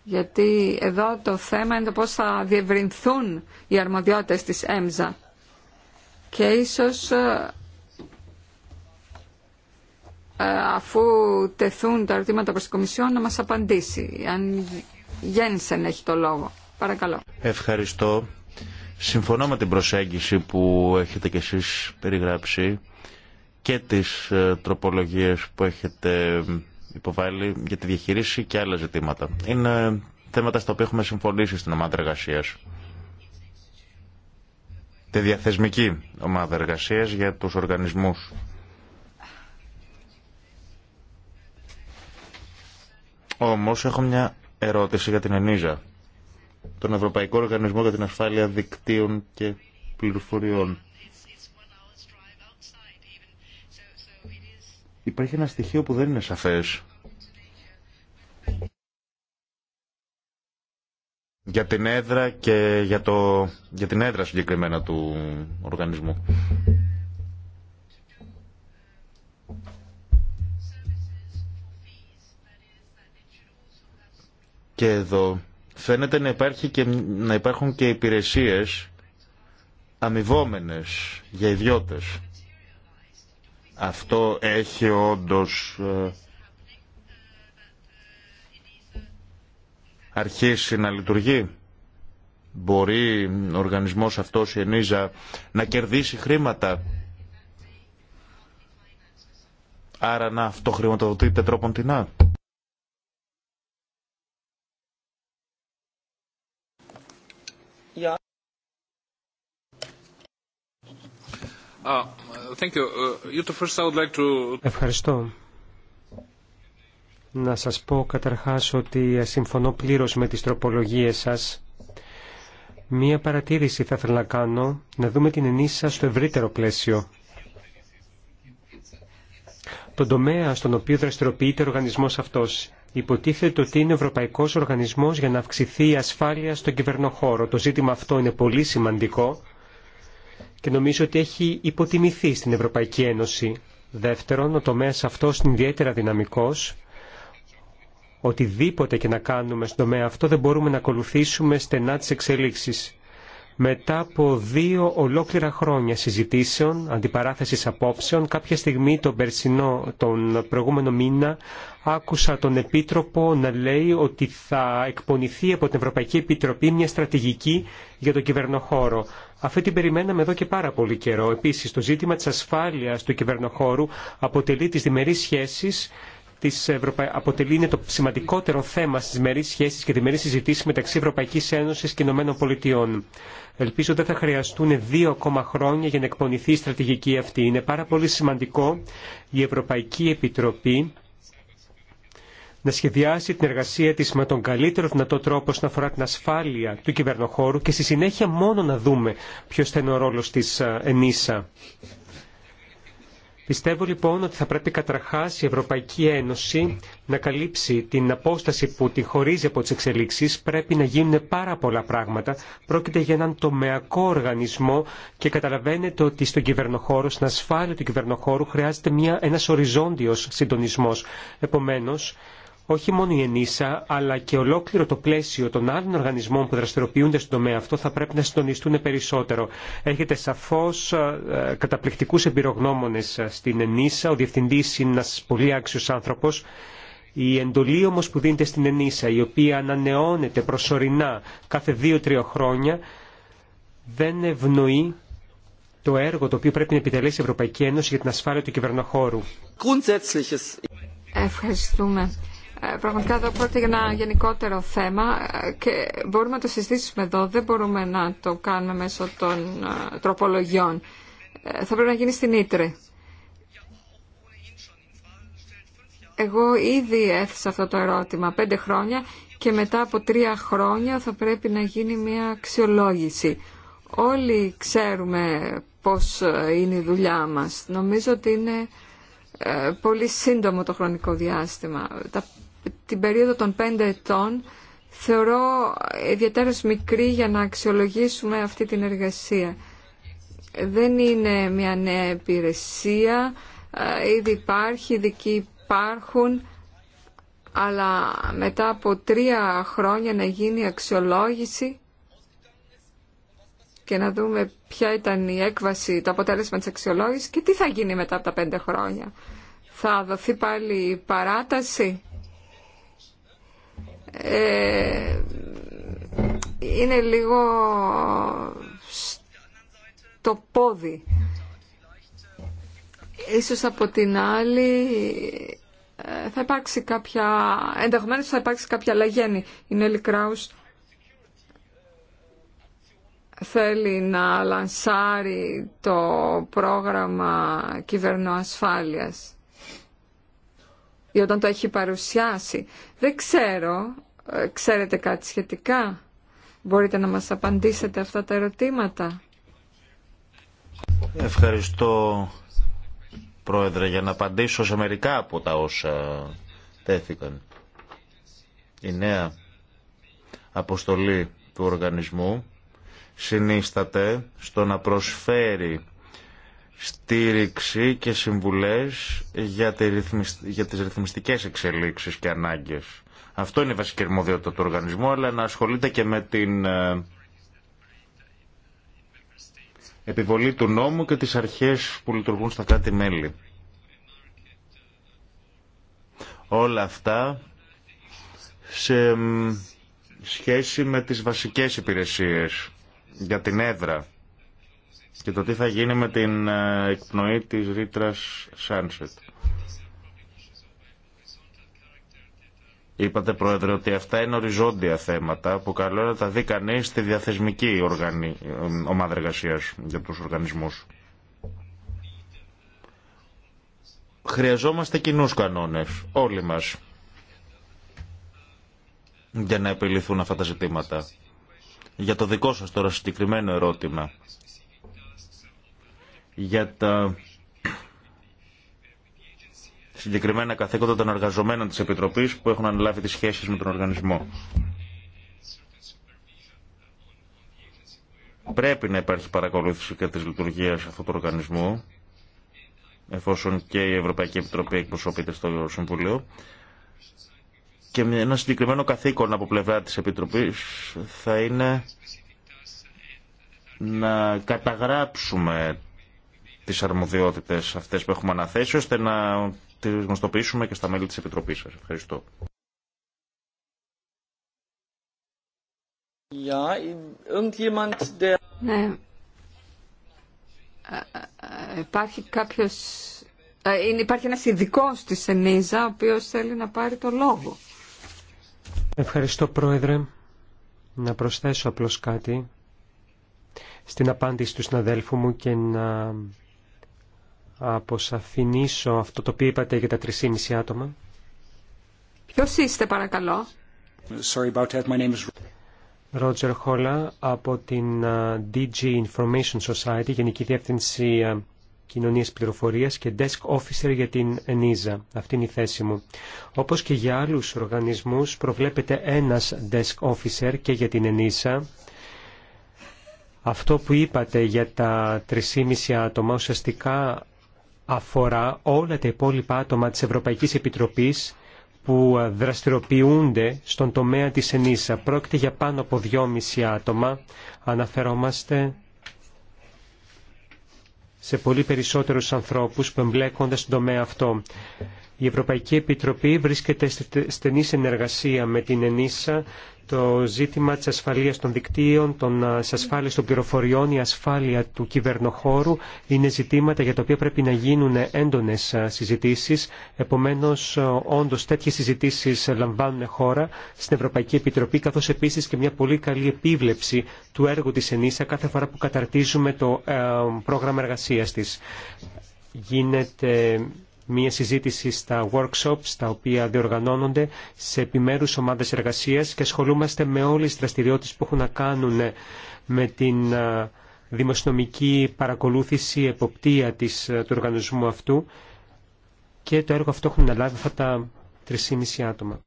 Γιατί εδώ το θέμα είναι το πώς θα διευρυνθούν οι αρμοδιότητες της Έμζα και ίσως ε, ε, αφού τεθούν τα ερωτήματα προς την Κομισιόν να μας απαντήσει. Αν Γέννησεν έχει το λόγο. Παρακαλώ. Ευχαριστώ. Συμφωνώ με την προσέγγιση που έχετε κι εσείς περιγράψει και τις ε, τροπολογίες που έχετε υποβάλει για τη διαχείριση και άλλα ζητήματα. Είναι θέματα στα οποία έχουμε συμφωνήσει στην ομάδα εργασία τη διαθεσμική ομάδα εργασίας για τους οργανισμούς. Όμως έχω μια ερώτηση για την ΕΝΙΖΑ, τον Ευρωπαϊκό Οργανισμό για την Ασφάλεια Δικτύων και Πληροφοριών. Υπάρχει ένα στοιχείο που δεν είναι σαφές για την έδρα και για, το, για την έδρα συγκεκριμένα του οργανισμού. Και εδώ φαίνεται να, υπάρχει και, να υπάρχουν και υπηρεσίες αμοιβόμενες για ιδιώτες. Αυτό έχει όντως ε, αρχίσει να λειτουργεί. Μπορεί ο οργανισμός αυτός, η ΕΝΙΖΑ, να κερδίσει χρήματα. Άρα να αυτοχρηματοδοτείται τρόπον την. Yeah. Ευχαριστώ. Να σας πω καταρχάς ότι συμφωνώ πλήρως με τις τροπολογίες σας. Μία παρατήρηση θα ήθελα να κάνω, να δούμε την ενίσχυση στο ευρύτερο πλαίσιο. Το τομέα στον οποίο δραστηριοποιείται ο οργανισμός αυτός. Υποτίθεται ότι είναι ευρωπαϊκός οργανισμός για να αυξηθεί η ασφάλεια στον κυβερνοχώρο. Το ζήτημα αυτό είναι πολύ σημαντικό και νομίζω ότι έχει υποτιμηθεί στην Ευρωπαϊκή Ένωση. Δεύτερον, ο τομέας αυτός είναι ιδιαίτερα δυναμικός οτιδήποτε και να κάνουμε στον τομέα αυτό δεν μπορούμε να ακολουθήσουμε στενά τις εξελίξεις. Μετά από δύο ολόκληρα χρόνια συζητήσεων, αντιπαράθεσης απόψεων, κάποια στιγμή τον, περσινό, τον προηγούμενο μήνα άκουσα τον Επίτροπο να λέει ότι θα εκπονηθεί από την Ευρωπαϊκή Επιτροπή μια στρατηγική για τον κυβερνοχώρο. Αυτή την περιμέναμε εδώ και πάρα πολύ καιρό. Επίσης, το ζήτημα της ασφάλειας του κυβερνοχώρου αποτελεί τις διμερείς σχέσεις αποτελεί το σημαντικότερο θέμα στις μερείς σχέσεις και μερή συζητήσεις μεταξύ Ευρωπαϊκή Ένωση και Ηνωμένων Πολιτειών. Ελπίζω δεν θα χρειαστούν δύο ακόμα χρόνια για να εκπονηθεί η στρατηγική αυτή. Είναι πάρα πολύ σημαντικό η Ευρωπαϊκή Επιτροπή να σχεδιάσει την εργασία της με τον καλύτερο δυνατό τρόπο όσον αφορά την ασφάλεια του κυβερνοχώρου και στη συνέχεια μόνο να δούμε ποιο θα είναι ο ρόλος της ε, ΕΝΙΣΑ. Πιστεύω λοιπόν ότι θα πρέπει καταρχάς η Ευρωπαϊκή Ένωση να καλύψει την απόσταση που τη χωρίζει από τις εξελίξεις. Πρέπει να γίνουν πάρα πολλά πράγματα. Πρόκειται για έναν τομεακό οργανισμό και καταλαβαίνετε ότι στον κυβερνοχώρο, στην ασφάλεια του κυβερνοχώρου χρειάζεται μια, ένας οριζόντιος συντονισμός όχι μόνο η ΕΝΗΣΑ, αλλά και ολόκληρο το πλαίσιο των άλλων οργανισμών που δραστηριοποιούνται στον τομέα αυτό θα πρέπει να συντονιστούν περισσότερο. Έχετε σαφώ ε, καταπληκτικού εμπειρογνώμονε ε, στην ΕΝΗΣΑ. Ο διευθυντή είναι ένα πολύ άξιο άνθρωπο. Η εντολή όμω που δίνεται στην ΕΝΗΣΑ, η οποία ανανεώνεται προσωρινά κάθε δύο-τρία χρόνια, δεν ευνοεί το έργο το οποίο πρέπει να επιτελέσει η Ευρωπαϊκή Ένωση για την ασφάλεια του κυβερνοχώρου. Ε, πραγματικά εδώ πρόκειται για ένα γενικότερο θέμα ε, και μπορούμε να το συζητήσουμε εδώ, δεν μπορούμε να το κάνουμε μέσω των ε, τροπολογιών. Θα πρέπει να γίνει στην Ήτρε. Εγώ ήδη έθεσα αυτό το ερώτημα πέντε χρόνια και μετά από τρία χρόνια θα πρέπει να γίνει μια αξιολόγηση. Όλοι ξέρουμε πώς είναι η δουλειά μας. Νομίζω ότι είναι πολύ σύντομο το χρονικό διάστημα την περίοδο των πέντε ετών θεωρώ ιδιαίτερα μικρή για να αξιολογήσουμε αυτή την εργασία. Δεν είναι μια νέα υπηρεσία, ήδη υπάρχει, ειδικοί υπάρχουν, αλλά μετά από τρία χρόνια να γίνει αξιολόγηση και να δούμε ποια ήταν η έκβαση, το αποτέλεσμα της αξιολόγησης και τι θα γίνει μετά από τα πέντε χρόνια. Θα δοθεί πάλι παράταση ε, είναι λίγο το πόδι. Ίσως από την άλλη ε, θα υπάρξει κάποια, ενδεχομένως θα υπάρξει κάποια αλλαγέννη. Η Νέλη Κράους θέλει να λανσάρει το πρόγραμμα κυβερνοασφάλειας ή όταν το έχει παρουσιάσει. Δεν ξέρω, ε, ξέρετε κάτι σχετικά. Μπορείτε να μας απαντήσετε αυτά τα ερωτήματα. Ευχαριστώ, Πρόεδρε, για να απαντήσω σε μερικά από τα όσα τέθηκαν. Η νέα αποστολή του οργανισμού συνίσταται στο να προσφέρει στήριξη και συμβουλές για, τη ρυθμισ... για τις ρυθμιστικές εξελίξεις και ανάγκες. Αυτό είναι η βασική ερμοδιότητα του οργανισμού, αλλά να ασχολείται και με την ε, επιβολή του νόμου και τις αρχές που λειτουργούν στα κράτη-μέλη. Όλα αυτά σε σχέση με τις βασικές υπηρεσίες για την έδρα και το τι θα γίνει με την ε, εκπνοή της ρήτρα Sunset. Είπατε, Πρόεδρε, ότι αυτά είναι οριζόντια θέματα που καλό είναι να τα δει κανεί στη διαθεσμική οργανή, ε, ομάδα εργασία για του οργανισμού. Χρειαζόμαστε κοινού κανόνε, όλοι μα, για να επιληθούν αυτά τα ζητήματα. Για το δικό σα, τώρα συγκεκριμένο ερώτημα για τα συγκεκριμένα καθήκοντα των εργαζομένων της Επιτροπής που έχουν αναλάβει τις σχέσεις με τον οργανισμό. Πρέπει να υπάρχει παρακολούθηση και της λειτουργίας αυτού του οργανισμού, εφόσον και η Ευρωπαϊκή Επιτροπή εκπροσωπείται στο Συμβουλίο. Και ένα συγκεκριμένο καθήκον από πλευρά της Επιτροπής θα είναι να καταγράψουμε τις αρμοδιότητες αυτές που έχουμε αναθέσει, ώστε να τις γνωστοποιήσουμε και στα μέλη της Επιτροπής σας. Ευχαριστώ. Ναι. Ε, ε, ε, υπάρχει κάποιος... Υπάρχει ένας ειδικό της ΕΝΙΖΑ, ο οποίος θέλει να πάρει το λόγο. Ευχαριστώ, Πρόεδρε. Να προσθέσω απλώς κάτι στην απάντηση του συναδέλφου μου και να αποσαφηνίσω αυτό το οποίο είπατε για τα 3,5 άτομα. Ποιο είστε παρακαλώ. Sorry about that. My name is... Roger από την DG Information Society, Γενική Διεύθυνση Κοινωνίας Πληροφορίας και Desk Officer για την ENISA. Αυτή είναι η θέση μου. Όπως και για άλλους οργανισμούς προβλέπεται ένας Desk Officer και για την ENISA. Αυτό που είπατε για τα 3,5 άτομα ουσιαστικά αφορά όλα τα υπόλοιπα άτομα της Ευρωπαϊκής Επιτροπής που ε, δραστηριοποιούνται στον τομέα της ΕΝΗΣΑ. Πρόκειται για πάνω από 2,5 άτομα. Αναφερόμαστε σε πολύ περισσότερους ανθρώπους που εμπλέκονται στον τομέα αυτό. Η Ευρωπαϊκή Επιτροπή βρίσκεται στενή συνεργασία με την ΕΝΗΣΑ το ζήτημα της ασφαλείας των δικτύων, των ασφάλειας των πληροφοριών, η ασφάλεια του κυβερνοχώρου είναι ζητήματα για τα οποία πρέπει να γίνουν έντονες συζητήσεις. Επομένως, όντως τέτοιες συζητήσεις λαμβάνουν χώρα στην Ευρωπαϊκή Επιτροπή, καθώς επίσης και μια πολύ καλή επίβλεψη του έργου της ΕΝΗΣΑ κάθε φορά που καταρτίζουμε το ε, πρόγραμμα εργασίας της. Γίνεται μία συζήτηση στα workshops τα οποία διοργανώνονται σε επιμέρους ομάδες εργασίας και ασχολούμαστε με όλες τις δραστηριότητες που έχουν να κάνουν με την δημοσιονομική παρακολούθηση, εποπτεία της, του οργανισμού αυτού και το έργο αυτό έχουν αναλάβει αυτά τα 3,5 άτομα.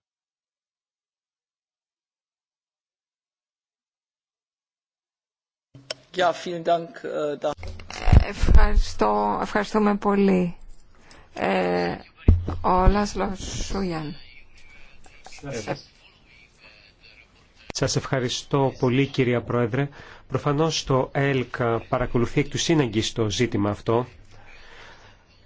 Äh, Ευχαριστώ, ευχαριστούμε πολύ. Ε, Σας ευχαριστώ πολύ κυρία Πρόεδρε. Προφανώς το ΕΛΚ παρακολουθεί εκ του σύναγκης το ζήτημα αυτό.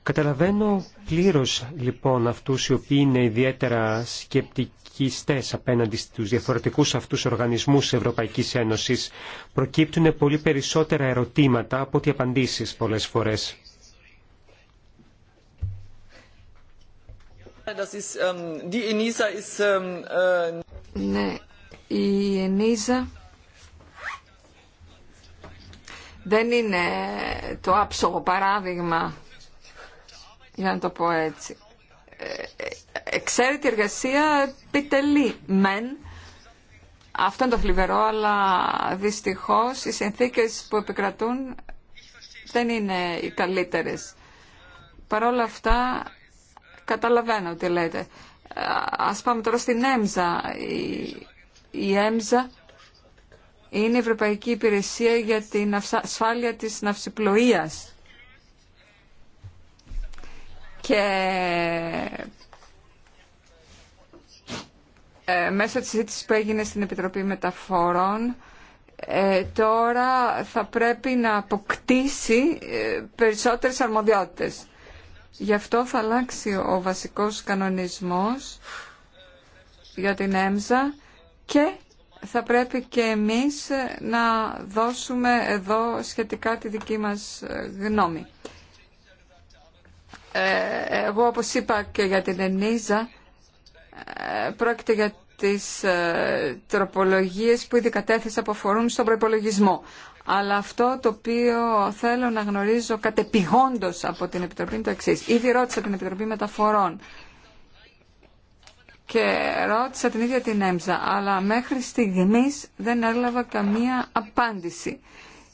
Καταλαβαίνω πλήρως λοιπόν αυτούς οι οποίοι είναι ιδιαίτερα σκεπτικιστές απέναντι στους διαφορετικούς αυτούς οργανισμούς Ευρωπαϊκής Ένωσης. Προκύπτουν πολύ περισσότερα ερωτήματα από ότι απαντήσεις πολλές φορές. Ähm, ähm, äh, ναι, η Ενίζα δεν είναι το άψογο παράδειγμα, για να το πω έτσι. Ε, ε, εξαίρετη εργασία επιτελεί μεν. Αυτό είναι το θλιβερό, αλλά δυστυχώς οι συνθήκες που επικρατούν δεν είναι οι καλύτερες. παρόλα αυτά Καταλαβαίνω τι λέτε. Ε, ας πάμε τώρα στην ΕΜΖΑ. Η ΕΜΖΑ είναι η Ευρωπαϊκή Υπηρεσία για την ασφάλεια της ναυσιπλοείας. Και ε, μέσω της συζήτησης που έγινε στην Επιτροπή Μεταφορών ε, τώρα θα πρέπει να αποκτήσει περισσότερες αρμοδιότητες. Γι' αυτό θα αλλάξει ο βασικός κανονισμός για την ΕΜΖΑ και θα πρέπει και εμείς να δώσουμε εδώ σχετικά τη δική μας ε, γνώμη. Ε, εγώ όπως είπα και για την ΕΝΙΖΑ ε, πρόκειται για τις τροπολογίες που ήδη κατέθεσα που αφορούν στον προϋπολογισμό. Αλλά αυτό το οποίο θέλω να γνωρίζω κατεπηγόντως από την Επιτροπή είναι το εξή. Ήδη ρώτησα την Επιτροπή Μεταφορών και ρώτησα την ίδια την ΕΜΖΑ, αλλά μέχρι στιγμής δεν έλαβα καμία απάντηση.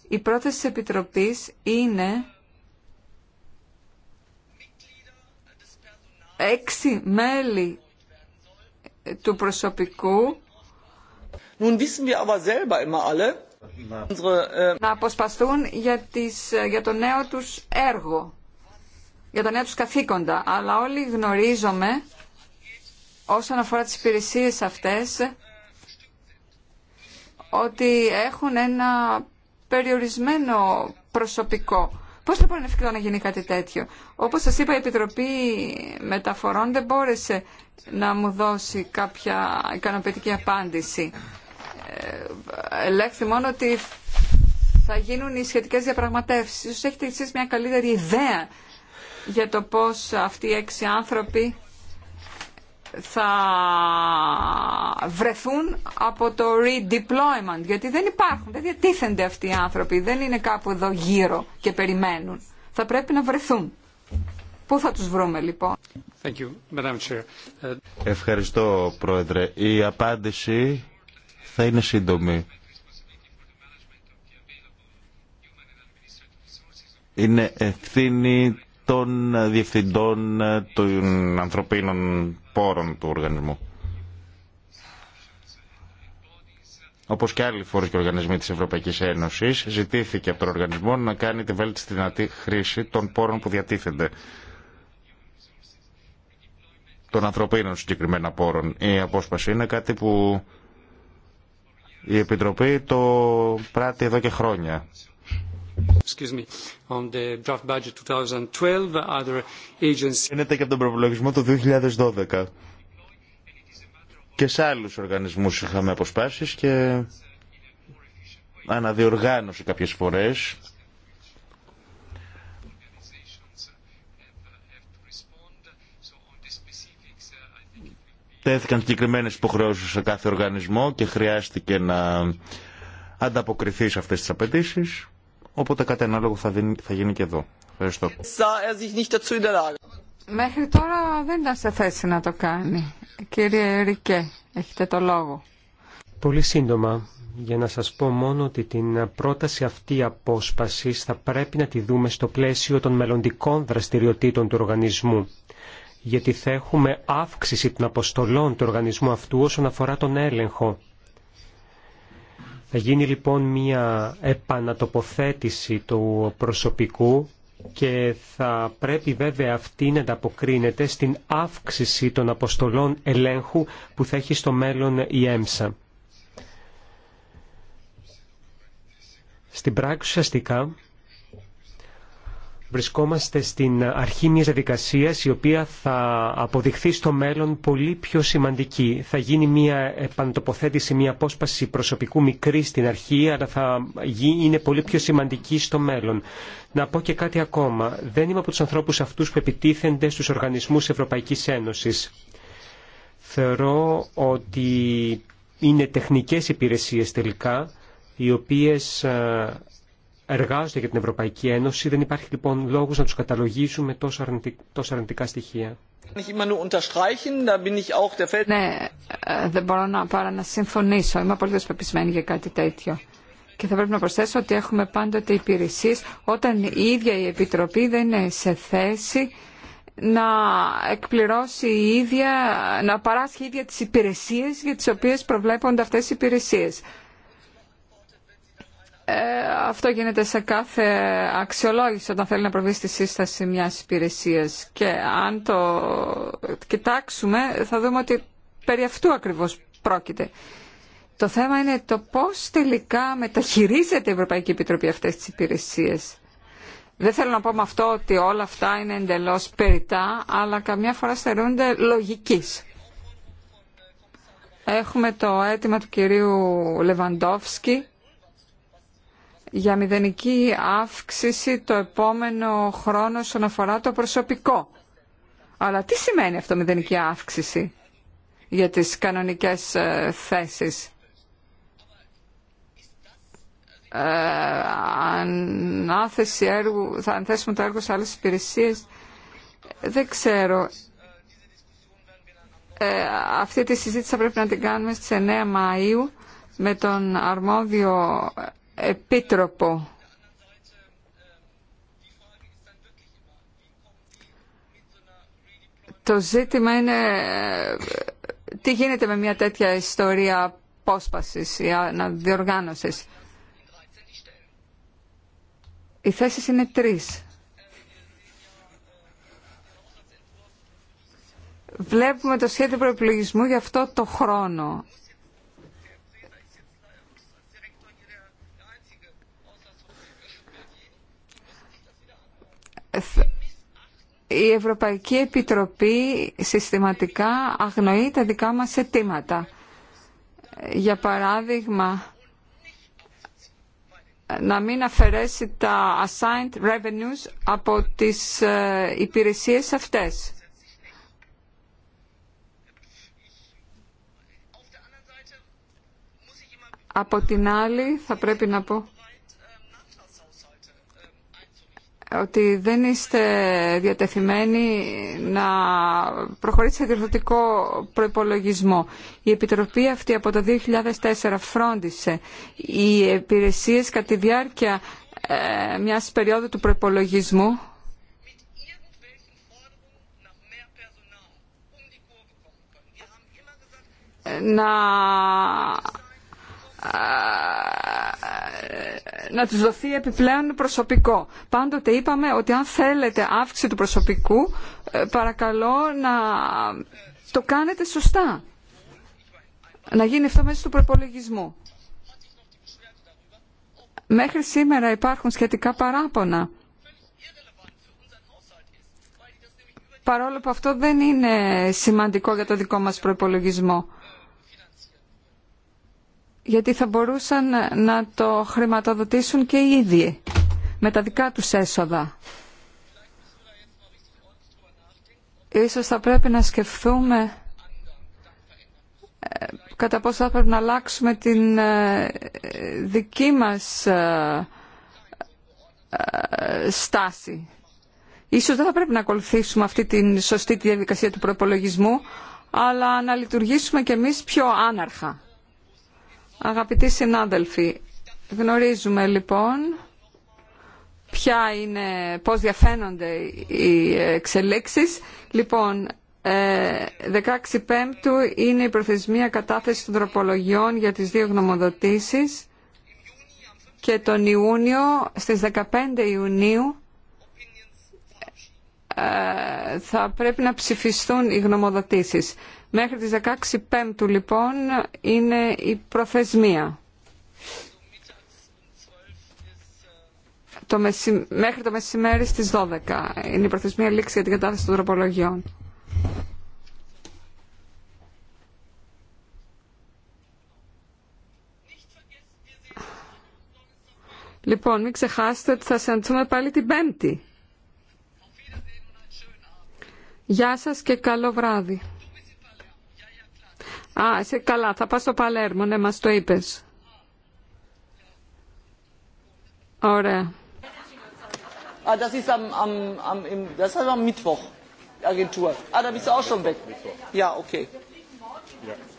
Η πρόταση της Επιτροπής είναι έξι μέλη του προσωπικού. Nun wissen wir aber selber immer alle, Äh, να αποσπαστούν για, για το νέο τους έργο, για το νέο τους καθήκοντα. Αλλά όλοι γνωρίζομαι, όσον αφορά τις υπηρεσίες αυτές, ότι έχουν ένα περιορισμένο προσωπικό. Πώς μπορεί να εφικτό να γίνει κάτι τέτοιο. Όπως σας είπα η Επιτροπή Μεταφορών δεν μπόρεσε να μου δώσει κάποια ικανοποιητική απάντηση. Ε, ελέγχθη μόνο ότι θα γίνουν οι σχετικές διαπραγματεύσεις. Ίσως έχετε εσείς μια καλύτερη ιδέα για το πώς αυτοί οι έξι άνθρωποι θα βρεθούν από το redeployment γιατί δεν υπάρχουν, δεν διατίθενται αυτοί οι άνθρωποι δεν είναι κάπου εδώ γύρω και περιμένουν θα πρέπει να βρεθούν Πού θα τους βρούμε λοιπόν Thank you, ε, Ευχαριστώ Πρόεδρε η απάντηση θα είναι σύντομη. Είναι ευθύνη των διευθυντών των ανθρωπίνων πόρων του οργανισμού. Όπως και άλλοι φορές και οργανισμοί της Ευρωπαϊκής Ένωσης, ζητήθηκε από τον οργανισμό να κάνει τη βέλτιστη δυνατή χρήση των πόρων που διατίθενται των ανθρωπίνων συγκεκριμένα πόρων. Η απόσπαση είναι κάτι που η Επιτροπή το πράττει εδώ και χρόνια. Φαίνεται και από τον προπολογισμό του 2012. Και σε άλλους οργανισμούς είχαμε αποσπάσεις και αναδιοργάνωση κάποιες φορές τέθηκαν συγκεκριμένε υποχρεώσει σε κάθε οργανισμό και χρειάστηκε να ανταποκριθεί σε αυτέ τι απαιτήσει. Οπότε κάτι ανάλογο θα, δίνει, θα γίνει και εδώ. Ευχαριστώ. Er Μέχρι τώρα δεν ήταν σε θέση να το κάνει. Κύριε Ρικέ, έχετε το λόγο. Πολύ σύντομα, για να σας πω μόνο ότι την πρόταση αυτή απόσπασης θα πρέπει να τη δούμε στο πλαίσιο των μελλοντικών δραστηριοτήτων του οργανισμού γιατί θα έχουμε αύξηση των αποστολών του οργανισμού αυτού όσον αφορά τον έλεγχο. Θα γίνει λοιπόν μια επανατοποθέτηση του προσωπικού και θα πρέπει βέβαια αυτή να ανταποκρίνεται στην αύξηση των αποστολών ελέγχου που θα έχει στο μέλλον η ΕΜΣΑ. Στην πράξη ουσιαστικά βρισκόμαστε στην αρχή μιας διαδικασία η οποία θα αποδειχθεί στο μέλλον πολύ πιο σημαντική. Θα γίνει μια επαντοποθέτηση, μια απόσπαση προσωπικού μικρή στην αρχή, αλλά θα είναι πολύ πιο σημαντική στο μέλλον. Να πω και κάτι ακόμα. Δεν είμαι από τους ανθρώπους αυτούς που επιτίθενται στους οργανισμούς Ευρωπαϊκής Ένωσης. Θεωρώ ότι είναι τεχνικές υπηρεσίες τελικά, οι οποίες ε, εργάζονται για την Ευρωπαϊκή Ένωση. Δεν υπάρχει λοιπόν λόγος να τους καταλογίσουμε τόσο, αρνητικά στοιχεία. Ναι, ε, δεν μπορώ να παρά να συμφωνήσω. Είμαι απολύτω πεπισμένη για κάτι τέτοιο. Και θα πρέπει να προσθέσω ότι έχουμε πάντοτε υπηρεσίε όταν η ίδια η Επιτροπή δεν είναι σε θέση να εκπληρώσει η ίδια, να παράσχει η ίδια τις υπηρεσίες για τις οποίες προβλέπονται αυτές οι υπηρεσίες. Ε, αυτό γίνεται σε κάθε αξιολόγηση όταν θέλει να προβεί στη σύσταση μιας υπηρεσίας και αν το κοιτάξουμε θα δούμε ότι περί αυτού ακριβώς πρόκειται. Το θέμα είναι το πώς τελικά μεταχειρίζεται η Ευρωπαϊκή Επιτροπή αυτές τις υπηρεσίες. Δεν θέλω να πω με αυτό ότι όλα αυτά είναι εντελώς περιτά, αλλά καμιά φορά στερούνται λογικής. Έχουμε το αίτημα του κυρίου Λεβαντόφσκι για μηδενική αύξηση το επόμενο χρόνο όσον αφορά το προσωπικό. Αλλά τι σημαίνει αυτό μηδενική αύξηση για τις κανονικές ε, θέσεις. Ε, έργου, θα ανθέσουμε το έργο σε άλλες υπηρεσίες. Δεν ξέρω. Ε, αυτή τη συζήτηση θα πρέπει να την κάνουμε στις 9 Μαΐου με τον αρμόδιο Επίτροπο. Το ζήτημα είναι ε, τι γίνεται με μια τέτοια ιστορία απόσπασης ή αναδιοργάνωσης. Οι θέσει είναι τρεις. Βλέπουμε το σχέδιο προεπλογισμού για αυτό το χρόνο. η Ευρωπαϊκή Επιτροπή συστηματικά αγνοεί τα δικά μας αιτήματα. Για παράδειγμα, να μην αφαιρέσει τα assigned revenues από τις ε, υπηρεσίες αυτές. Από την άλλη θα πρέπει να πω ότι δεν είστε διατεθειμένοι να προχωρήσετε σε διορθωτικό προϋπολογισμό. Η Επιτροπή αυτή από το 2004 φρόντισε οι υπηρεσίε κατά τη διάρκεια ε, μιας περίοδου του προϋπολογισμού να να τους δοθεί επιπλέον προσωπικό. Πάντοτε είπαμε ότι αν θέλετε αύξηση του προσωπικού, ε, παρακαλώ να το κάνετε σωστά. Να γίνει αυτό μέσα του προπολογισμού. Μέχρι σήμερα υπάρχουν σχετικά παράπονα. Παρόλο που αυτό δεν είναι σημαντικό για το δικό μας προπολογισμό γιατί θα μπορούσαν να το χρηματοδοτήσουν και οι ίδιοι με τα δικά τους έσοδα. Ίσως θα πρέπει να σκεφτούμε ε, κατά πόσο θα πρέπει να αλλάξουμε την ε, δική μας ε, στάση. Ίσως δεν θα πρέπει να ακολουθήσουμε αυτή την σωστή διαδικασία του προπολογισμού, αλλά να λειτουργήσουμε κι εμείς πιο άναρχα. Αγαπητοί συνάδελφοι, γνωρίζουμε λοιπόν ποια είναι, πώς διαφαίνονται οι εξελίξεις. Λοιπόν, 16 ε, Πέμπτου είναι η προθεσμία κατάθεση των τροπολογιών για τις δύο γνωμοδοτήσεις και τον Ιούνιο, στις 15 Ιουνίου, ε, θα πρέπει να ψηφιστούν οι γνωμοδοτήσεις. Μέχρι τις 16 Πέμπτου λοιπόν είναι η προθεσμία. Το Μέχρι το μεσημέρι στις 12 είναι η προθεσμία λήξη για την κατάθεση των τροπολογιών. Λοιπόν, μην ξεχάσετε ότι θα συναντηθούμε πάλι την Πέμπτη. Γεια σας και καλό βράδυ. Α, είσαι καλά, θα πας στο Παλέρμο, ναι, μας το είπες. Ωραία. Ah, das ist am, am, am, das ist am Mittwoch, Agentur. Ah, da bist du auch schon weg. Ja, okay. Ja.